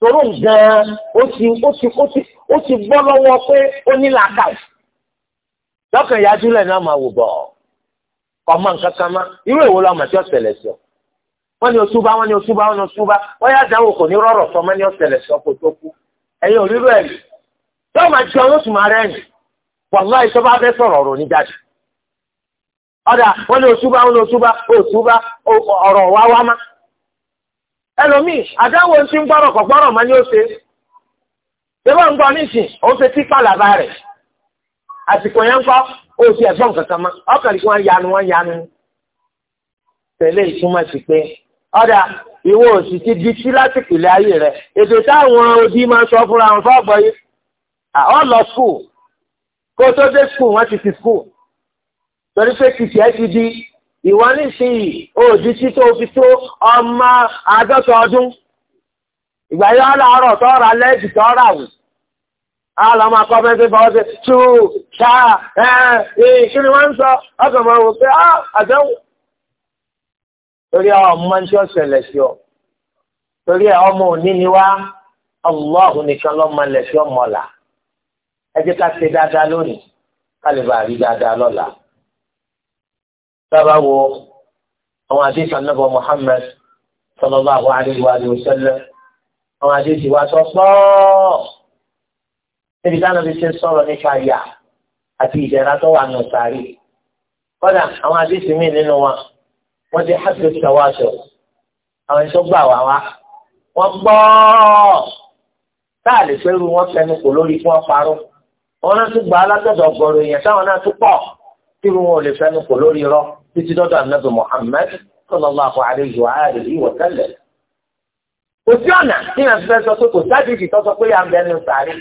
Tòrò gan-an ó ti ó ti ó ti ó ti gbọ́ lọ́wọ́ pé ó ní làákàyè. Lọ́kàn ìyájú lẹ̀ náà máa wò bọ̀ ọmọ nǹkan kan má irú èwo la màtí ọ̀sẹ̀lẹ̀ sọ. Wọ́n ní oṣù bá wọ́n ní oṣù bá wọ́n ní oṣù bá wọ́n yá dáwọ́ kò ní rọ̀rọ̀ sọ ní ọ̀sẹ̀lẹ̀ sọ kò tó kú. Ẹ̀yin òrírò ẹ̀rí. Yọ́ọ̀ máa lóṣù máa rẹ́rìn. Wàlúwàá ìṣọ́ bá fẹ́ sọ̀rọ̀ ọ̀rọ̀ oníjáde ọ̀dà wọ́n ní òṣùbà wọ́n ní òṣùbà òṣùbà ọ̀rọ̀ wá wá má. ẹlòmíì àdáwò ti ń gbọ́rọ̀ kọ̀ gbọ́rọ̀ má ní ó ṣe. ṣébà ń gbọ́ nísìn ó ṣe tí pàlàbà rẹ̀. àsìkò yẹn ń kọ́ ó ṣe ẹ̀gbọ́n kankan má ọkàn kí wọ́n yanu wọ́n yanu. tẹ̀lé ìtumọ̀ sí pé ọ̀dà ìwọ òsì ti di sí láti pìlẹ̀ ayé rẹ̀ ètò táwọn òbí máa sọ fúnra wọn fọ́ọ̀gbọ́ yìí. àwọn lọ skul kó tó dé skul wọ́n ti ti skul torí pé kìkì ẹ ti di ìwọ nísìnyí òòdì tí tó fi tó ọmọ àádọ́ta ọdún ìgbà yóò láàárọ̀ tọ́ra lẹ́ẹ̀dì tọ́ra wù alọ́mọ akọ́fẹ́ pé bọ́ ṣe tú ṣá ẹ kí ni wọ́n ń sọ ọkọ̀ mọ̀ wò pé àdéhùn torí ọmọ ní ọ̀sẹ̀lẹ̀ sí ọ torí ọmọ òní ni wá ọlọ́hùn nìkan lọ́mọ lẹ̀ sí ọmọ ọ̀la ẹ jẹ́ ká ṣe dáadáa lónìí ká lè bàa rí dáadáa lọ́la sábà wo àwọn àdéhùn anábọ̀ Muhammad sallallahu alaihi wa sallam àwọn àdéhùn wa sọ pọ́ níbi táwọn fi ṣe sọ̀rọ̀ nípa ìyà àti ìdẹ̀ra tó wà nù sàárì kódà àwọn àdéhùn míì nínú wa wọ́n ti hàpẹ́ ìṣàwáṣọ àwọn ẹ̀ṣọ́ gbà wá wá wọ́n gbọ́ táà lè fẹ́ wọn fẹnu kò lórí fún ọparọ́ wọn náà tún gbà á látọ̀dọ̀ gbọ̀rọ̀ èèyàn táwọn náà tún pọ̀ tí wọn ò lè fẹnu kò lórí rọ́ títí dọ́dọ̀ ànábì Muhammad sallallahu alayhi wa alihi wa sallam. kò sí ọ̀nà tí yẹn ti fẹ́ sọ pé kò sáàdì ìdí tó sọ pé yà ń bẹ nínú sàárè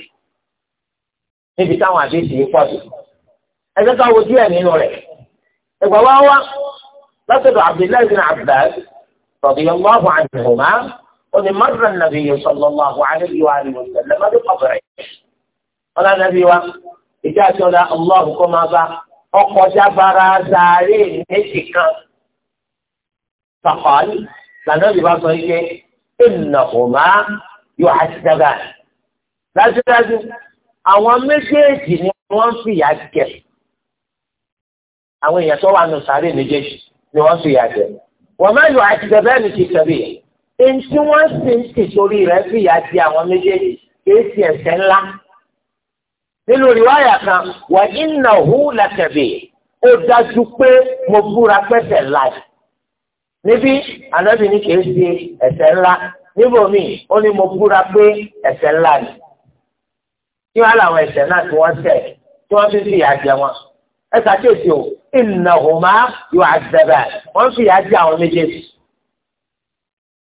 níbi táwọn àdéhùn yìí pọ̀ sí. ẹ jẹ́ ká wo díẹ̀ nínú rẹ̀ ẹgbẹ́ wá wá látọ̀dọ̀ Abdullahi bin Abbas radiyallahu anhuma قد مر النبي صلى الله عليه وآله وسلم بقبره قال النبي إجاز الله كما با ọkọ̀ dábàrà sàárè méjì kan. Fàkọ́lì lànà ìbá sọ ike ìnà òmá yóò àtijọ́gà. Dájúdájú àwọn méjèèjì ni wọ́n fìyà jẹ. Àwọn èèyàn tó wà nù sàárè méjèèjì ni wọ́n fìyà jẹ. Wọ́n máa yọ àtijọ́ bẹ́ẹ̀ ni kìí sẹ́bi. Èyí tí wọ́n sì ń tìtorí rẹ̀ fìyà jẹ àwọn méjèèjì kìí sì ńlá nínú rìwáyà kan wà iná hu làkàbí ó dájú pé mo búra pẹ́sẹ̀ láì níbi ànábì ní kìí ṣe ẹ̀ṣẹ̀ ńlá níbo mi ó ní mo búra pé ẹ̀ṣẹ̀ ńlá ni kí wọn làwọn ẹ̀ṣẹ̀ náà tí wọn ṣẹ̀ tí wọn fi fi àjẹ wọn ẹ ṣàkíyèsí o iná hu máa yọ àjẹbẹ wọn fi àjẹ àwọn méjèèjì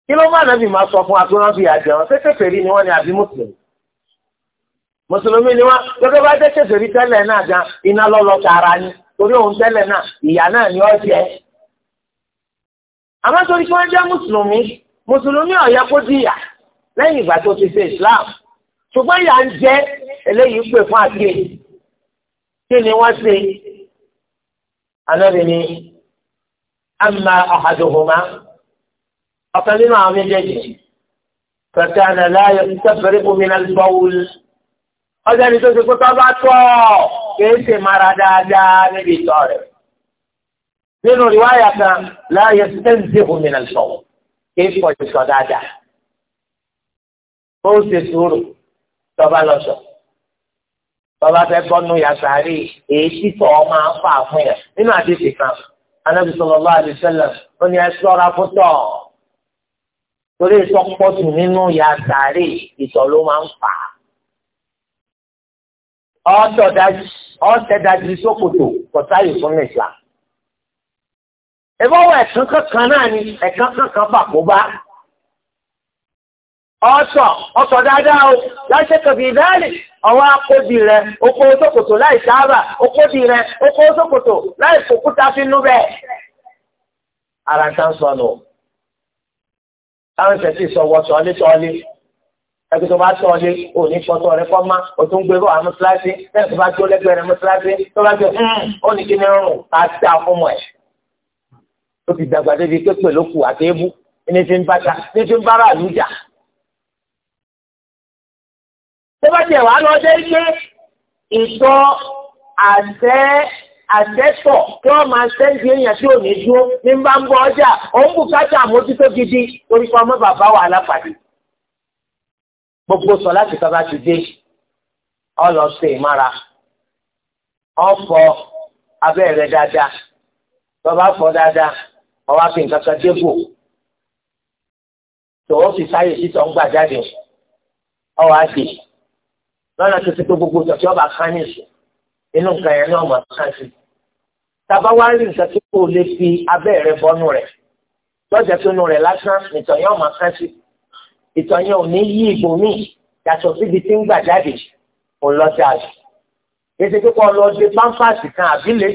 kí ló má ànábì máa sọ fún wa pé wọn fi àjẹ wọn ṣé kékeré ni wọn ni àbí mùsùlùmí mùsùlùmí ni wọn gbogbo bá jẹ́ kèfèrí tẹ́lẹ̀ náà gan iná lọ́lọ́ tààrà ni torí òun tẹ́lẹ̀ náà ìyá náà ni ó jẹ́ àmọ́ torí kí wọ́n jẹ́ mùsùlùmí mùsùlùmí ọ̀yẹ́ kó dìyà lẹ́yìn ìgbà tó ti ṣe islam ṣùgbọ́n ìyà ń jẹ́ eléyìí pè fún àgbè kí ni wọ́n ṣe anábì ni amma ahaduhuma ọ̀kan nínú àwọn méjèèjì kàtàna láàyè tẹ́fẹ̀rẹ́ omi náà ọjọ́ ẹni tó ṣe pé tọ́ bá tọ̀ kìí ṣe mara dáadáa níbi ìtọ̀ rẹ̀. nínú ìwáyà kan láàyè sẹ́ńtì òmìnira sọ̀rọ̀ kìí pọ̀ jù sọ dáadáa. ó ṣe sùúrù tọ́ba lọ sọ. tọ́ba fẹ́ gbọ́nú yàtàrí èyí títọ̀ ọmọ afá fún yà nínú àdéhùn kan anábì sallallahu alaihi wasallam ó ní ẹ ṣọ́ra fún tọ̀ torí ìtọ́pọ̀tù nínú yàtàrí ìtọ̀ ló máa ń fà á. ọ̀tẹ̀dájú sókòtò kọ̀táyò fún ìsìlá. ìbọ̀wọ̀ ẹ̀sùn kankan náà ni ẹ̀kan kankan bàkóbá. ọ̀sọ̀ ọ̀sọ̀ dáadáa o láṣẹ kẹfì ìdáàlì ọwọ́ akóbi rẹ̀ okó sókòtò láì sáábà okóbi rẹ̀ okó sókòtò láì kòkúta fínú bẹ́ẹ̀. ara ń tán sọnù. táwọn ìṣẹ̀tì sọ wọ́sọ̀ ọ́lẹ́sọ̀ọ́lẹ́. ẹbí tó bá tọ́ lé òní pọ́tọ́ rẹ kọ́ má o tún gbé bọ́ àwọn mọ́sálásí bẹ́ẹ̀ tó bá tó lẹ́gbẹ̀ẹ́ rẹ mọ́sálásí tó bá tó hmm, ó ní kíni rún á dá fún mọ́ ẹ̀. ó ti dàgbà débi pé pẹ̀lú kù àti ébú ní fi ń bàtà ní fi ń bára àlú jà. tó bá tiẹ̀ wá lọ dé pé ìtọ́ àṣẹ àṣẹtọ̀ kí wọ́n máa ṣẹ́ǹdì èèyàn tí ò ní dúró ní bá ń bọ ọjà òun bùkátà àmójútó gidi orí kan mọ́ bàbá wà lápàdé gbogbo sọ láti kaba ti dé ọlọ ṣe ìmára ọfọ abẹ́ rẹ̀ dáadáa bàbá fọ dáadáa ọwọ́ àfi nǹkan kan débò tòwọ́ fi sáyè títọ̀ ń gbà jáde ọwọ́ àdè lọ́nà tó ti pé gbogbo ìtọ́jú ọba kánìsì inú nǹkan yẹn ní ọmọ kánìsì tàbá wá rí nǹkan tó kó o lè fi abẹ́ rẹ̀ bọ́nú rẹ̀ lọ́jà tó nu rẹ̀ lásán nìtọ̀ yẹn ọmọ kánìsì ìtàn yẹn ò ní yí ìbò míì yàtọ̀ síbi tí ń gbà jáde òun lọ sí àjò ètò ìpínpọ̀ lọ dé pampasì kan àbílẹ̀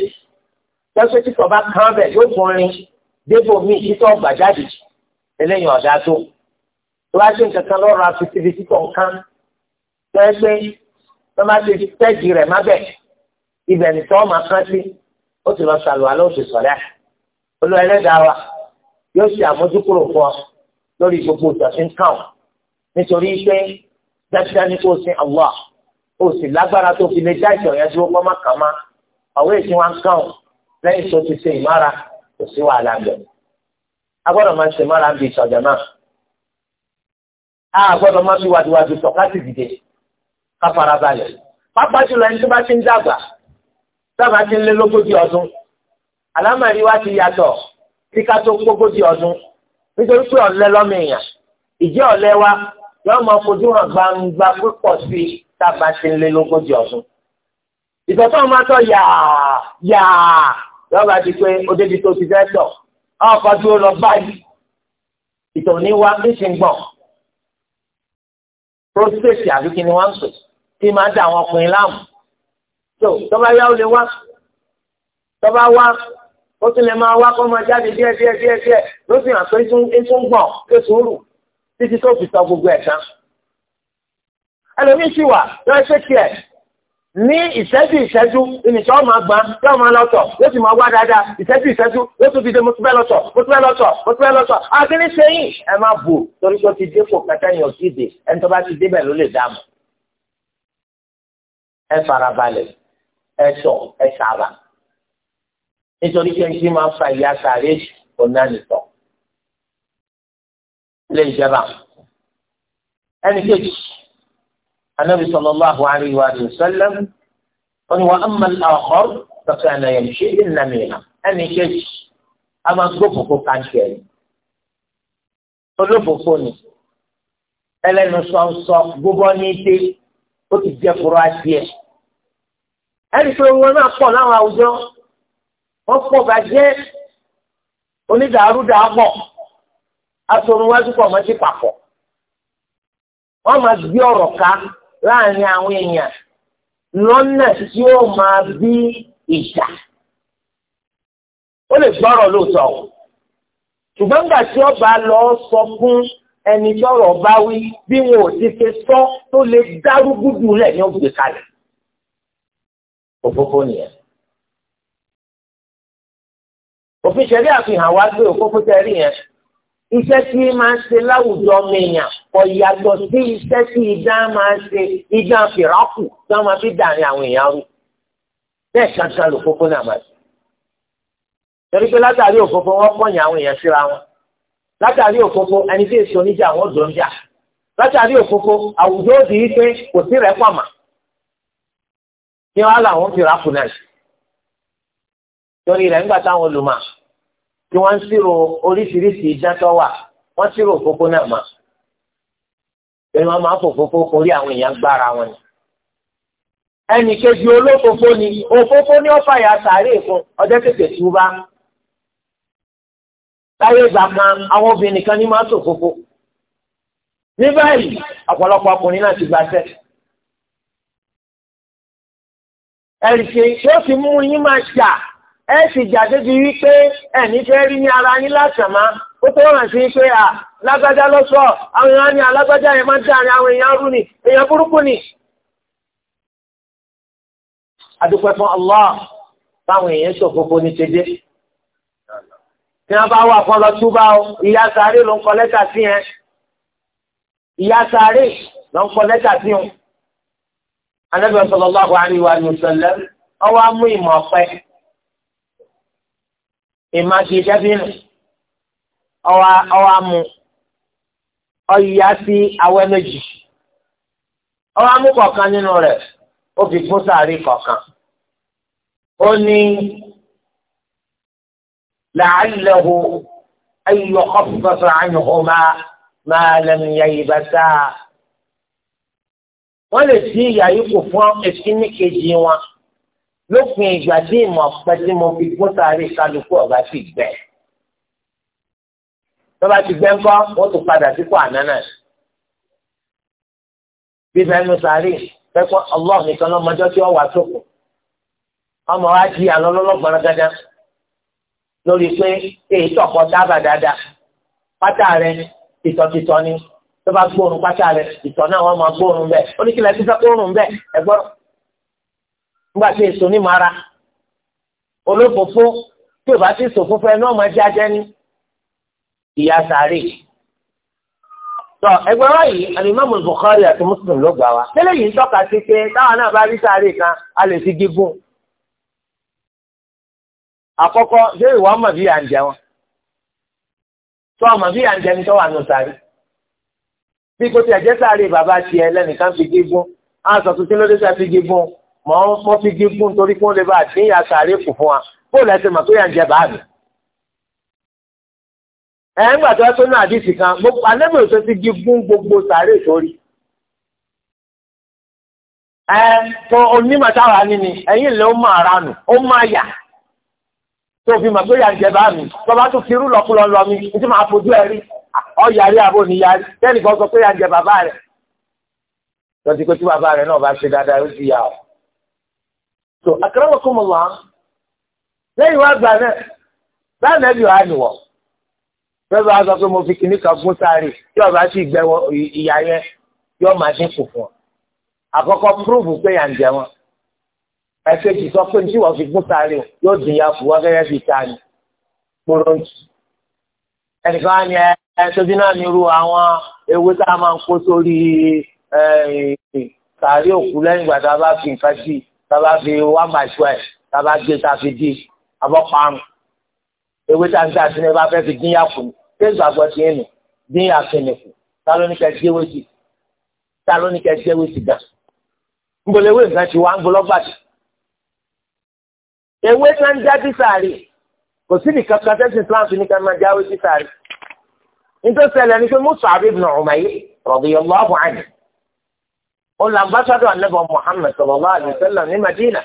lọ́sọ̀ tí kò bá kàn bẹ̀ yóò fún rin débò míì títọ́ gbà jáde eléyìí ọ̀dà tó tó bá ṣe nǹkan kan lọ́rọ̀ àfi síbi títọ̀ nǹkan pẹ́ẹ́pẹ́ tó bá ṣe tẹ́jì rẹ̀ má bẹ̀ ibẹ̀ nìtọ́ máa kán sí ó ti lọ sàlùwà lóṣù lórí gbogbo ìtàsíńkà nítorí pé dájúdájú ní kó o sin Allah o sì lágbára tó fi lè dá ìṣọ̀yẹ́ dúró pọ́n máa kàn má àwọn èsì wọn kàn lẹ́yìn tó ti ṣe ìmára kò sí wàhálà bẹ̀. a gbọ́dọ̀ máa ṣe ìmára bí ìṣọ̀jà náà a gbọ́dọ̀ máa fi wàdùwàdù sọ̀ láti dìde ká fara balẹ̀ pápá jùlọ ẹni tó bá ti ń dàgbà sábà ti ń lé lógójì ọdún àlámọ̀rí wa ti yàtọ̀ kíkà tó gbógójì ọdún nítorí pé ọ̀lẹ lọ́mọ èèyàn ìjẹ́ ọ̀lẹ wa yóò máa fojú hàn gbangba púpọ̀ sí tábà ti ń lé lógójì ọdún. ìtọ́ tó máa tọ́ yàá yàá lọ́ba ti pé ó débi tó ti fẹ́ tọ̀ ọkọ̀ tí ó lọ báyìí ìtọ̀ ní wa níṣìí gbọ̀n prostate àbí kí ni wọ́n ń pè tí máa dà àwọn ọkùnrin láàmú. tó tọ́ba yá ó lè wá tọ́ba wá ó tún lè máa wá kọ́ máa jáde díẹ̀ díẹ̀ díẹ̀ díẹ̀ ló fi hàn pé tún gbọ̀n pé sùúrù títí tó fi sọ gbogbo ẹ̀ tán. ẹlòmíín sì wà lọ́ọ́ ṣe tiẹ̀ ní ìṣẹ́jú ìṣẹ́jú ìnìṣọ́ máa gbà yóò máa lọ́tọ̀ yóò sì máa wá dáadáa ìṣẹ́jú ìṣẹ́jú yóò tún dìde mọ́túbẹ́ lọ́tọ̀ mọ́túbẹ́ lọ́tọ̀ mọ́túbẹ́ lọ́tọ̀ àbíní sẹ́yìn ẹ má bù torí pé ó ti dépò kẹtẹ́yìn òkìdè ẹni tó bá ti débẹ̀ ló lè dáàmú. ẹ farabalẹ̀ ẹ sọ ẹ sábà nítorí pé ní máa fa ìyá sàárè ọ̀nà nìtọ̀ ilé ìjọba ẹnì kejì anabi sallallahu alayhi wa sallam wọn ni wọn á mọ àkọr tọkẹ ànàyẹ ṣe é nàmìnà ẹnì kejì a máa gbófòfò kàńtì ẹni olófòfò ni ẹlẹ́nu sọ̀nsọ̀ gbogbo ní dé ó ti jẹ́ kúrò àti ẹ̀ ẹnì pé wọn náà pọ̀ láwọn àwùjọ wọ́n pọ̀ bàjẹ́ onídàárúdàápọ̀ asorunwájú pọ̀ mọ́ sí papọ̀ wọ́n máa gbé ọ̀rọ̀ ká láàrin àwọn èèyàn lọ́nà tí ó máa bí ìjà ó lè gbọ́rọ̀ lóòótọ́ ṣùgbọ́n nígbà tí ọba lọ sọ fún ẹni lọ́rọ̀ bá wí bí wọn ò ti ṣe sọ tó lè dárúgúdù rẹ̀ ní ògbé kalẹ̀ òfófó nìyẹn òfin ṣẹlẹ àfihàn wá pé òkókó tẹ rí yẹn iṣẹ́ tí máa ń ṣe láwùjọ mìíyàn kò yàtọ̀ sí iṣẹ́ tí idán máa ń ṣe idán fìràkù tí wọ́n máa fi dàrin àwọn èèyàn rú bẹ́ẹ̀ kankan lòkókó náà máa ṣe torí pé látàrí òfófó wọn pọ̀yìn àwọn èèyàn síra wọn látàrí òfófó ẹni tí èso oníjà wọn dò jà látàrí òfófó àwùjọ òdì yìí pé kò sí rẹ̀ pàmà kí wọ́n làwọn fìràkù náà ṣe torí rẹ̀ nígbà táwọn olùmọ̀ tí wọ́n ń ṣírò oríṣiríṣi ìdájọ́ wà wọ́n ṣírò òfófó náà mà pẹ̀lú wọn máa fòfófó orí àwọn èèyàn gbára wọn ni. ẹnì kejì olófófó ni òfófó ní ọ̀fàyà sàárè fún ọjọ́ tètè tú bá. láyé ìgbà kan àwọn obìnrin kan ní máa ṣòfófó. ní báyìí ọ̀pọ̀lọpọ̀ ọkùnrin náà ti gbaṣẹ́. ẹ̀rì ṣe yóò fi mú yín máa ṣà ẹ sì jáde di wípé ẹni fẹ́ rí ní ara yín látàmá ó tó ràn sí pé à lágbájá ló sọ àwọn èèyàn ní alágbájá yẹn máa ń dáàrin àwọn èèyàn rú ni èèyàn burúkú ni. adúpẹ́ fún Allah táwọn èèyàn ṣòfófó ní tẹ́jẹ́ tí wọ́n bá wà fún ọlọ́túbá o ìyá sáré ló ń kọ lẹ́tà sí yẹn ìyá sáré ló ń kọ lẹ́tà sí yẹn. anábìyàn sallallahu alaihi wa sallam ọwọ́ á mú ìmọ̀ ọ̀pẹ́ ìmáṣe dẹ́bìnrin ọwọ́ ọwọ́ amú ọyíyá sí awẹ́ méjì ọwọ́ amú kọ̀ọ̀kan nínú rẹ̀ ó fi fún sàárì kọ̀ọ̀kan ó ní làálẹ̀hu ayọ̀ ọ̀fọ̀fọ̀ àyànhùnmá máa lẹ́nu yẹ̀yẹ̀ bàtà wọ́n lè sí ìyá yìí kò fún ẹ̀sìn kejì wọn lópin ìgbà tí ìmọ̀ ọ̀pẹ tí mo fi gún sáré kálukú ọ̀gá sì gbẹ. tọ́ba ti gbẹ ńkọ́ wọ́n tún padà sípò àná náà. bíbẹ̀ ẹnu sáré pẹ́pọ́ Allah nìkan lọ́mọdé tí wọ́n wà sóko. ọmọ wa di àlọ́lọ́lọ́gbọ̀n gángan lórí pé èyí tọ̀pọ̀ dábàá dáadáa. pátá rẹ tìtọ̀tìtọ̀ ni tọ́ba gbóòórùn pátá rẹ ìtọ̀ náà wọ́n máa gbóòórùn bẹ́ẹ̀ oníkìlẹ̀ nígbà tí èso ní mara olófòfó tí o bá ti sòfófó ẹni ọmọ ẹjẹ ajẹ ní ìyá sáré tọ ẹgbẹ́ wa yìí alimami Bukhari àti Muslim ló gbà wá tẹ́lẹ̀ yìí ń tọ́ka sí pé táwọn náà bá rí sáré kan a lè fi gígùn àkọ́kọ́ ṣé ìwà ọmọ bí yà ń jẹ wọn tọ ọmọ bí yà ń jẹ ní tọwọ àánú sáré bí kò tí ẹjẹ sáré bàbá tiẹ̀ lẹnìkan fi gígùn á sọ tuntun lóde sá fi gígùn mọ̀ ń mọ́ fi gígùn torí kí wọ́n lè bá dín ìyá sàárè kù fún wa bóòlù ẹsẹ̀ mọ̀ pé yà ń jẹ báàmì. ẹ̀ ń gbàtọ́ tó náà àdìsí kan gbogbo alẹ́bùn èso ti gígùn gbogbo sàárè sórí. ẹ tó onímọ̀ táwa ni ẹ̀yìn lè ó máa ra nù ó máa yà tó fi mọ̀ pé yà ń jẹ báàmì bàbá tó fi irú lọ́kùnrin lọ mi ní tí màá fojú ẹ rí ọ yàrí àbò níyàrí kẹ́nìkan sọ pé yà ń jẹ bàbá rẹ̀ lọ́sí bàbá rẹ̀ náà bá ṣe dáadáa ó ti yà ọ́ tó akramakumullah lẹ́yìn wá gbà náà báyìí náà bí wàá nìwọ̀ bẹ́ẹ̀ bá sọ pé mo fi kìnnì kan fún sáré tí ọba sì gbẹ ìyá yẹn yóò máa dínkù fún ọ àkọ́kọ́ púrúfù pé yà ń jẹ wọn ẹ̀kejì sọ pé tí wọ́n fi gún sáré yóò dín ya fún wọn gẹ́gẹ́ bíi ta ni kpọ́rọ́ǹtì ẹnìkan ni ẹ tóbi náà nírú àwọn ewé tá a máa ń kó sórí sáré òkú lẹ́yìn gbàdá bá fi nǹkan sí i tába fi one by twelve tába gbé tá a fi di abọ́ parun ewé tá a ń tà sí ní bá fẹ́ fi dín yàkù ní kéésù àgbọ̀ tí ń nù dín yàkù ní kù tá ló ní kẹ́ ẹ gbéwé sí tá gà nbọlẹ ewé nǹkan ti wá nbọlọgbà tí ewé tí wọ́n jáde sáré kò sí nìkan kan islam fi nìkan máa jáwé sí sáré nítorí ṣẹlẹ̀ ní pé musa abib nà ọmọ yìí radiyallahu anhu olùlàgbàsọ́dọ̀ àlẹ́bọ̀ Muhammad sallallahu alaihi wasallam ni Madina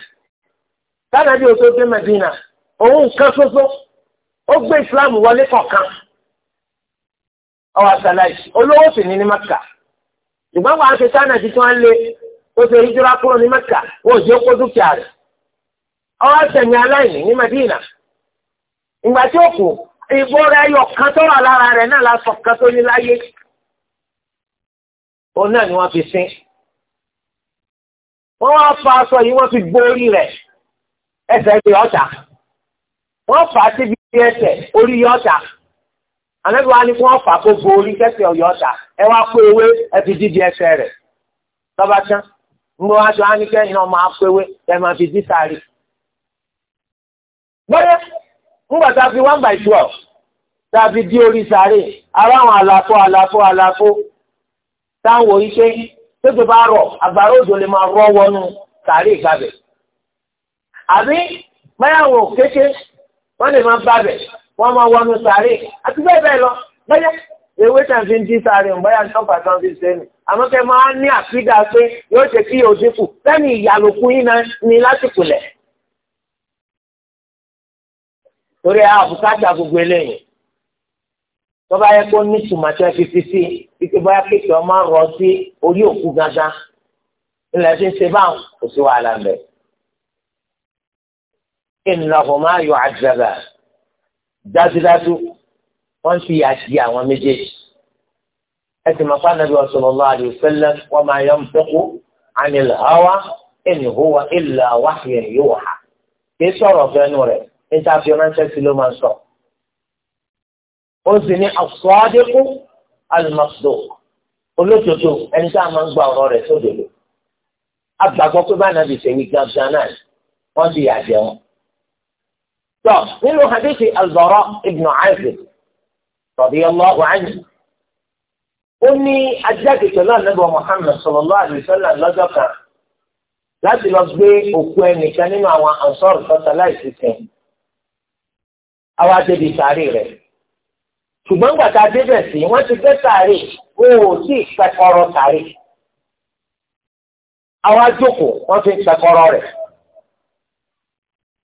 tánàbí bi tó oge Madina òun nǹkan soso ó gbé Islam wọlé kọ̀ọ̀kan ọwọ́ àṣàlàyé olówó sì ní ni Maka ṣùgbọ́n wàá ṣe tánàbí tí wọ́n lé ó ṣe ìjọba kúrò ní Maka wọ́n ò jẹ́ kó dúkìá rẹ̀ ọwọ́ aláìní ní Madina ìgbà tí ó kù kan tó wà lára rẹ̀ náà kan wọ́n wá fa aṣọ yìí wọ́n fi gbórí rẹ̀ ẹsẹ̀ rí ọ̀tà wọ́n fà á síbi ẹsẹ̀ orí ọ̀tà àlẹ́bí wa ni kí wọ́n fà á kó gbórí kẹsẹ̀ ọ̀yọ̀ ọ̀tà ẹ wá pé ewé ẹ fi dídì ẹsẹ̀ rẹ̀ lọ́ba tán mo wá aṣọ ánikẹ́yìn náà máa pé ewé ẹ máa fi dí sáré. gbọ́dọ̀ ńgbà tá a fi one by twelve tá a fi dí orí sáré aráwọn àlàfo àlàfo àlàfo táwọn oríṣẹ́ tóbi bá rọ̀ àgbàrá òjò lè máa rọ̀ wọnú sàárè ìgbàbẹ̀. àbí báyàwó kéke wọ́n lè máa gbàbẹ̀ wọ́n máa wọnú sàárè àti bẹ́ẹ̀ bẹ́ẹ̀ lọ bẹ́ẹ̀ ewé tàn fi ń dín sáré ń báyà ní ọ̀pá tán fi sẹ́nu àmọ́ kẹ́ máa ní àfídà pé yóò ṣe kí yóò dínkù sẹ́ni ìyàlòkù yín náà ní lásìkò lẹ̀. torí àbùkátà gbogbo eléyìí tọ́ba yẹ kó ní tùmọ̀tẹ́ fífi sí fífi báyà kékeré ọmọ rọ sí orí òkú gangan ńlẹ̀ tí ń ṣe báwọn kò sí wàhálà ń bẹ̀. innahuma yu'adzaban dájúdájú wọ́n fi àṣì àwọn méjèèjì. ẹ sì máa pa Ànábì sallallahu alaihi wasallam wa ma yantiqu 'anil hawa in huwa kì í sọ̀rọ̀ fẹ́nu rẹ̀ níta fi ránṣẹ́ sí ló máa sọ̀rọ̀ ó sì ní as-sadiqu al-masduq olójoojú ẹni tá a máa ń gba ọ̀rọ̀ rẹ̀ sódodo agbàgbọ́ pé báyìí náà ti ṣe wí gàgà náà wọ́n ti yà jẹ wọn. tọ́ nínú hadithi al-Bara ibn Azib radiyallahu anhu ó ní ajáde pẹ̀lú ànábọ̀ Muhammad sallallahu alaihi lọ́jọ́ kan láti lọ gbé òkú ẹnìkan nínú àwọn ansọ́rù tọ́ta láì àwọn adébísárì rẹ̀ ṣùgbọ́n gbàtà débẹ̀ sí wọ́n ti gbé sàárè o ò sí ìpẹ́kọ̀rọ̀ sàárè. àwọn ajókòó wọ́n fi ń pẹ́kọ̀rọ̀ rẹ̀.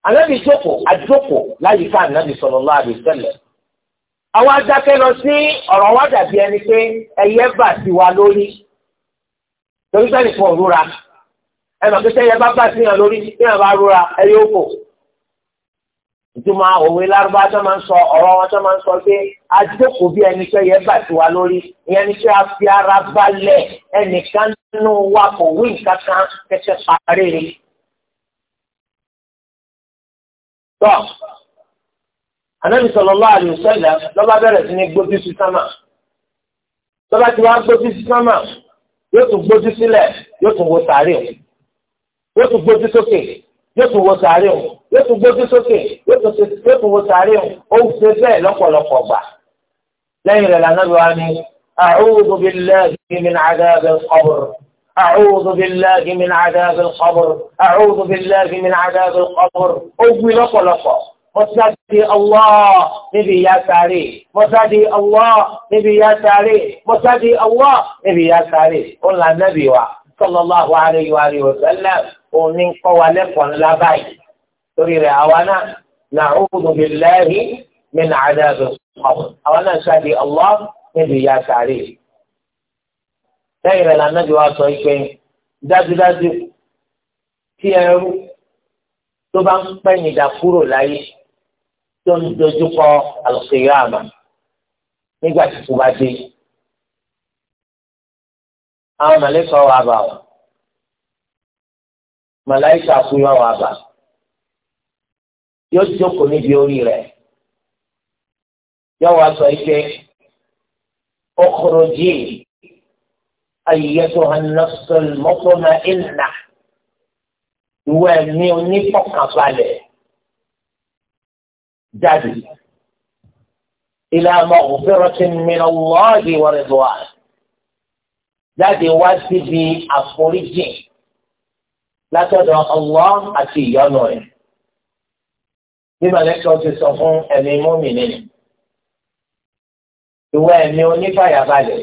ànábì jókòó ajókòó láyìíká ànábì sallallahu alaihi wasallam. àwọn adákẹ́ lọ sí ọ̀rọ̀ wá dàbí ẹni pé ẹyẹ bà sí wa lórí. torí sẹ́ni fún òrùra ẹ̀ mọ̀ pé sẹ́yẹ bá bà sí yàn lórí bí yàn bá rúra ẹyẹ ó ìtumọ̀ òwe lárúbá tó máa ń sọ ọ̀rọ̀ wọn tó máa ń sọ pé adókòó bí ẹni tó bà tí wa lórí ìyẹn ni tó a fi ara balẹ̀ ẹnìkan nínú wa kò wí nǹkan kan kẹsẹ̀ parí rí. tọ́ Ànábì sallallahu alaihi wasallam lọ́ba bẹ̀rẹ̀ sí ní gbójú sí sámà lọ́ba tí wàá gbójú sí sámà yóò tún gbójú sílẹ̀ yóò tún wo sàárẹ̀ yóò tún gbójú sókè yóò tún wo sàárẹ̀ òun yóò tún gbójú sókè yóò tún wo sàárè ó ń ṣe bẹ́ẹ̀ lọ́pọ̀lọpọ̀ gbà lẹ́yìn rẹ̀ lànà lọ́wọ́ ni a'udhu billahi min adhabil qabr a'udhu billahi min adhabil qabr a'udhu billahi min adhabil qabr ó gbin lọ́pọ̀lọpọ̀ mọ́sáàdì Allah níbi ìyà sáré mọ́sáàdì Allah níbi ìyà sáré mọ́sáàdì Allah níbi ìyà sáré ó ń la nẹ́bì wa sallallahu alaihi wa sallam òun ní kọ́ wa lẹ́kọ̀ọ́ ńlá báyìí torí rẹ̀ àwa náà na'udhu billahi min 'adhabil qabr àwa náà ṣáàdì Allah níbi ìyà sàárè. lẹ́yìn rẹ̀ lànà bí wàá sọ pé dájúdájú tí ẹrú tó bá ń pẹ̀yìn dà kúrò láyé tó ń dojúkọ al-qiyamah nígbà tí kò bá dé àwọn mọ̀lẹ́kọ̀ọ́ wa bá wà mọ̀láìkà kú yọ wà bá yóò jókòó níbi orí rẹ̀ yóò wá sọ ike ọkùnrùjì ayẹtò hanafsol mọ́tòmá ìnà ìwé mi onífọkànbalẹ̀ jáde ìlànà òfìrọ̀tì mìíràn wọ́ọ̀dì wọ́rẹ́dùwà jáde wá síbi àforíjì látọ̀dọ̀ ọlọ́ àti ìyọ́nù rẹ̀ bí malẹ́kọ̀ ti sọ fún ẹ̀mí mọ́mìnì ìwọ ẹ̀mí onífàyàbalẹ̀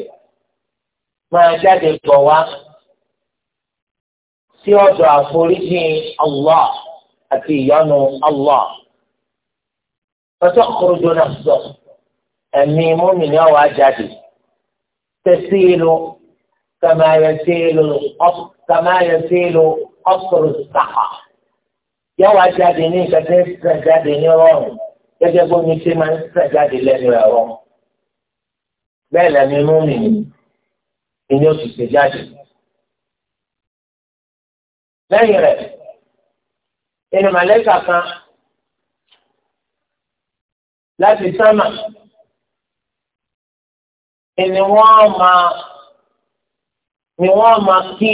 máa jáde bọ̀ wá sí ọ̀dọ̀ àforíjì Allah àti ìyọ́nú Allah ọjọ́ kúrúdó náà sọ ẹ̀mí mọ́mìnì ọ̀wá jáde tẹ̀síìlú kàmáyẹ̀síìlú ọ̀sọ̀rọ̀ sàkà yọ wá jáde ní ìkẹtẹ sàn jáde ní rọrùn gẹ́gẹ́ bómi ṣe máa ń sàn jáde lẹ́nu ẹ̀rọ bẹ́ẹ̀ lẹ́nu inú mi ni ó ti ṣe jáde lẹ́yìn rẹ̀ inú màlẹ́kà kan láti sámà ni wọ́n máa ni wọ́n máa kí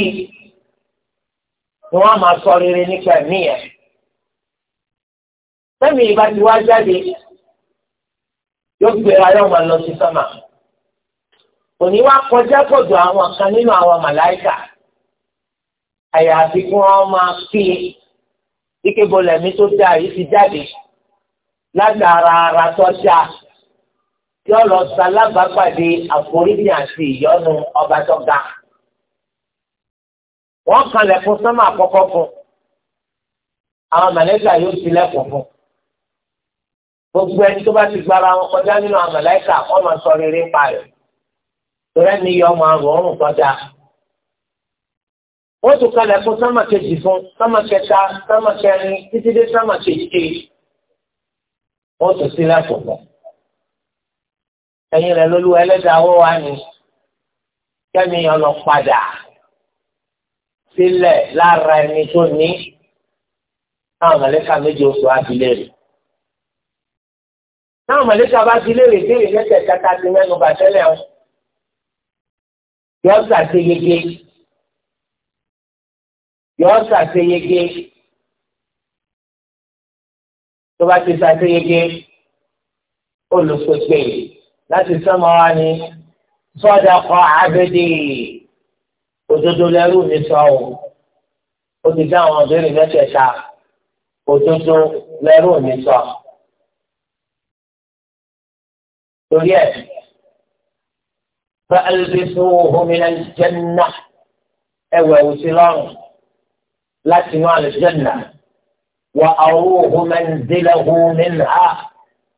ni wọ́n máa sọ rere nípa ẹ̀mí yẹn sẹ́mi ìbá ti wá jáde yóò gbé ayé wọn lọ sí sọ́mà òní wá kọjá pọ̀jù àwọn kan nínú àwọn màláìkà àyàfi kí wọ́n máa fi ike bọ̀lẹ̀ mi tó dáa yìí ti jáde látara ara tó dáa tí ó lọ salábàápàdé àforíjì àti ìyọnu ọba tó ga. wọ́n kanlẹ̀ fún sọ́mà àkọ́kọ́ fún àwọn màláìkà yóò tilẹ̀kùn fún gbogbo ẹni tó bá ti gbára wọn kọjá nínú àmàlẹ́kà ọmọ sọ rere pa rẹ̀ rẹ̀ ní iye ọmọ àrùn ọ̀rùn kọjá. wọ́n tún kalẹ̀ fún sámà kejì fún sámà kẹta sámà kẹrin títí dé sámà kejì kejì wọ́n tún sí lẹ́kọ̀ọ́. ẹ̀yin rẹ̀ lólu ẹlẹ́dàá wọ́n wá ní kẹ́mi ọlọ́padà sílẹ̀ lára ẹni tó ní àwọn àmàlẹ́kà méje oṣù àbílẹ̀ rẹ̀ táwọn mọ̀lẹ́kà bá ti léèrè léèrè lẹ́sẹ̀ kata ti mẹ́nu bà tẹ́lẹ̀ o yọ sàṣe yege yọ sàṣe yege tó bá ti sàṣe yege olùpèpè láti sọmọ wa ni sọdọ kọ abẹdẹ òdodo lẹrú mi sọ o ó ti dá àwọn ọdún mẹ́tẹ̀ẹ̀ta òdodo lẹrú mi sọ torí ẹ̀ فألبسوه من الجنة أو سلام لا سمع الجنة وأروه منزله منها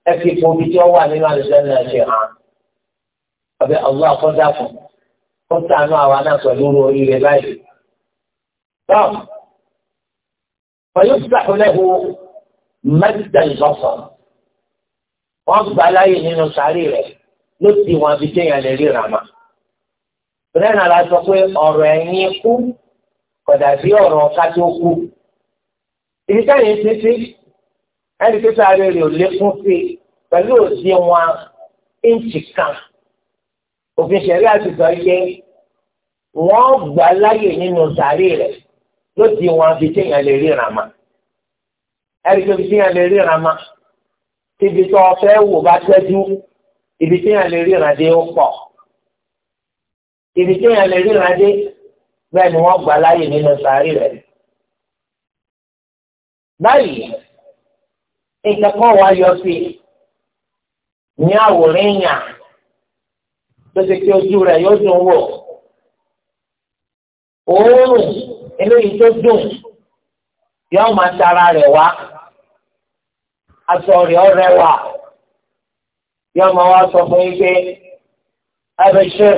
أكفوا بجوا من الجنة شيئا أبي الله قدكم قلت أنا وأنا صدور إلى بيتي طب فيفتح له مد البصر wọ́n gbà láàyè nínú sàárì rẹ̀ ló ti wọn fi téèyàn lè ríra mà. bẹ́ẹ̀ náà la sọ pé ọ̀rọ̀ ẹ̀yìn kú kódà bí ọ̀rọ̀ ká tó kú. ibi táyìn títí ẹni tó sáré rẹ̀ ò lékún sí i pẹ̀lú òdiwọ̀n íǹtì kan. òfin ṣẹ̀rí àtìsọ yẹ wọ́n gbà láàyè nínú sàárì rẹ̀ ló ti wọn fi téèyàn lè ríra mà. ẹni tó fi téèyàn lè ríra mà ibi tó ọfẹ́ wò bá tẹ́jú ibi tí yàn lè ríran dé ó pọ̀ ibi tí yàn lè ríran dé bẹ́ẹ̀ ni wọ́n gbà láàyè nínú sàárì rẹ̀. báyìí nǹkan kan wá yọ sí ní àwòrán èèyàn tó ti pé ojú rẹ̀ yóò dùn wò òórùn eléyìí tó dùn yóò máa tara rẹ̀ wá. aṣọ rẹ̀ ọ̀rẹ́ wà yọ ọmọ wa yo ma fún yín pé abẹ́ṣẹ́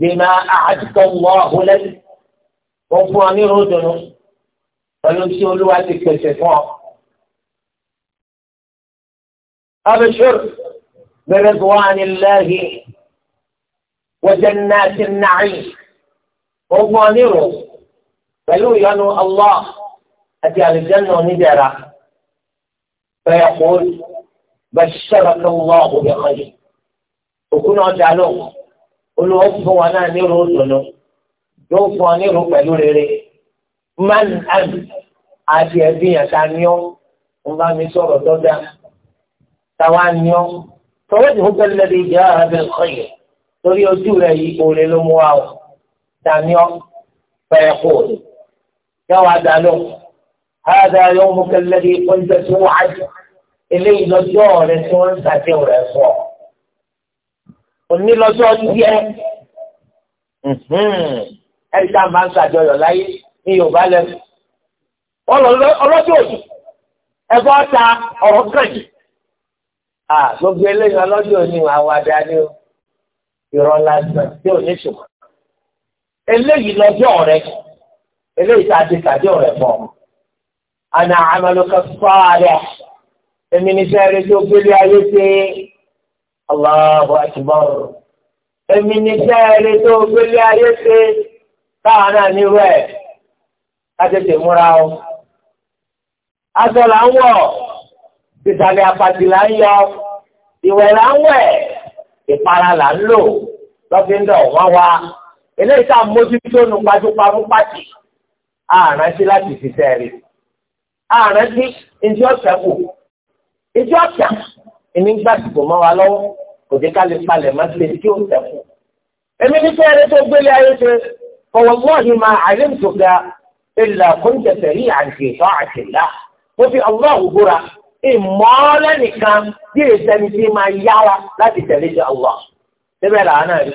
bima àádìtọ̀ wọ ọ̀húnlẹ́sì wọ́n fún ọ ní ròdùnú pẹ̀lú tí olúwa ti pèsè fún ọ. abẹ́ṣẹ́ bẹ̀rẹ̀ bọ́ wà ní lẹ́yìn wọ́jẹ́ náà ti nàáyì wọ́n fún ọ ní ròdùnú o ni rò ìyọnu Allah àti àlùjẹ́ náà níbẹ̀rẹ̀. فيقول بشرك الله بخير وكن عدالهم قل وصف وانا نيرو لنو يوصف ونيرو بلو ريري من أنت àti ẹbí yẹn ta ni ọ́ ń bá mi sọ̀rọ̀ dọ́dá táwa ni ọ́ tọ́wọ́ ti fún lẹ́lẹ́dẹ́ ìjà àbẹ̀ kọ́yẹ̀ torí ojú rẹ̀ yìí òòrè ló mú wa o ta ni ọ́ fẹ́ẹ́ kó o yá wa dá lóhùn. هذا يومك الذي كنت توعد eléyìí lọ́jọ́ rẹ tí wọ́n ń ṣàdéhùn rẹ fún ọ. òní lọ́jọ́ díẹ̀ ẹni tá a máa ń ṣàjọyọ̀ láyé ní yorùbá lẹ́nu. ọlọ́jọ́ òjò ẹ̀fọ́ ta ọ̀rọ̀ kàn yìí. à gbogbo eléyìí ọlọ́jọ́ òní àwọn adarí o ìrọ̀ lásán tí ò ní ṣùgbọ́n. eléyìí lọ́jọ́ rẹ eléyìí tá a ti ṣàdéhùn rẹ fún ọ ana amaluka sọ́ọ̀lẹ̀ èmi ní sẹ́ẹ̀rẹ́ tó gbélé ayé ṣe Allahu akbar èmi ní sẹ́ẹ̀rẹ́ tó gbélé ayé ṣe táwọn náà nírú ẹ̀ látẹ̀tẹ̀ múra o. aṣọ là ń wọ̀ ìsàlẹ̀ àpàtì là ń yọ ìwẹ̀ là ń wẹ̀ ìpara là ń lò lọ́fíńdọ̀ wọ́n wá eléyìí tá a mójútó nu pàjùpàrọ̀ pàtì àrántí láti fi sẹ́ẹ̀rẹ́ ààrẹ bí ìdí ọ̀sẹ̀ kù ìdí ọ̀sẹ̀ ìní gbàdúgbò mọ́ wa lọ́wọ́ kò dé ká lè palẹ̀ má lè dí ọ̀sẹ̀ kù. èmi ní fẹ́ ẹni tó gbélé ayé ṣe kọ̀wọ́ mọ́ọ̀hìn máa àlẹ́ ìtòkà ìlà kóńjẹsẹ̀ rí àǹtì ìtọ́ àtìlá mo fi ọlọ́ọ̀hún búra ìmọ̀ọ́lẹ́ nìkan bí ìsẹ́ni tí máa yára láti tẹ̀lé ṣe ọlọ́ síbẹ̀ làwọn náà rí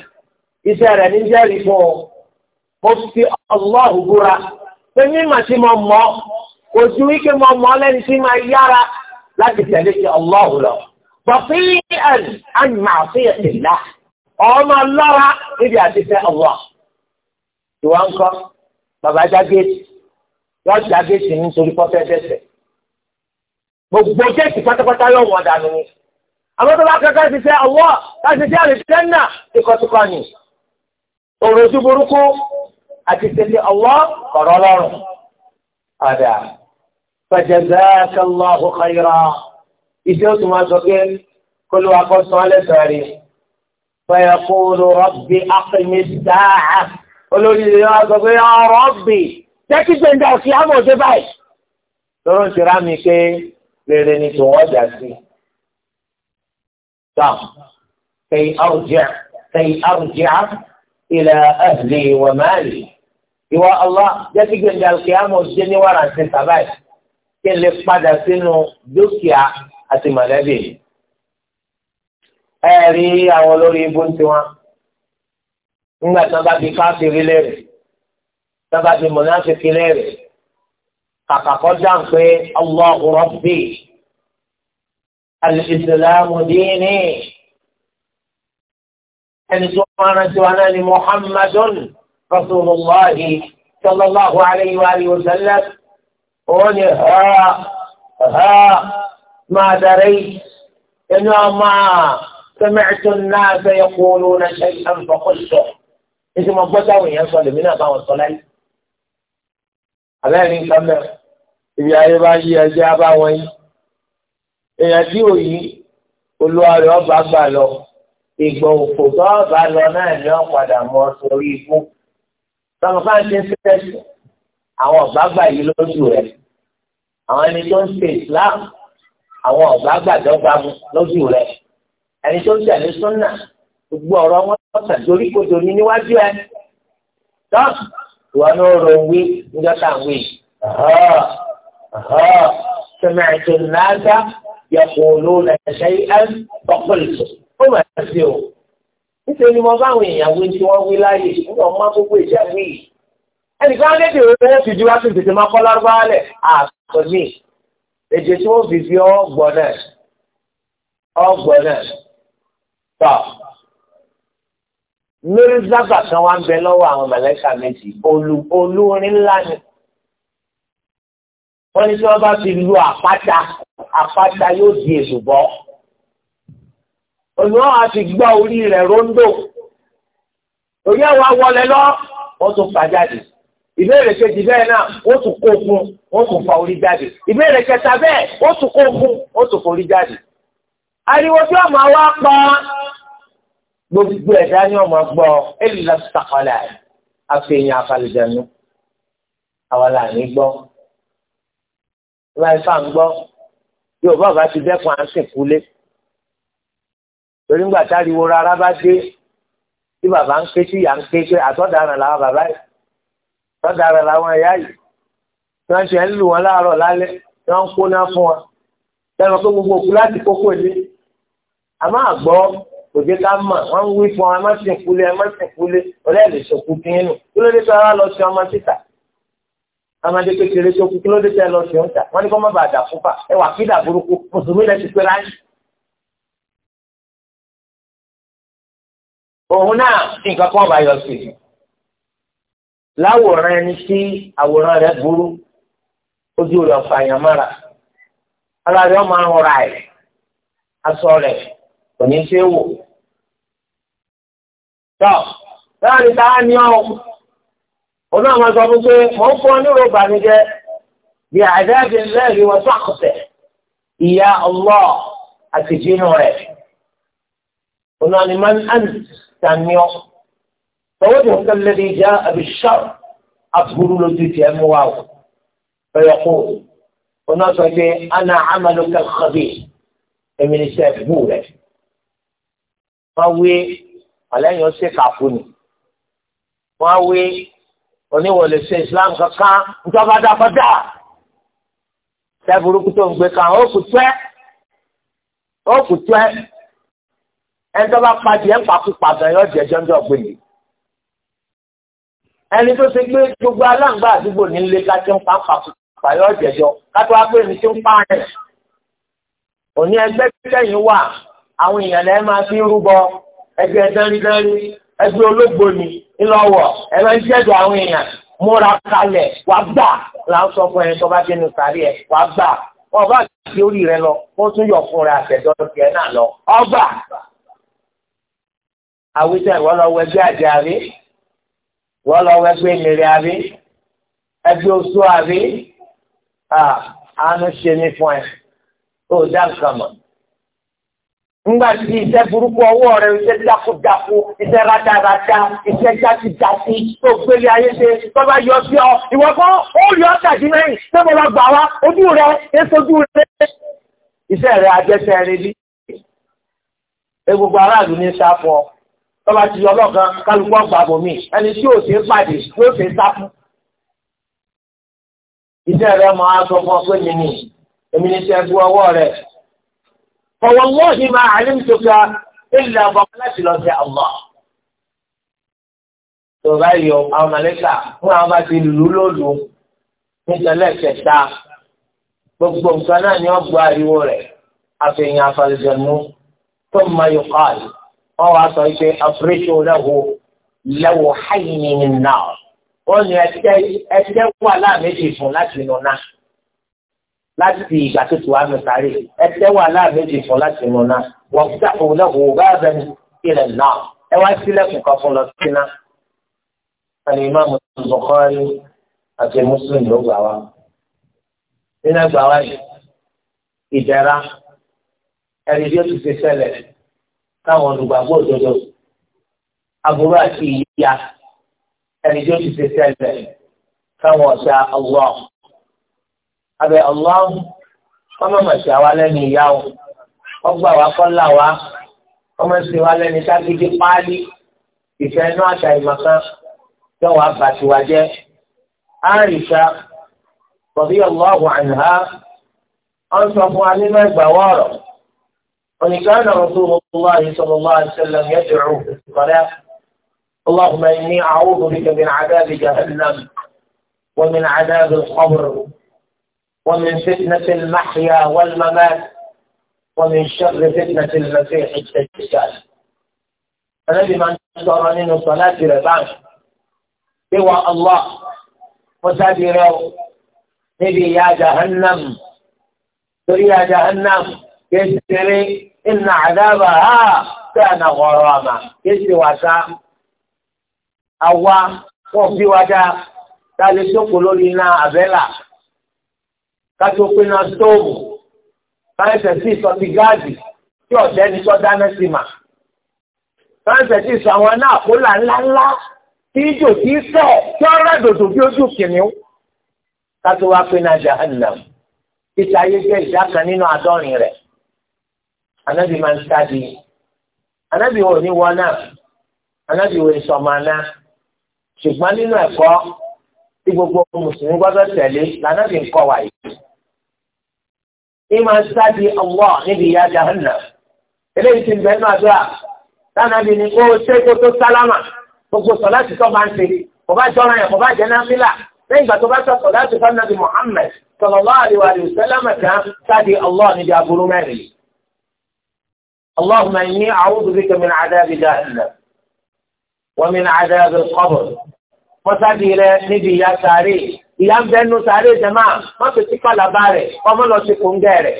iṣẹ́ rẹ̀ ní jẹ́rìí fún ọ mo fi ọlọ́ọ̀hún búra pé mímọ̀ tí mo mọ̀ kò sí wípé mo mọ lẹ́ni tí máa yára láti tẹ̀lé ti ọlọ́run lọ. bọ̀fí ẹ̀n àmà àfihàn ìlà ọmọ lọ́ra níbi àti tẹ ọwọ́. ìwọ ń kọ́ bàbá jágéètì yóò jágéètì nítorí pọ́fẹ́ dẹ́sẹ̀. gbogbo géètì pátápátá yóò wọ̀ dànù ni. àwọn tó bá kankan ti tẹ ọwọ́ láti tẹ àlùfẹ́nà ìkọ̀tùkọ̀ ni. òròjú burúkú àti tẹ̀lé ọwọ́ kọ̀rọ̀ ọlọ́run. ọ̀dà فجزاك الله خيرا يجوز ما تقول كل واقول سؤال ساري فيقول ربي أقم الساعة قولوا لي يا ربي يا ربي تكيد من دعوك يا ترون ترامي كي ليرني توجه صح كي أرجع كي أرجع إلى أهلي ومالي يوا الله تكيد من دعوك يا أبو جبعي kí n lè padà sínú dúkìá àti mọ̀lẹ́bí mi. ẹ rí àwọn olórí ibú tiwọn nígbà tí wọn bá di káfíìrì lérè tí wọn bá di mọ̀nàfíìkì lérè kàkà kọ́ dáhùn pé Allahu Rabbi al-Islamu ẹni tó máa ń tiwa náà ni Muhammadun Rasulullahi sallallahu alayhi wa òun ni ha ha máa darí inú ọmọ sẹ́mẹ̀tì náà sẹ́yẹ kúrú náà ṣe àǹfọ̀kọ́sọ. Èsì mo gbọ́ táwọn èèyàn sọ lèmi náà báwọn sọ láyé. Àbẹ́rẹ́ nǹkan mẹ́rin ibi ayé bá yí ẹjẹ́ bá wọn yí. Èèyàn tí ò yí olúwa ọba gbà lọ ìgbọ̀n òkò tó ọba lọ náà ní ọ̀padà mọ́ sórí ikú. Sọ̀rọ̀ bá ń ṣe ń àwọn ọ̀gbá gbà yí lójú rẹ̀ àwọn ẹni tó ń ṣe islam àwọn ọ̀gá àgbàdọ́gba mu lójú rẹ ẹni tó ń ṣe àní súnà gbogbo ọ̀rọ̀ wọn tàn torí kodo ní níwájú ẹ tó ìwọ ní oòrùn wí níjọ́ tá à ń wí sẹmẹ̀tì nàdá yẹ̀kùnlú lẹ́sẹ̀ ẹ̀ tọ́kùlùtù ó mà sí o nítorí mo bá àwọn èèyàn wí tí wọ́n wí láàyè nígbà wọn má gbogbo ìjà wí yìí ẹnìkan lédè owó fìdí wá sí tètè máa kọ́ lárúbáwá lẹ̀ àtọ̀lé èdè tí wọ́n fi fi ọgbọ̀n náà ọgbọ̀n náà tọ̀ mírísàbà kan wá ń bẹ lọ́wọ́ àwọn mẹ̀lẹ́kà méjì olórin ńlá ni wọ́n ní tí wọ́n bá fi lu àpáta àpáta yóò di èṣùbọ́ olùwọ́n á ti gbá orí rẹ̀ róńdò òye wa wọlé lọ wọ́n tún fà jáde ìbéèrè kejì bẹ́ẹ̀ náà ó tún kó fún ó tún fa orí jáde ìbéèrè kẹta bẹ́ẹ̀ ó tún kó fún ó tún forí jáde. ariwo tí ọmọ wa pa gbogbo ẹ̀dá ni ọmọ gbọ́ ẹ̀lìlá sàkọlà ẹ̀ àfihàn àfàlùjẹ̀nu àwọn làní gbọ́ láìfà ń gbọ́ yóò bá bá ti dẹ́kun à ń sìnkú lé torí ńgbà táriwo rárá bá dé tí bàbá ń ké tí ìyá ń ké pé àtọ́daràn làwọn bàbá yìí lọ́dàrà làwọn ẹ̀yà yìí tí wọ́n ṣe ń lù wọ́n láàárọ̀ lálẹ́ tí wọ́n ń kóná fún wọn lẹ́nu pé gbogbo òkú láti kókó dé àmọ́ àgbọ̀ òde ká mọ̀ wọ́n ń wí fún wọn ẹ má sìn kúlé ẹ má sìn kúlé ọ̀rẹ́ lè sọ̀kú kínínú kí ló dé tó ara lọ sí ọmọ títà amadi kékeré sọ̀kú kí ló dé tó ẹ lọ sí ọ̀tà wọ́n ní kó má bàa dà fúnpa ẹ wà kí òun náà nǹkan kan bá yọ sí i láwòrán ẹni tí àwòrán rẹ̀ burú ojú rẹ̀ fàyàn mára ara rẹ̀ máa ń rọra ẹ̀ aṣọ rẹ̀ kò ní ṣe wò. tọ́ láàrin tá a ní ọ́ òun náà máa sọ fún pé mò ń fún ọ ní ròbà mi jẹ bí àdáàbí lẹ́ẹ̀rí wọn tó àkọsẹ̀ ìyá ọlọ́ àti jínú rẹ̀ òun náà ni máa ń tàn ní ọ́. فوجهك الذي جاء بالشر أقول له تيتي أمواه فيقول والناس أنا عملك الخبيث من يستقبلك فهو على يوسف عفوني فوي oníwọlé ṣe islam kankan ìjọba dábàdà tẹ burúkú tó ń gbé kan ó kù tẹ ó kù tẹ ẹni tó bá pàdé ẹ ń pàkúpàdé yóò jẹjọ ń dọgbìn yìí ẹni tó ṣe gbé gbogbo aláǹgbá àdúgbò nílé ká ti ń pa pàpà yọ jẹjọ ká tó wá pé ní ti ń pa rẹ òní ẹgbẹ́ tẹ̀yìn wà àwọn èèyàn lẹ máa fi rúbọ ẹgbẹ́ dáridári ẹgbẹ́ olóògbò ni ńlọwọ ẹ máa ń jẹjọ àwọn èèyàn múra kalẹ̀ wàá gbà là sọ fún ẹni tó bá dé nu ẹ wàá gbà wọn bá ti orí rẹ lọ wọn tún yọ fúnra àtẹjọ tiẹ̀ náà lọ ọgbà àwíjà ìwọ lọ wọ ẹgbẹ́ wọ́n lọ wẹ́gbẹ́ mèrè àbí ẹgbẹ́ oṣù àbí àánú ṣe ní fún ẹ tó dá nǹkan mọ̀. Ńgbà tí iṣẹ́ burúkú ọwọ́ rẹ̀ iṣẹ́ dákúdákú iṣẹ́ rádaràdá iṣẹ́ jásíjásí tó gbélé ayé ṣe tó bá yọ sí ọ ìwọ kan ó rí ọ tàbí mẹ́rin tó bá gbà wá ojú rẹ̀ èsojú rẹ̀ iṣẹ́ rẹ̀ ajẹ́sẹ̀ rẹ̀ bí. Egbogbo aráàlú ní sáfọ́ tọ́ba ti yọ ọlọ́kan kálukú ọgbà bòmí ẹni tí yóò ṣe é pàdé yóò ṣe é sáfù. iṣẹ́ rẹ máa sọ fún ọ mi ni èmi ni ṣe ọwọ́ rẹ. fọwọ́ wọ́n ní máa àlím tó ga ilẹ̀ ọba láti lọ sí àmọ́. tó yọ àwọn màlẹ́kà fún àwọn bá ti lù ú lólu nítorí kẹta gbogbo nǹkan náà ni wọ́n gbọ́ ariwo rẹ̀ àfihàn àfàlùjọ̀nù tó máa yọ káàlì wọ́n wá sọ pé àfúrésì olóhù lẹ́wọ̀ háyìnì nìyà wọ́n ní ẹ̀jẹ̀ wà láàméjì fún láti nù náà láti ìgbà tó ti wá mi sáré ẹ̀jẹ̀ wà láàméjì fún láti nù náà wọ́n fi dàpọ̀ olóhù báàbẹ̀ ilẹ̀ náà ẹ wá sílẹ̀kùn kan fún lọ sí náà. Al-Imam Bukhari àti Muslim ló gbà wá nínú ẹgbàá wáyé ìdẹ̀ra ẹni bí ó ti ṣe ṣẹlẹ̀ táwọn olùgbàgbọ́ òdodo aburú àti ìyá ẹni tí ó ti ṣe ṣẹlẹ̀ táwọn ọ̀sẹ̀ Allah abẹ Allah ọmọ màṣẹ wa lẹ́nu ìyá o ọgbà wa kọ́là wa ọmọ ṣe wa lẹ́nu ságídí páálí ìfẹ́ inú àṣà ìmọ̀kan tó wàá bà tiwa jẹ́ àrìṣà radiyallahu anha ọ̀n sọ fún wa nínú ẹgbàá wọ̀rọ̀. وإن كان رسول الله صلى الله عليه وسلم يدعو في الصلاة اللهم إني أعوذ بك من عذاب جهنم ومن عذاب القبر ومن فتنة المحيا والممات ومن شر فتنة المسيح الدجال الذي من صار من صلاة ربان سوى الله وسادروا نبي يا جهنم تري يا جهنم kéṣeré iná àdábà á sẹ́ẹ̀nà ọ̀rọ̀ àmà kéṣe wà sá. Àwa wọ́n fi wá dá ta lè jókòó lórí iná àbẹ́là ká tó pé iná stóòmù fáńsẹ̀ sí ìsọtí gáàdì tí ọ̀dẹ́ ní sọ dáná sí mà. fáńsẹ̀ sí ìsọ àwọn náà kó là ńláńlá tí ìjò tí ń tí wọ́n rẹ̀ dòdò bí ojú kìnìún ká tó wá pé jahannam. Ìtayé jẹ́ ìdá kan nínú àádọ́rin rẹ̀ anábì máa ń sáde anábì wo ní wọn náà anábì wo ìsọmọ aná ṣùgbọ́n nínú ẹ̀kọ́ tí gbogbo mùsùlùmí gbọ́dọ̀ tẹ̀lé lànàbì ń kọ́ wa yìí. ní máa ń sáde ọwọ́ níbi ìyá jahanna eléyìí ti bẹ́ẹ̀ náà dọ́à lànàbì ni ó ṣe kó tó sálámà gbogbo sọ̀lá ti tọ́ máa ń ṣe kò bá jọra yẹn kò bá jẹ́ náà mílà lẹ́yìn ìgbà tó bá sọ̀tọ̀ láti fún nàbì Muhammad sallallahu alaihi wa sallam tán sáde ọlọ́ọ̀ níbi aburú mẹ́rin yìí. اللهم إني أعوذ بك من عذاب جهنم ومن عذاب القبر mọ́sáàdì rẹ níbi ìyá sàárè ìyá ń bẹnu sàárè jẹ́mà má fi tí kọ́làbà rẹ̀ ọmọ lọ sí kóńgẹ́ rẹ̀.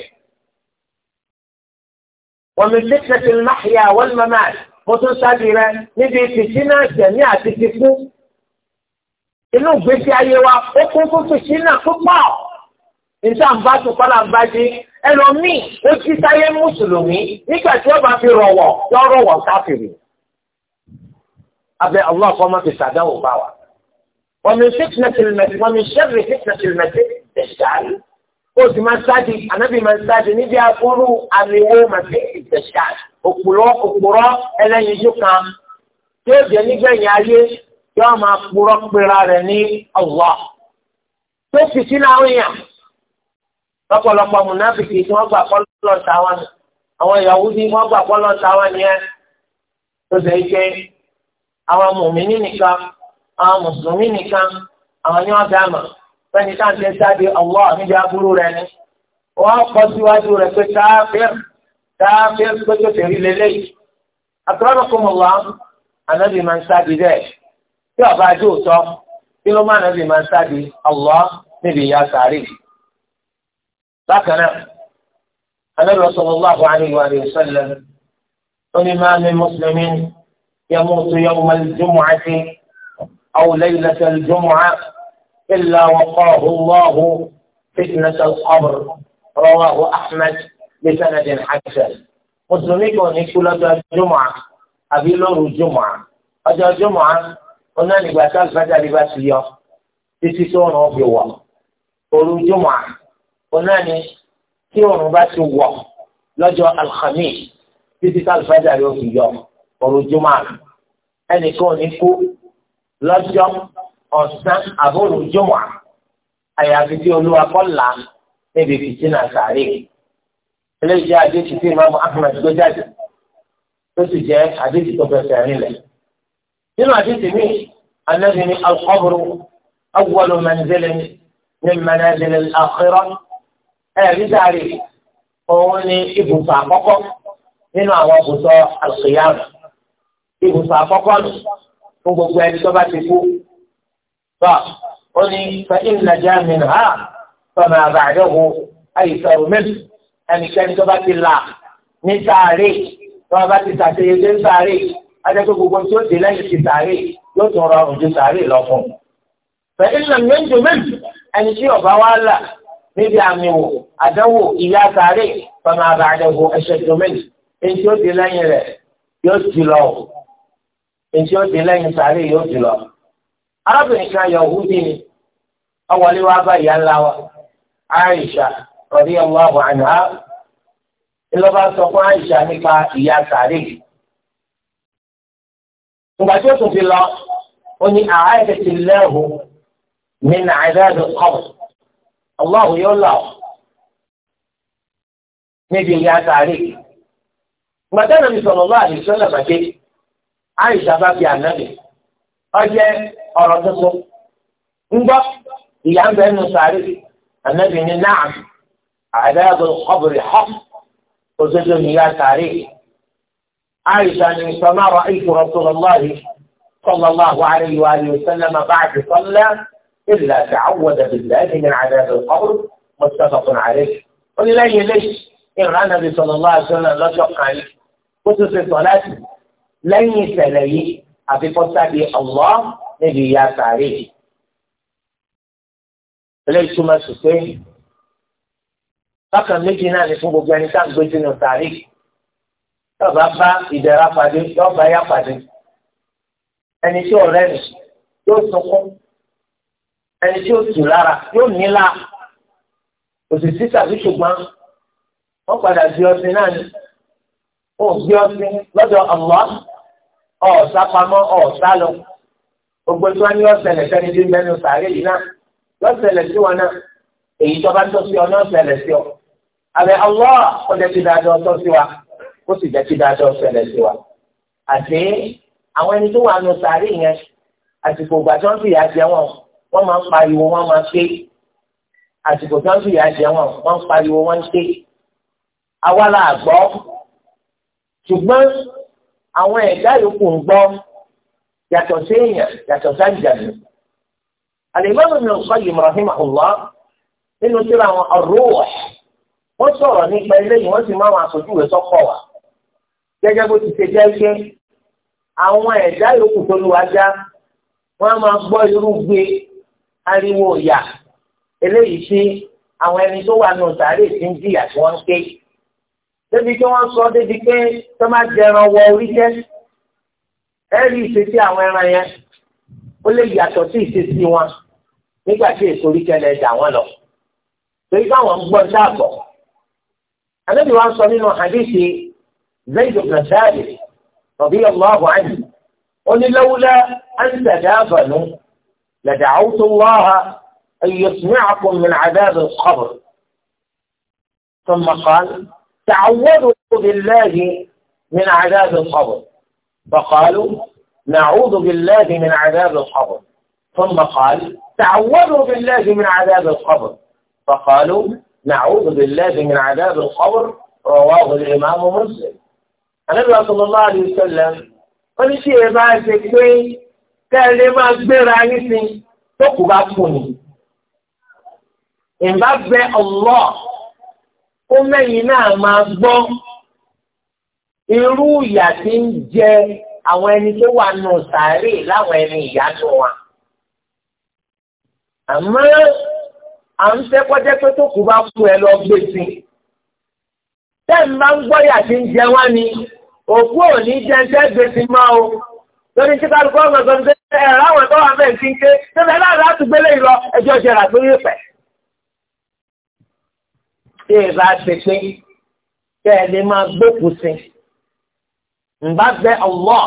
wọ́n mi fífẹ́ ti máyà wọ́n mọ́mọ́ mo tún sáàdì rẹ níbi fìtínà tẹ̀mí àti tìkú. inú gbèsè ayé wa ó kún fún fìtínà púpọ̀ ìsàǹbá tó kọ́lá ń bá dé ẹlòmíì ó ti sáyé mùsùlùmí nígbà tí wọ́n bá fi rọ̀wọ̀ yọ rọ̀wọ̀ káfìrì. abẹ́ allah kọ́ máa fi sàdáwò bá wa. wọ́n mi fitna ti lùmẹ̀tì wọ́n mi sẹ́rì fitna ti lùmẹ̀tì ẹ̀ ṣáàlì. ó sì máa sáàdì ànábì máa sáàdì níbi àkúrú àmìwò màtí ẹ̀ ṣáàlì. òpùrọ̀ òpùrọ̀ ẹlẹ́yinjú kan tí ó jẹ́ nígbẹ̀yìn ayé yọ máa purọ́ pera rẹ̀ ní allah. tó fi sínú àwọn èèyàn lọ́pọ̀lọpọ̀ mùnáfìkì tí wọ́n gbà kọ́lọ́ táwọn ni àwọn ìyàwó tí wọ́n gbà kọ́lọ́ táwọn ni ẹ́ tó ṣe é ṣe àwọn mùmíní nìkan àwọn mùsùlùmí nìkan àwọn ni wọ́n dá mà fẹ́ni tá à ń tẹ́ sáde ọwọ́ níbi aburú rẹ ni wọ́n kọ́ síwájú rẹ pé káfíìr káfíìr pé tó tẹ̀rí lélẹ́yìí àtúrọ́nùkùnmùwà ànábì máa ń sáde bẹ́ẹ̀ tí ọba àjò tọ́ kí ló má ànábì máa ń sáde ọwọ́ níbi ìyá sàárè yìí bákan náà anábìrì sallallahu alayhi wa sallam ó ní máa ní mùsùlùmí yamutu yawma al-jumu'ati aw laylata al-jumu'a illa waqahu Allahu fitnata al-qabr rawahu Ahmad bi sanadin hasan mùsùlùmí kò ní kú lọ́jọ́ jùmọ̀ àbí lóru jùmọ̀ ọjọ́ jùmọ̀ ọ̀nà nígbà tá àgbàjáde bá ti yọ títí tó ràn án fi wọ̀ òru jùmọ̀ náà ni tí òòrùn bá ti wọ̀ lọ́jọ́ alhamis títí sálfàjà yóò fi yọ ọ̀rọ̀ jùmọ̀ ẹnìkan ní kú lọ́jọ́ ọ̀sán àbòrò jùmọ̀ àyàfi tí olúwa kọ́là níbi fìtínà sàárè eléyìí jẹ́ àdéhùn tí imaamu ahmed gbé jáde tó sì jẹ́ àdéhùn tó fẹsẹ̀ rinlẹ̀ nínú àdéhùn mi anabi ni alqabru awwalu manzilin min manazil al-akhirah ẹ̀rí sáré òun ni ibùsọ̀ àkọ́kọ́ nínú àwọn ibùsọ̀ àṣeyàmù ibùsọ̀ àkọ́kọ́ nù fún gbogbo ẹni tó bá ti kú. tọ́ ó ní fẹ́ ìlàjà mìíràn á tọ́nà àbàdéhùn àyíṣẹ́rù mẹ́tù ẹnikẹ́ni tó bá ti là ní sáré tó bá ti sàṣeyẹdé sáré adẹ́gbẹ́ gbogbo tí ó dé lẹ́yìn ti sáré yóò tún rọrùn ju sáré lọ fún un. fẹ́ ìlànà mẹ́tù ẹni tí ọ̀bá wa là níbi àmì wò àdánwò ìyá sáré fama àbàdàgbò ẹ̀ṣẹ̀dùnmẹ́lì èyí ó di lẹ́yìn rẹ̀ yóò ti lọ èyí ó di lẹ́yìn sáré yóò ti lọ. arábìnrin kan Yahudi ni ọwọ́lé wa bá ìyá ńlá wa Aisha radiyallahu anha ńlọba sọ fún Aisha nípa ìyá sáré. ìgbà tí ó tún fi lọ ó ní àáyẹ̀ ti lẹ́hùn min àdáàdì kọ́ọ̀tù. Allahu yóò là ọ́ níbi ìyá sáré gbàtẹ́ mi sọ̀rọ̀ lọ́wọ́ àdìsọ́ lẹ́bàdé àìsà bá fi àná ànábì ọjẹ́ ọ̀rọ̀ tuntun ńgbọ́ ìyá ń bẹ́ẹ̀ nù sáré Àná mi ní náà. Àdáàbò ọ̀bùrì họ́. Òṣèlú ní náà àdáàbò ọ̀bùrì họ́ òdodo ní ìyá sáré àìsà ní sọmárọ̀ iforo sọ̀rọ̀ lọ́wọ́ صلى الله عليه وآله وسلم بعد صلى إلا تعوذ بالله من عذاب القبر متفق عليه ولله ليش إن النبي صلى الله عليه وسلم لا شق عليه كنت في الصلاة لن يتلي أبي قصدي الله نبي يا عليه ليش ما سكين bákan méjì náà ni fún gbogbo ẹni tá à ń gbé sínú tàrí pàdé ẹni tí ọ̀rẹ́ mi yóò sunkún ẹni tí ó tù lára yóò nílà òṣìṣì tàbí ṣùgbọ́n wọ́n padà di ọtí náà ni ó gbé ọtí lọ́dọ̀ ọ̀lọ́ ọ̀ọ́sá pamọ́ ọ̀ọ́sá lọ gbogbo tí wọ́n ní ọ̀sẹ̀lẹ̀ sẹ́ni tí ń bẹ́nu sàárè yìí náà lọ́sẹ̀lẹ̀ sí wọn náà èyí tó bá tọ́ sí ọ náà ṣẹlẹ̀ sí ọ àbẹ ọlọ́ ó jẹ́ kí dáadọ́ tọ́ sí wa ó sì jẹ́ kí dáadọ́ ṣẹlẹ̀ sí wa àti àwọn ẹni tó wà nù sàárè yẹn àsìkò ìgbà tí wọ́n fi yà jẹ wọn wọ́n máa ń pariwo wọ́n máa ń pé àsìkò tí wọ́n fi yà jẹ wọn wọ́n ń pariwo wọ́n ń pé àwa la gbọ́ ṣùgbọ́n àwọn ẹ̀dá yòókù ń gbọ́ yàtọ̀ séèyàn yàtọ̀ sáǹjàmù alimami ní Qayyim rahimahullah nínú tí àwọn ọ̀rọ̀ wọ́n sọ̀rọ̀ nípa eléyìí wọ́n sì máa wọn aṣojú rẹ̀ sọ́kọ̀ wá gẹ́gẹ́ bó ti ṣe jẹ́ pé àwọn ẹ̀dá yòókù tó lu ajá wọ́n á máa gbọ́ irú ariwo ìyà eléyìí sí àwọn ẹni tó wà nù sàárè tí ń jìyà tí wọ́n ń ké débi tí wọ́n sọ débi pé tó máa jẹran wọ orí jẹ́ ẹ̀rí ìṣesí àwọn ẹran yẹn ó lè yàtọ̀ sí ìṣesí wọn nígbà tí èso orí kẹlẹ̀ dà wọ́n lọ torí káwọn ń gbọ́ dáàbọ̀ àlejò wa sọ nínú àdéhìí zayd ibn sáàdì radiyallahu anhu onílọ́wúlá ń tẹ̀dá àbànú. لدعوت الله أن يسمعكم من عذاب القبر ثم قال تعوذوا بالله من عذاب القبر فقالوا نعوذ بالله من عذاب القبر ثم قال تعوذوا بالله من عذاب القبر فقالوا نعوذ بالله من عذاب القبر رواه الإمام مسلم النبي صلى الله عليه وسلم قال شيء بعد كويس kẹ́lẹ́ máa gbéra nísìn tó kù bá kù ní. ìbá bẹ ọ̀lọ́ ó mẹ́yìn náà máa gbọ́ irú ìyà tí ń jẹ àwọn ẹni tó wà nù sàárè láwọn ẹni ìyàtọ̀ wa. àmọ́ à ń fẹ́ kọjá pé tó kù bá kù ẹ lọ gbé sí i. tẹ́ẹ̀ bá ń gbọ́ ìyà tí ń jẹ wá ni òkú ò ní jẹ́ ń tẹ́ gbèsè máa o lórí tí kálukú ọmọ ẹgbẹ́ ẹ̀rọ àwọn ẹ̀tọ́ wà bẹ́ẹ̀ ti ń ké tẹ́lẹ̀ láàrín láti gbélé ìlọ ẹjọ́ jẹrà tó yé pẹ̀. tí ẹ bá ṣe pé kẹ́ ẹ lè máa gbókùn sí ń bá bẹ ọ̀wọ́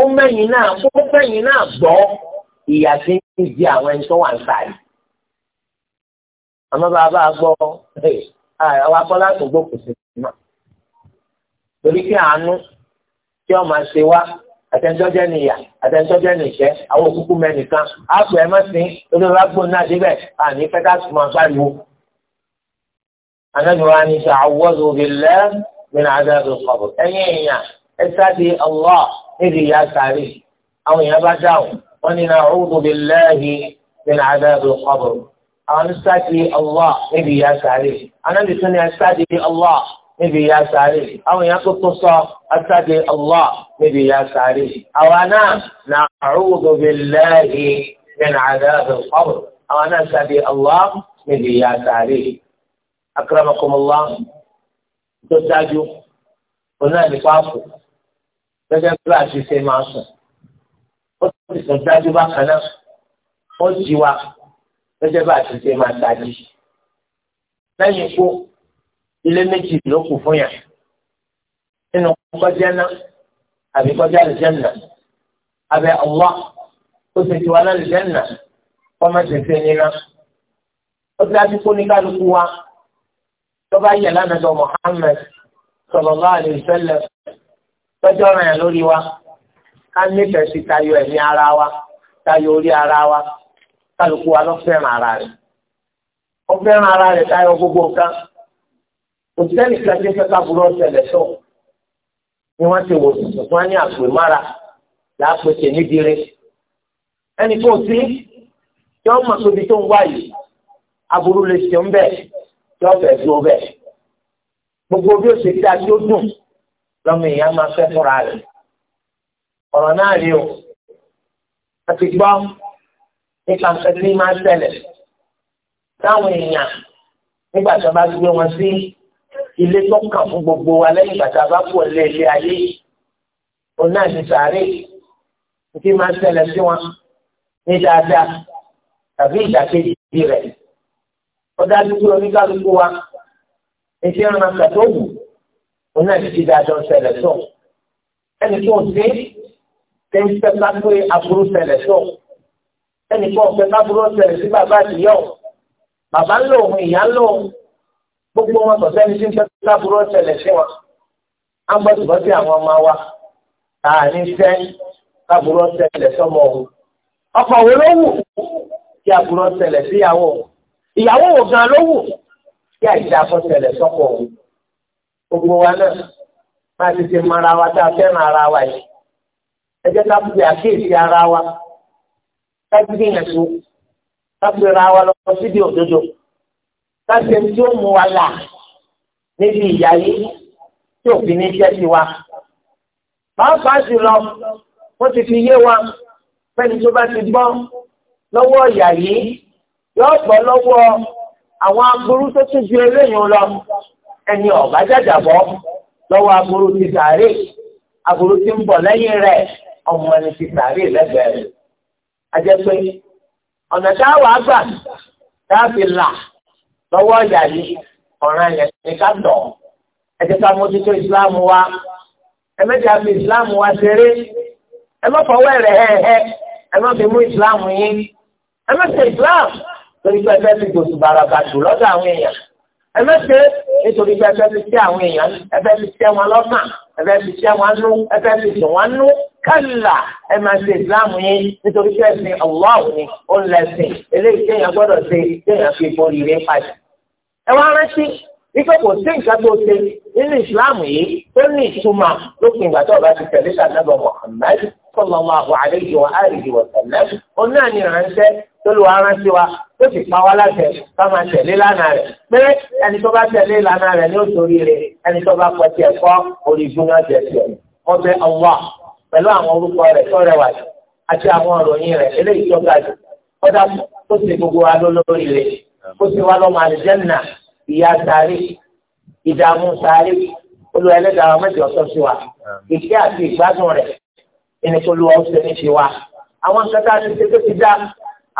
ó mẹ́yìn náà ó mẹ́yìn náà gbọ́ ìyà tí ń di àwọn ẹni tó wà ń sáré. àmọ́ bàbá gbọ́ àwọn akọ́lá tó gbókùn náà torí kí àánú tí ọ máa ṣe wá àtẹnudọ́jẹ́ ni ìyà àtẹnudọ́jẹ́ ni ìṣẹ́ àwọn òkúkú mẹ́nìkan àpò ẹ̀ mọ́ sí olórí agbóhùn náà débẹ̀ àní fẹ́ká sùnmọ́ agbáriwo. anáni wa ni sàwọ́dù òbílẹ̀ gbẹ̀nà àdáàbò kọ̀bù ẹ̀yìn èèyàn ẹ sáde ọlọ́ níbi ìyá sáré àwọn èèyàn bá dáhùn wọn ni náà ọ̀hùdù bílẹ̀hì gbẹ̀nà àdáàbò kọ̀bù àwọn sáde ọlọ́ níbi ìyá sáré àwọn èèyàn tó tún sọ asáde Allah níbi ìyá sáré àwa náà nà a'udhu billahi min 'adhabil qabr àwa náà sáde Allah níbi ìyá sáré akramakumullah tó dájú òun náà nípa àpò gẹ́gẹ́ bí a ti ṣe máa sùn ó ti sùn dájú bákan náà ó jí wa gẹ́gẹ́ bí a ti ṣe máa dájú lẹ́yìn ikú ilé méjì ló kù fún yàn nínú kọjá náà àbí kọjá àlùjánnà abẹ ọwọ́ ó ti ti wá lálùjánnà kọ́má tètè nínà ó ti dájú kó ní kálukú wa tó bá yẹ lánàá tó Muhammad sallallahu alaihi wasallam tọ́jọ́ ràn yàn lórí wa ká nífẹ̀ẹ́ sí tayọ ẹ̀mí ara wa tayọ orí ara wa kálukú wa ló fẹ́ràn ara rẹ̀ ó fẹ́ràn ara rẹ̀ tayọ gbogbo nǹkan òtítẹ́ nìkan tí ń fẹ́ káàbùrú ọ̀sẹ̀lẹ̀ tó ni wọ́n ti wò wọ́n ní àpèmára làápèsè nídìrí ẹnì kò sí tí wọ́n mọ̀ tóbi tó ń wá yìí aburú lè ṣe ń bẹ̀ tí wọ́n fẹ́ dúró bẹ̀ gbogbo bí ó ṣe dá tí ó dùn lọ́mọ èèyàn máa fẹ́ fúnra rẹ̀ ọ̀rọ̀ náà rí o a ti gbọ́ nípa nǹkan tí máa ń ṣẹlẹ̀ táwọn èèyàn nígbà tí wọ́n bá gbé wọn sí ilé tó kàn fún gbogbo wa lẹ́yìn ìgbà a bá pọ̀ lé ilé ayé òun náà ní sàárè kí máa ń ṣẹlẹ̀ sí wọn ní dáadáa tàbí ìdàkejì rẹ̀ ó dájú pé oníkálukú wa ètí ọ̀nà kàtó wù òun náà ti di dáadáa ṣẹlẹ̀ sọ ẹnì kí wọ́n ṣe ṣe ń fẹ́ ká pé aburú ṣẹlẹ̀ sọ ẹnì kí wọ́n fẹ́ ká burú ṣẹlẹ̀ sí bàbá àtìyọ́ bàbá ń lò òun ìyá ń lò òun gbogbo wọn sọ sẹ́ni tí ń tẹ́tí láburú ọ̀sẹ̀lẹ̀ sí wọn á ń gbọ́dọ̀ sí àwọn ọmọ wa tá a ní sẹ́ni láburú ọ̀sẹ̀lẹ̀ sọmọ òun ọkọ̀ wo ló wù kí aburú ọ̀sẹ̀lẹ̀ sí ìyàwó òun ìyàwó wo gan ló wù kí àìsí afọ́sẹ̀lẹ̀ sọ́kọ òun gbogbo wa náà máa ti ti mara wa tá a fẹ́ràn ara wa yìí ẹ jẹ́ ká ara wa ká gbìyànjú ká fi ra wa lọ síbi òdodo káṣẹ tí ó mú wa là níbi ìyá yìí tí òfin ní jẹ́ sí wa. pàápàá jùlọ wọ́n ti fi yé wa fẹ́ni tó bá ti gbọ́ lọ́wọ́ ìyá yìí yóò gbọ́ lọ́wọ́ àwọn aburú tó tún ju eléyìí lọ ẹni ọ̀bá jàjàbọ́ lọ́wọ́ aburú ti sàárè aburú ti ń bọ̀ lẹ́yìn rẹ̀ ọmọ ẹni ti sàárè lẹ́gbẹ̀ẹ́ rẹ̀. àjẹpẹ́ ọ̀nà táwa gbà táà fi là lọ́wọ́ ìyá yìí ọ̀ràn yẹn ní ká tọ̀ ẹ jẹ́ ká mójútó ìsìláàmù wa ẹ mẹ́ta fi ìsìláàmù wa ṣeré ẹ má fọwọ́ ẹ̀rẹ̀ hẹ́ẹ̀hẹ́ ẹ má fi mú ìsìláàmù yín ẹ má ṣe ìsìláàmù torí pé ẹ fẹ́ fi gbòòsù bàràbà jù lọ́dọ̀ àwọn èèyàn ẹ má ṣe nítorí pé ẹfẹ́ fi ṣẹ́ àwọn èèyàn ẹfẹ́ fi ṣẹ́ wọn lọ́nà ẹfẹ́ fi ṣẹ́ wọn nú ẹfẹ́ fi ṣẹ́ wọn nú kálà ẹ máa ṣe ìsìláàmù yín nítorí pé ẹ̀sìn ọ̀wọ́ọ̀wù ni ó ń lẹ́sìn eléyìí téèyàn gbọ́dọ̀ ṣe téèyàn fi borí rẹ̀ padà. ẹ wá rántí ife kò sí nǹkan tó ṣe nínú ìsìláàmù yìí tó ní ìtumọ̀ lópin ìgbà tó o bá ti tẹ̀lé sàdábà Muhammad sallallahu alayhi wa alihi wa sallam òun náà ni ránṣẹ́ tó lu ó sì pa wá láṣẹ ká máa tẹ̀lé lánàá rẹ̀ pé ẹni tó bá tẹ̀lé lánàá rẹ̀ ní òṣòrí rẹ̀ ẹni tó bá pẹ̀tì ẹ̀kọ́ orí gbóná jẹ̀ tiẹ̀ wọ́n bẹ Allah pẹ̀lú àwọn orúkọ rẹ̀ tó rẹwà jù àti àwọn òròyìn rẹ̀ eléyìí tó ga jù kọ́dà kó sì gbogbo wa lólórí rẹ̀ kó sì wá lọ́mọ àlìjẹ́nà ìyá sáré ìdààmú sáré olú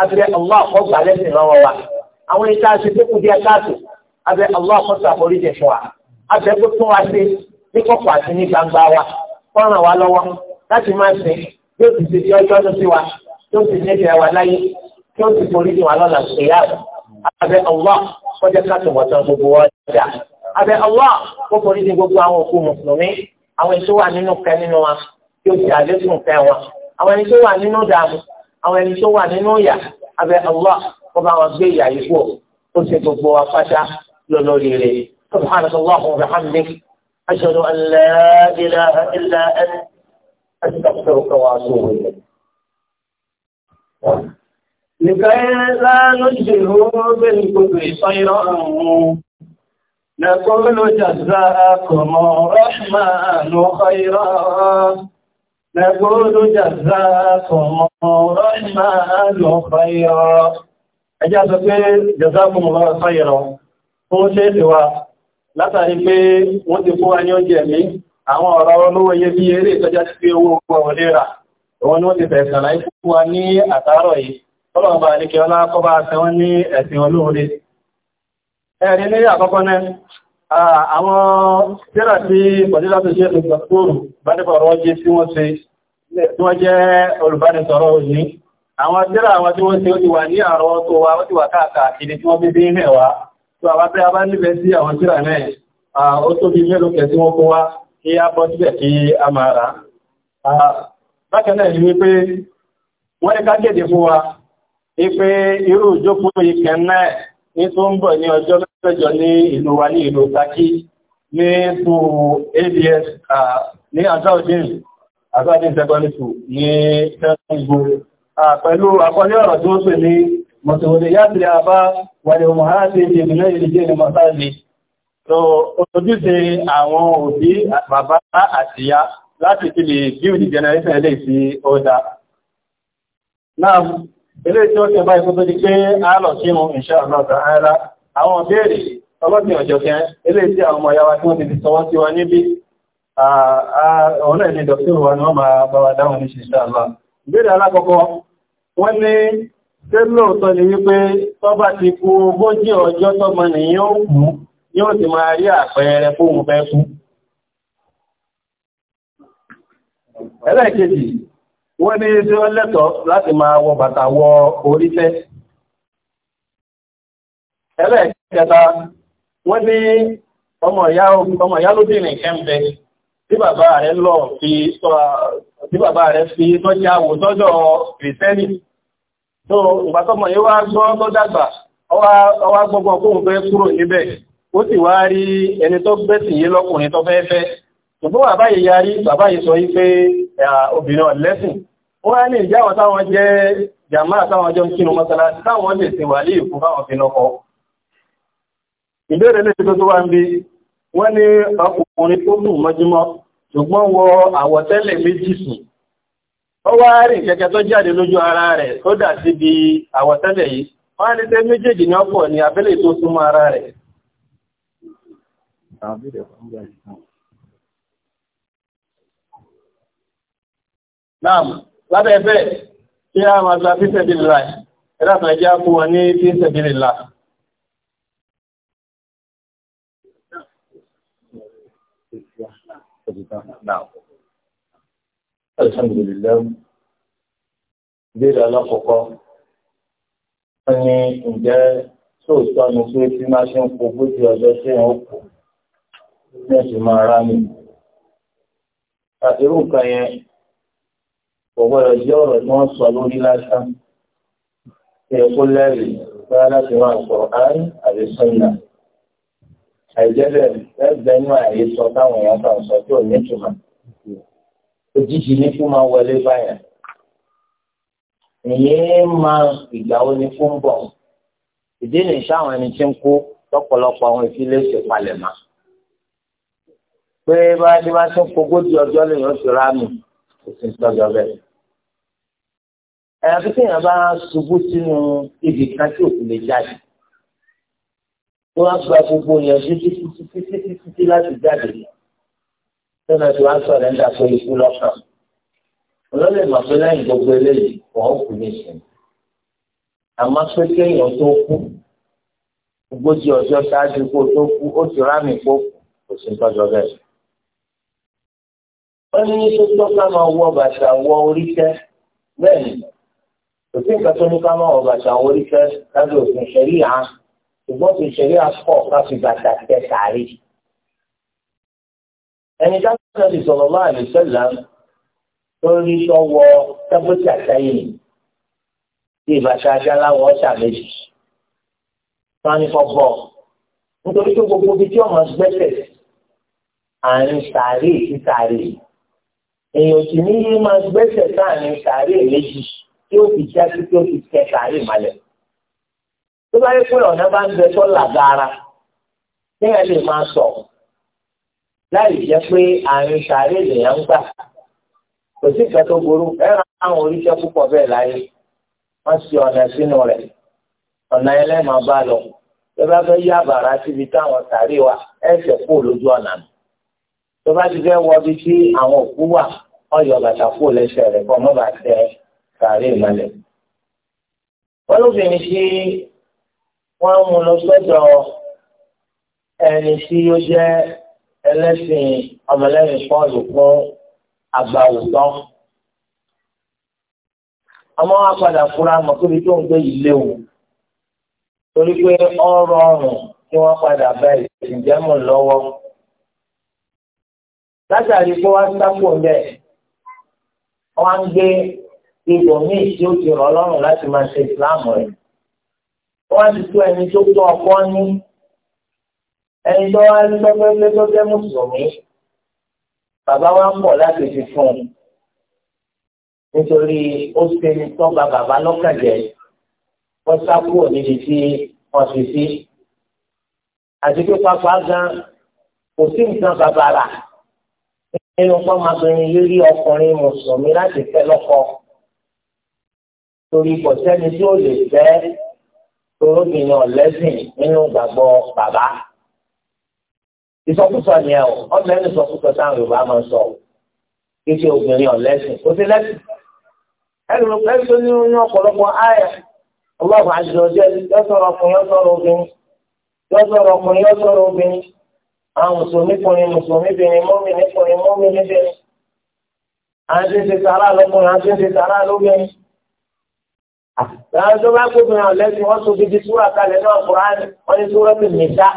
abẹ Allah àkọ́gbà lẹ́sìn lọ́wọ́ wa àwọn ìta ṣe tó kù díẹ̀ abẹ Allah àkọ́sà oríjẹ fún wa abẹ kó tún wa ṣe ní kọ̀kọ̀ àti ní gbangba wa fọ́nrán wa lọ́wọ́ láti máa sìn yóò ti ṣe ọjọ́ tó sí wa yóò ti nífẹ̀ẹ́ wa láyé yóò ti forí jù wá lọ́la ṣèyá abẹ Allah kọjá káàtó wọ̀tán gbogbo wọn dà abẹ Allah kó forí jù gbogbo àwọn òkú mùsùlùmí àwọn èso wà nínú kẹ nínú wa yóò ti àlékún kẹ wọn àwọn èso wà nínú dààmú àwọn ẹni tó wà nínú ìyà abẹ́ Allah kó bá wọn gbé ìyà yìí kú ó ti gbogbo wa fàṣà pátá lọ́lọ́rí rẹ̀ subhanak Allahumma wa bihamdik ashhadu an la ilaha illa anta astaghfiruka wa atubu ilayk. لكي لا نجزه بالكفر خيرا نقول جزاكم الرحمن خيرا نقول جزاكم الرحمن خيرا ẹjá sọ pé jẹ́sàkùn mọ̀ lọ́rọ̀ sọ́yẹ̀rọ fún ṣéèfì wa látàrí pé wọ́n ti fún ẹni oúnjẹ mi àwọn ọ̀rọ̀ olówó iye bí eré ìtọ́já ti fi owó ọgbọ̀n wọlé rà òun ni wọ́n ti fẹ̀sàn láì fún wa ní àtàárọ̀ yìí tọ́lọ̀ ṣe wọ́n bá nípa ọ̀rọ̀ ọjẹ́ tí wọ́n ṣe tí wọ́n jẹ́ olùbánisọ̀rọ̀ òní àwọn tíra àwọn tí wọ́n tí ó ti wà ní àrọ̀ tó wá ó ti wà káàkiri tí wọ́n bíbí ilẹ̀ wá tó àwọn tí a bá nífẹ̀ẹ́ sí àwọn tíra náà ó tó bí mélòó kẹ tí wọ́n kó wá kí a bọ́ síbẹ̀ kí a máa rà bákan náà ni wípé wọ́n ní ká kéde fún wa wípé irú ìjókòó ìkẹ́ náà ní tó ń bọ̀ ní ọjọ́ mẹ́jọ ní ìlú wa àtàdé secondary school ní tẹ́gbò pẹ̀lú àkọlé ọ̀rọ̀ tí ó pè ní mọ̀síwòdé yàtìrí àbá wàlẹ̀ òmùháàtì ìbìnlẹ̀ ni mọ̀sáàlì tó ojúṣe àwọn òbí bàbá àtìyá láti fi lè build generation ilé sí ọ́dá náà ilé tí ó tẹ́ bá ikú tó di pé àálọ̀ sí mú ìṣẹ́ ọ̀lọ́ta ara àwọn béèrè ọlọ́pìn ọ̀jọ̀kẹ́ ilé tí àwọn ọmọ yàwá tí wọ́n ti fi sọwọ́ sí wa níbi Ah, ah, ọ̀nà ilé dọ̀kítọ̀ wà ní wọ́n máa bá wa dáhùn ní ṣiṣẹ́ àlá. Ìbéèrè alákọ̀ọ́kọ́, wọ́n ní tẹ́lọ̀ tọ́ ni wípé tọ́ bá ti kú ogójì ọjọ́ tọ́mọ nìyàn ó kú yóò ti máa rí àpẹẹrẹ fóun fẹ́ kú. Ẹlẹ́ẹ̀kejì, wọ́n ní tí ó lẹ́tọ̀ọ́ láti máa wọ bàtà wọ oríṣẹ́. Ẹlẹ́ẹ̀kẹta, wọ́n ní ọmọ ìyá lóbìnrin kẹ́m̀bẹ̀ẹ́ tí bàbá rẹ̀ lọ fi tọ́já wò tọ́jọ́ kìrìsẹ́nì tó ìgbàtọ́mọ̀ yíwá gbọ́ tó dàgbà ọwá gbogbo ọkùnrin fẹ́ kúrò níbẹ̀ ó sì wá rí ẹni tó gbẹ́sì yí lọ́kùnrin tó fẹ́ẹ́fẹ́ ṣùgbọ́n bàbá yìí yarí bàbá yìí sọ wípé obìnrin ọ̀lẹ́sìn ó wá ní ìjáwọ̀ táwọn jẹ́ jàmáà táwọn jọ ń kínú mọ́sálásí táwọn lè sin wà ní ìfún fáwọn fi lọ́kọ ìbéèrè lè tó tó wá ń bí wọ́n ní ọkùnrin tó mú mọ́júmọ́ ṣùgbọ́n wọ àwọ̀tẹ́lẹ̀ méjì sùn ó wá rìn kẹ̀kẹ́ tó jáde lójú ara rẹ̀ tó dà sí bí àwọ̀tẹ́lẹ̀ yìí wọ́n ní tẹ́ méjèèjì ní ọ̀pọ̀ ní abẹ́lẹ̀ tó súnmọ́ ara rẹ̀ lábẹ́ a máa tán. alhamdulilayi ìbéèrè alákọ̀ọ́kọ́ wọ́n ní ǹjẹ́ sóòtọ́ ni pé bí má ṣe ń po bójú ọjọ́ tí wọ́n kù ní ẹ̀sìn máa rá mi. irú nǹkan yẹn kò gbọ́dọ̀ jẹ́ ọ̀rọ̀ tí wọ́n sọ lórí lásán. ṣe é kó lẹ́rìí bá láti máa sọ̀rọ̀ àárín àbí àìjẹ́bẹ̀ ẹgbẹ́nu àyè sọ táwọn èèyàn kan sọ tí ò ní ìtumọ̀ òjijì ní kí máa wọlé báyà ìyẹn máa ìgbà wo ni fún bọ̀ ìdí nìyí sáwọn ẹni tí ń kó lọ́pọ̀lọpọ̀ àwọn ìfilé ṣèpalẹ̀ máa pé bá a ti máa tún kogójì ọjọ́ lèèyàn ti rà mí kò sí tọ́jọ́ bẹ́ẹ̀. ẹ̀yà tó kéèyàn bá ṣubú sínú ibì kan tí òkú lè jáde tí wọ́n gba gbogbo yẹn títí títí títí títí láti jáde tọ́nà tí wọ́n sọ̀rọ̀ ń dà pé ikú lọ́kàn olólè mọ̀ pé lẹ́yìn gbogbo eléyìí wọ́n kù ní ìsìn àmọ́ pé kéèyàn tó kú ogójì ọjọ́ ṣáájú kó tó kú ó ti rámì kó kò sí tọ́jọ́ bẹ́ẹ̀. wọ́n ní tó tọ́ máa wọ bàtà wọ orí tẹ́ bẹ́ẹ̀ ni kò sí tó ní ká máa wọ bàtà wọ orí tẹ́ lábẹ́ òfin ṣẹlí àá ṣùgbọ́n ti ṣeré akọ láti bàtà tẹ sàárè. ẹni dáhùn ní sọlọ́lá àlùsọ́là tó rí lọ́wọ́ tábùtì àtẹ́yìn tí ìbàtà ajáláwọ̀ ọ̀sà méjì. wọ́n ní fọ́bọ̀ nítorí pé gbogbo ibi tí ọmọ gbẹ́sẹ̀ àárín sàárè sí sàárè èèyàn sì ní yí máa gbẹ́sẹ̀ sáàrin sàárè méjì tí ó fi já tí ó fi tẹ sàárè malẹ̀ tó bá yẹ pé ọ̀nà bá ń bẹ tó làgàrà téèyàn lè máa sọ láì jẹ́ pé àrùn sàárè lèèyàn ń gbà kò sí ìfẹ́ tó burú ẹ̀ràn àwọn oríṣẹ́ púpọ̀ bẹ́ẹ̀ láyé wọ́n sì ọ̀nà sínú rẹ̀ ọ̀nà ẹlẹ́mà bá lọ tó bá fẹ́ yí àbàrà síbi táwọn sàárè wà ẹ̀sẹ̀ kú lójú ọ̀nà mi tó bá ti fẹ́ wọ ibi tí àwọn òkú wà ọyọ bàtà kú lẹ́sẹ̀ rẹ̀ kọ́ mọ́ bàtà sàárè mọ́lẹ̀. wọ́n lóbìnrin sí wọ́n mú lọ sọ́dọ̀ ẹni tí ó jẹ́ ẹlẹ́sìn ọmọlẹ́yìn pọ́ọ̀lù fún àgbàwùtọ́. àmọ́ wá padà fúra mọ̀ tóbi tó ń gbé yìí léwu torí pé ọ̀rọ̀ ọ̀rùn kí wọ́n padà bá ìjẹ́mù lọ́wọ́. látàrí pé wọ́n sápò ń bẹ̀ wọ́n á ń gbé ibòmíì tí ó ti rọ̀ lọ́rùn láti máa ṣe ìsìláàmù rẹ̀ wọ́n ti tó ẹni tó tó ọkọ ní ẹni tó wá ní pẹ́pẹ́pẹ́ tó jẹ́ mùsùlùmí bàbá wa ń bọ̀ láti fi fún un nítorí ó ṣe ní tọ́ba bàbá lọ́kàjẹ́ wọ́n sá kúrò níbi tí wọ́n ti sí àti pé pápá gan kò sí nǹkan bàbàrà nínú pọ́nmọ́bìnrin lórí ọkùnrin mùsùlùmí láti fẹ́ lọ́kọ torí kò sẹ́ni tí ó lè fẹ́ olóbìnrin ọ̀lẹ́sìn nínú gbàgbọ́ bàbá. ìsọkúsọ ni ẹ o ọmọ ẹni sọkúsọ táwọn Yorùbá máa ń sọ o kí ṣe obìnrin ọ̀lẹ́sìn kò sí lẹ́sìn. ẹlòmíràn ẹni tó ní inú ọ̀pọ̀lọpọ̀ ààyè ọlọ́run àjọyọ̀ yọ sọ̀rọ̀ ọkùnrin yọ sọ̀rọ̀ obìnrin yọ sọ̀rọ̀ ọkùnrin yọ sọ̀rọ̀ obìnrin àwọn mùsùlùmí kùnrin mùsùlùmí bìnrin mọ́mí ní kùnrin mọ́mí ní bìnrin. à ń ṣe ṣe sàrà lọ́kùnrin à ń ṣe ṣe sàrà lóbìnrin. Ìjọba bá gbé obìnrin ọ̀lẹ́sìn wọ́n so gidi súra kalẹ̀ náà Kùránì wọ́n ní súra ti nìta.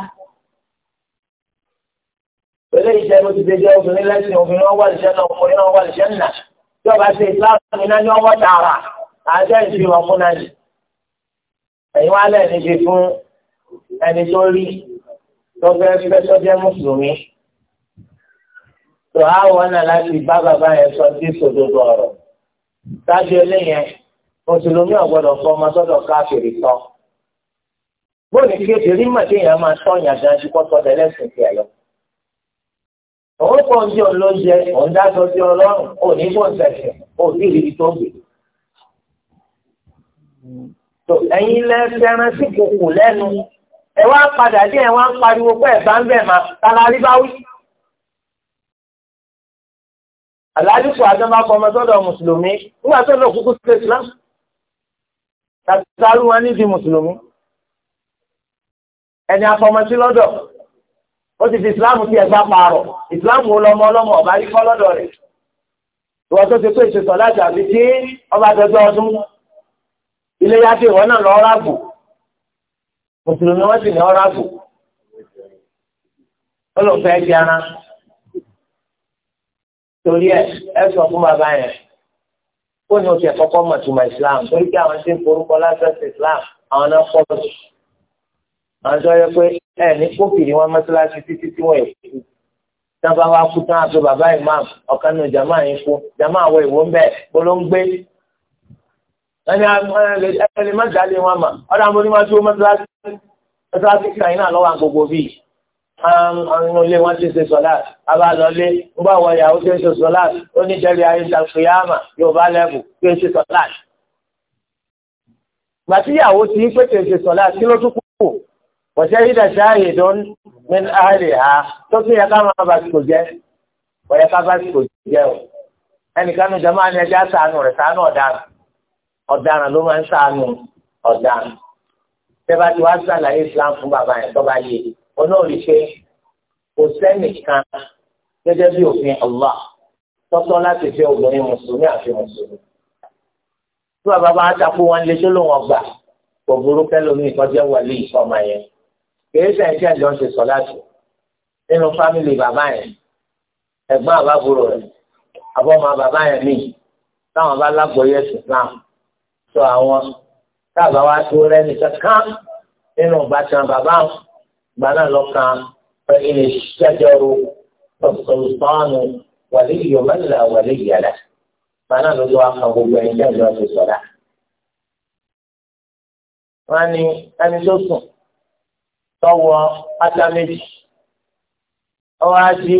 Pẹ̀lú ìṣẹ́ ló ti dẹjẹ́ obìnrin lẹ́sìn obìnrin wọn wà lìṣẹ́ náà ọkùnrin náà wà lìṣẹ́ nà. Ìjọba ṣe ìsìláàmù iná ní ọwọ́ tààrà àjọ ìṣirò ọkùnrin náà ni. Ẹ̀yin wá lẹ́ẹ̀ níbi fún ẹni tó rí tọ́fẹ́ fẹ́ tọ́jẹ́ mùsùlùmí. Tọ́ àwọn náà láti bá bàbá yẹn sọ sí sòdodo ọ̀rọ̀. Sáájú eléyẹn mùsùlùmí ọ̀gbọ́dọ̀ fọ ọmọ sọ́dọ̀ káfíìrì tọ́ bóòlù kéde rí màdé yẹn máa tọ́ yàn gan ju lẹ́sìn tí ẹ lọ. òun kò ń jẹ sí ọlọ́run òní kò sẹ̀sẹ̀ òbí ìrírí tó gbè. tó ẹ̀yin lẹ fẹ́ràn sí kòkò lẹ́nu ẹ wá padà dé ẹ wá ń pariwo pé ẹ bá ń bẹ̀ máa tala bá wí. àlàáfíà àjọba kọmọ sọ́dọ̀ mùsùlùmí nígbà tó lọ kúkú sí Islam. tàbí wọn ní di mùsùlùmí ẹni afọmọsí lọ́dọ̀ ó ti fi ìsìláàmù ti ẹgbà pààrọ̀ ìsìláàmù ọlọmọ ọlọmọ ọba yìí kọ lọ́dọ̀ rẹ̀ ìwọ tó ti pé ìṣètò láti àbí tí ọba dọjọ́ ọdún ilé yá sí ìwọ náà mùsùlùmí wọn sì ní ó lọ di ara torí ẹ ó ní oṣù ẹ̀kọ́kọ́ mọ̀ tó ma islam torí pé àwọn tí ń forúkọ lásẹ̀sì islam àwọn náà pọ̀ jù àwọn tó yẹ pé ẹ ní kófìrí wọn mọ́ṣáláṣí títí tí wọ́n yẹ kú tá a bá wá kú tán àti bàbá imam ọ̀kan nù jàmá yín kú jàmá àwọn ìwọ ń bẹ gbólóńgbé ẹni ẹni má dálé wọn mà ọ̀dà mo ní wá sí mọ́ṣáláṣí mọ́ṣáláṣí kìláyìn náà lọ́wọ́ àgbogbo bíi àwọn ilé wọn ti ṣe sọlá abálọlé ń bá wọ ìyàwó tó ń ṣe sọlá oníjẹrì ayélujáfíàmà yorùbá lẹ́bù tó ń ṣe sọlá. gbàtíyàwó ti ń pèsè ṣe sọlá kí ló tún kú kò jẹ́ yídà ṣáàyè tó ń min àárẹ̀ ha tó tún yẹ ká máa bá ti kò jẹ́ kò yẹ ká bá ti kò jẹ́ o. ẹnìkan ní jama ni ẹja sànù rẹ̀ sànù ọ̀daràn ọ̀daràn ló máa ń sànù ọ̀daràn. islam fún bàbá ọ̀nà òrìṣẹ́ kò sẹ́nìkan gẹ́gẹ́ bí òfin Allah tọ́tọ́ láti fẹ́ obìnrin mùsùlùmí àti mùsùlùmí. tí bàbá bá takú wọn lé tó ló wọn gbà kò burú kẹlòmí ìkọjá wọlé ìfọmọ yẹn kìí sẹ́yìn tí àjọ ń ṣe sọ láti nínú fámìlì bàbá yẹn ẹ̀gbọ́n àbábúrò rẹ̀ àbọ̀mọ bàbá yẹn míì táwọn bá lágbóyè Islam sọ àwọn táàbà wa tó rẹ́ni kankan nínú ìbátan bàbá wọn gbaná lọ́ka fẹ́yìn ìṣẹ́jọ́rò sọ̀tọ̀sọ̀tọ̀nù wàlẹ́ ìyọ̀mẹ́lá wàlẹ́ ìyàlá gbaná ló lọ́wọ́ kan gbogbo ẹni jẹ́jọ́ ti sọ̀dá. wọ́n ní ẹni tó sùn tọwọ́ ata méjì ọwọ́ ajé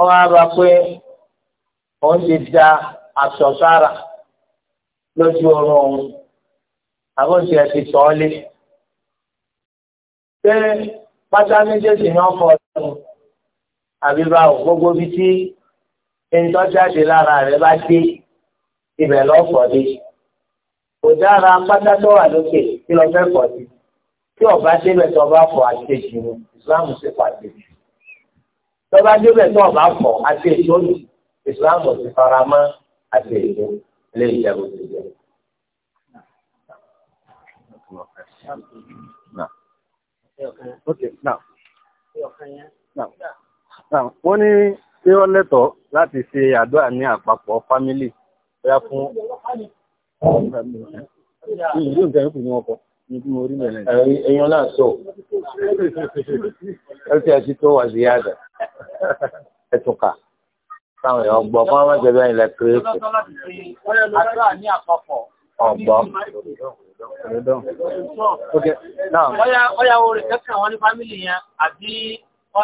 ọwọ́ abá pé òun ti da aṣọ sára lójú oorun òun ẹ ti tọ́ lé pé pátá méjèèjì ni wọ́n kọ́ ọ̀dọ́ àbí báwo gbogbo bíi tí ẹnitọ́ jáde lára rẹ̀ bá dé ibẹ̀ lọ́fọ̀ọ́ dé kò dára pátá tó wà lókè kí lọ fẹ́ fọ̀ sí tí ọba débẹ̀ tó ọba fọ̀ àtẹ̀jì ni ìsìláàmù sì pàdé tọ́ba débẹ̀ tó ọba fọ̀ àtẹ̀jì ó lù ìsìláàmù sì fara mọ́ àtẹ̀jì lè jẹ́ òṣèlú. Okay, now. Now. Now, wọ́n ní ṣé ó lẹ́tọ̀ọ́ láti ṣe àdúrà ní àpapọ̀ fámílì bóyá fún ìlú nǹkan yókù ní ọkọ̀ ní bí mo rí mẹ́rin. Èèyàn náà sọ. Ẹ ti ẹ̀ ti tó wà sí yáda. Ẹ tún kà táwọn èèyàn gbọ́ fún àwọn ìjọba ilẹ̀ kérésì. ọgbọ Ẹ̀dọ́n. Ok, náà. Ọya orí kẹ́kẹ́ wọn ní fámílì yẹn àbí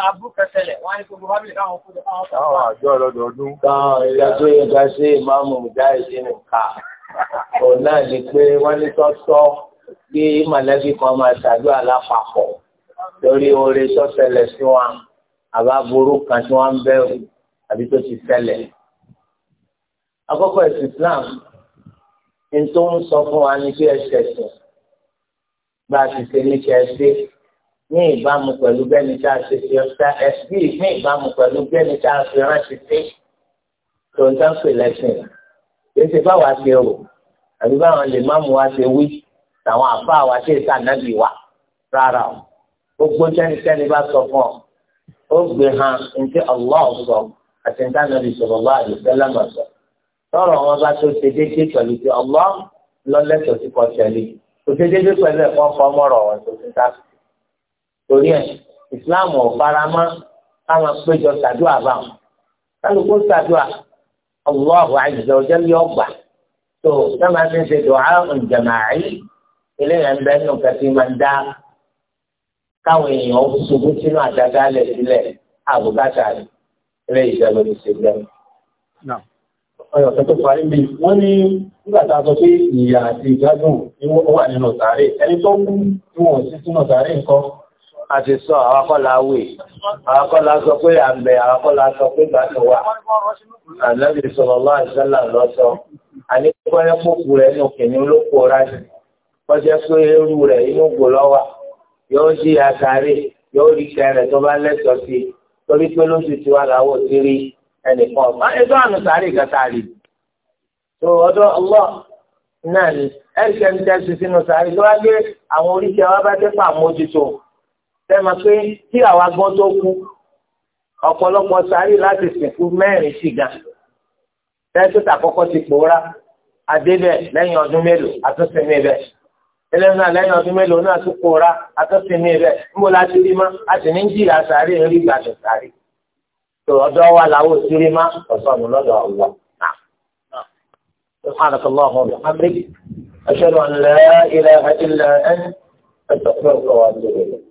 abúrú kẹsẹ̀lẹ̀ wọ́n ní gbogbo fámílì káwọn fún ọ̀pọ̀. Àwọn àjọ ọlọ́dọọdún. Táwọn ìdájọ́ yẹn ga ṣe ìmáàmù ìdá ìṣe nìka. Òun náà ni pé wọ́n ní tọ́tọ́ kí mọ̀lẹ́bí kan máa ṣàdúrà lápapọ̀ lórí oore sọ́sẹ̀lẹ̀ sí wọn àbá burú kan tí wọ́n ń bẹ̀rù àbí tó ti ṣẹlẹ̀. Àkọ́kọ́ ẹ̀sìn Islam ètò ń sọ fún wa ní kí ẹ ṣẹ̀ṣẹ̀ bá a ti ṣe ní kí ẹ ṣe ní ìbámu pẹ̀lú bẹ́ni tá a ṣe ṣe ọ̀tá ẹ bí ní ìbámu pẹ̀lú bẹ́ni tá a ṣe ránṣẹ́ ṣe tó ń tán pè lẹ́sìn èsì báwa ṣe rò àbí báwọn lè má mu wa ṣe wí tàwọn àbá wa ṣe ìsànábì wa rárá o gbogbo tẹnikẹ́ni bá sọ fún ọ ó gbé hàn ní ti Allah sọ àti ní tànàbì sallallahu alaihi wasallam sọ tọrọ wọn bá tó ṣe déédéé pẹ̀lú pé ọlọ́ lọ́lẹ́tọ̀ọ́ sí kọ́tẹ́lì kò ṣe déédéé pẹ̀lú ẹ̀kọ́ fọmọ́rọ̀ wọn tó ti dá. torí ẹ̀ ìsìláàmù ò faramọ́ káwọn péjọ ṣàdúrà bá wọn kálukú ṣàdúrà ọlọ́ọ̀hún àjùjọ ọjọ́ ní ọgbà tó sábà ti ń ṣe dùhà ǹjẹ̀màáyí eléyà ń bẹ́ẹ̀ nù kẹ́tì máa ń dá káwọn èèyàn ṣubú sínú àdáda lẹ̀ sílẹ̀ àbúkátà rẹ̀ eléyìí ọ̀yọ̀sẹ̀ tó parí mi wọ́n ní nígbàtà sọ pé ìyà àti ìgbádùn ni wọ́n wà nínú sàárè ẹni tó kú tí wọ́n sí sínú sàárè nǹkan a ti sọ àwakọ́lá wè àwakọ́lá sọ pé àmẹ́ àwakọ́lá sọ pé gbàtọ̀ wà ànábì sallallahu alaihi wasallam lọ sọ àníkọ́yẹ́ pòkù rẹ̀ nù kìnní olóko rájì wọ́n jẹ́ pé eru rẹ̀ inú gbò lọ́wà yóò jí àtàrí yóò rí kẹrẹ̀ tó bá lẹ́sọ̀ọ́ sí torí pé lóṣù tí wà láwọ̀ tí rí ẹnìkan ọba ẹjọ àánú sáré ìkàtàrí tó ọ̀dọ̀ Allah náà ni ẹnìkan ní tẹsí sínú sáré ló wá gbé ọ̀pọ̀lọpọ̀ sáré láti sìnkú mẹ́rin sí ga ti tó ọjọ́ wa làwọn òṣèré má ọ̀sán mi lọ́dọ̀ ọ̀wọ́ náà. سبحانك اللهم وبحمدك أشهد أن لا إله إلا أنت أستغفرك وأتوب إليك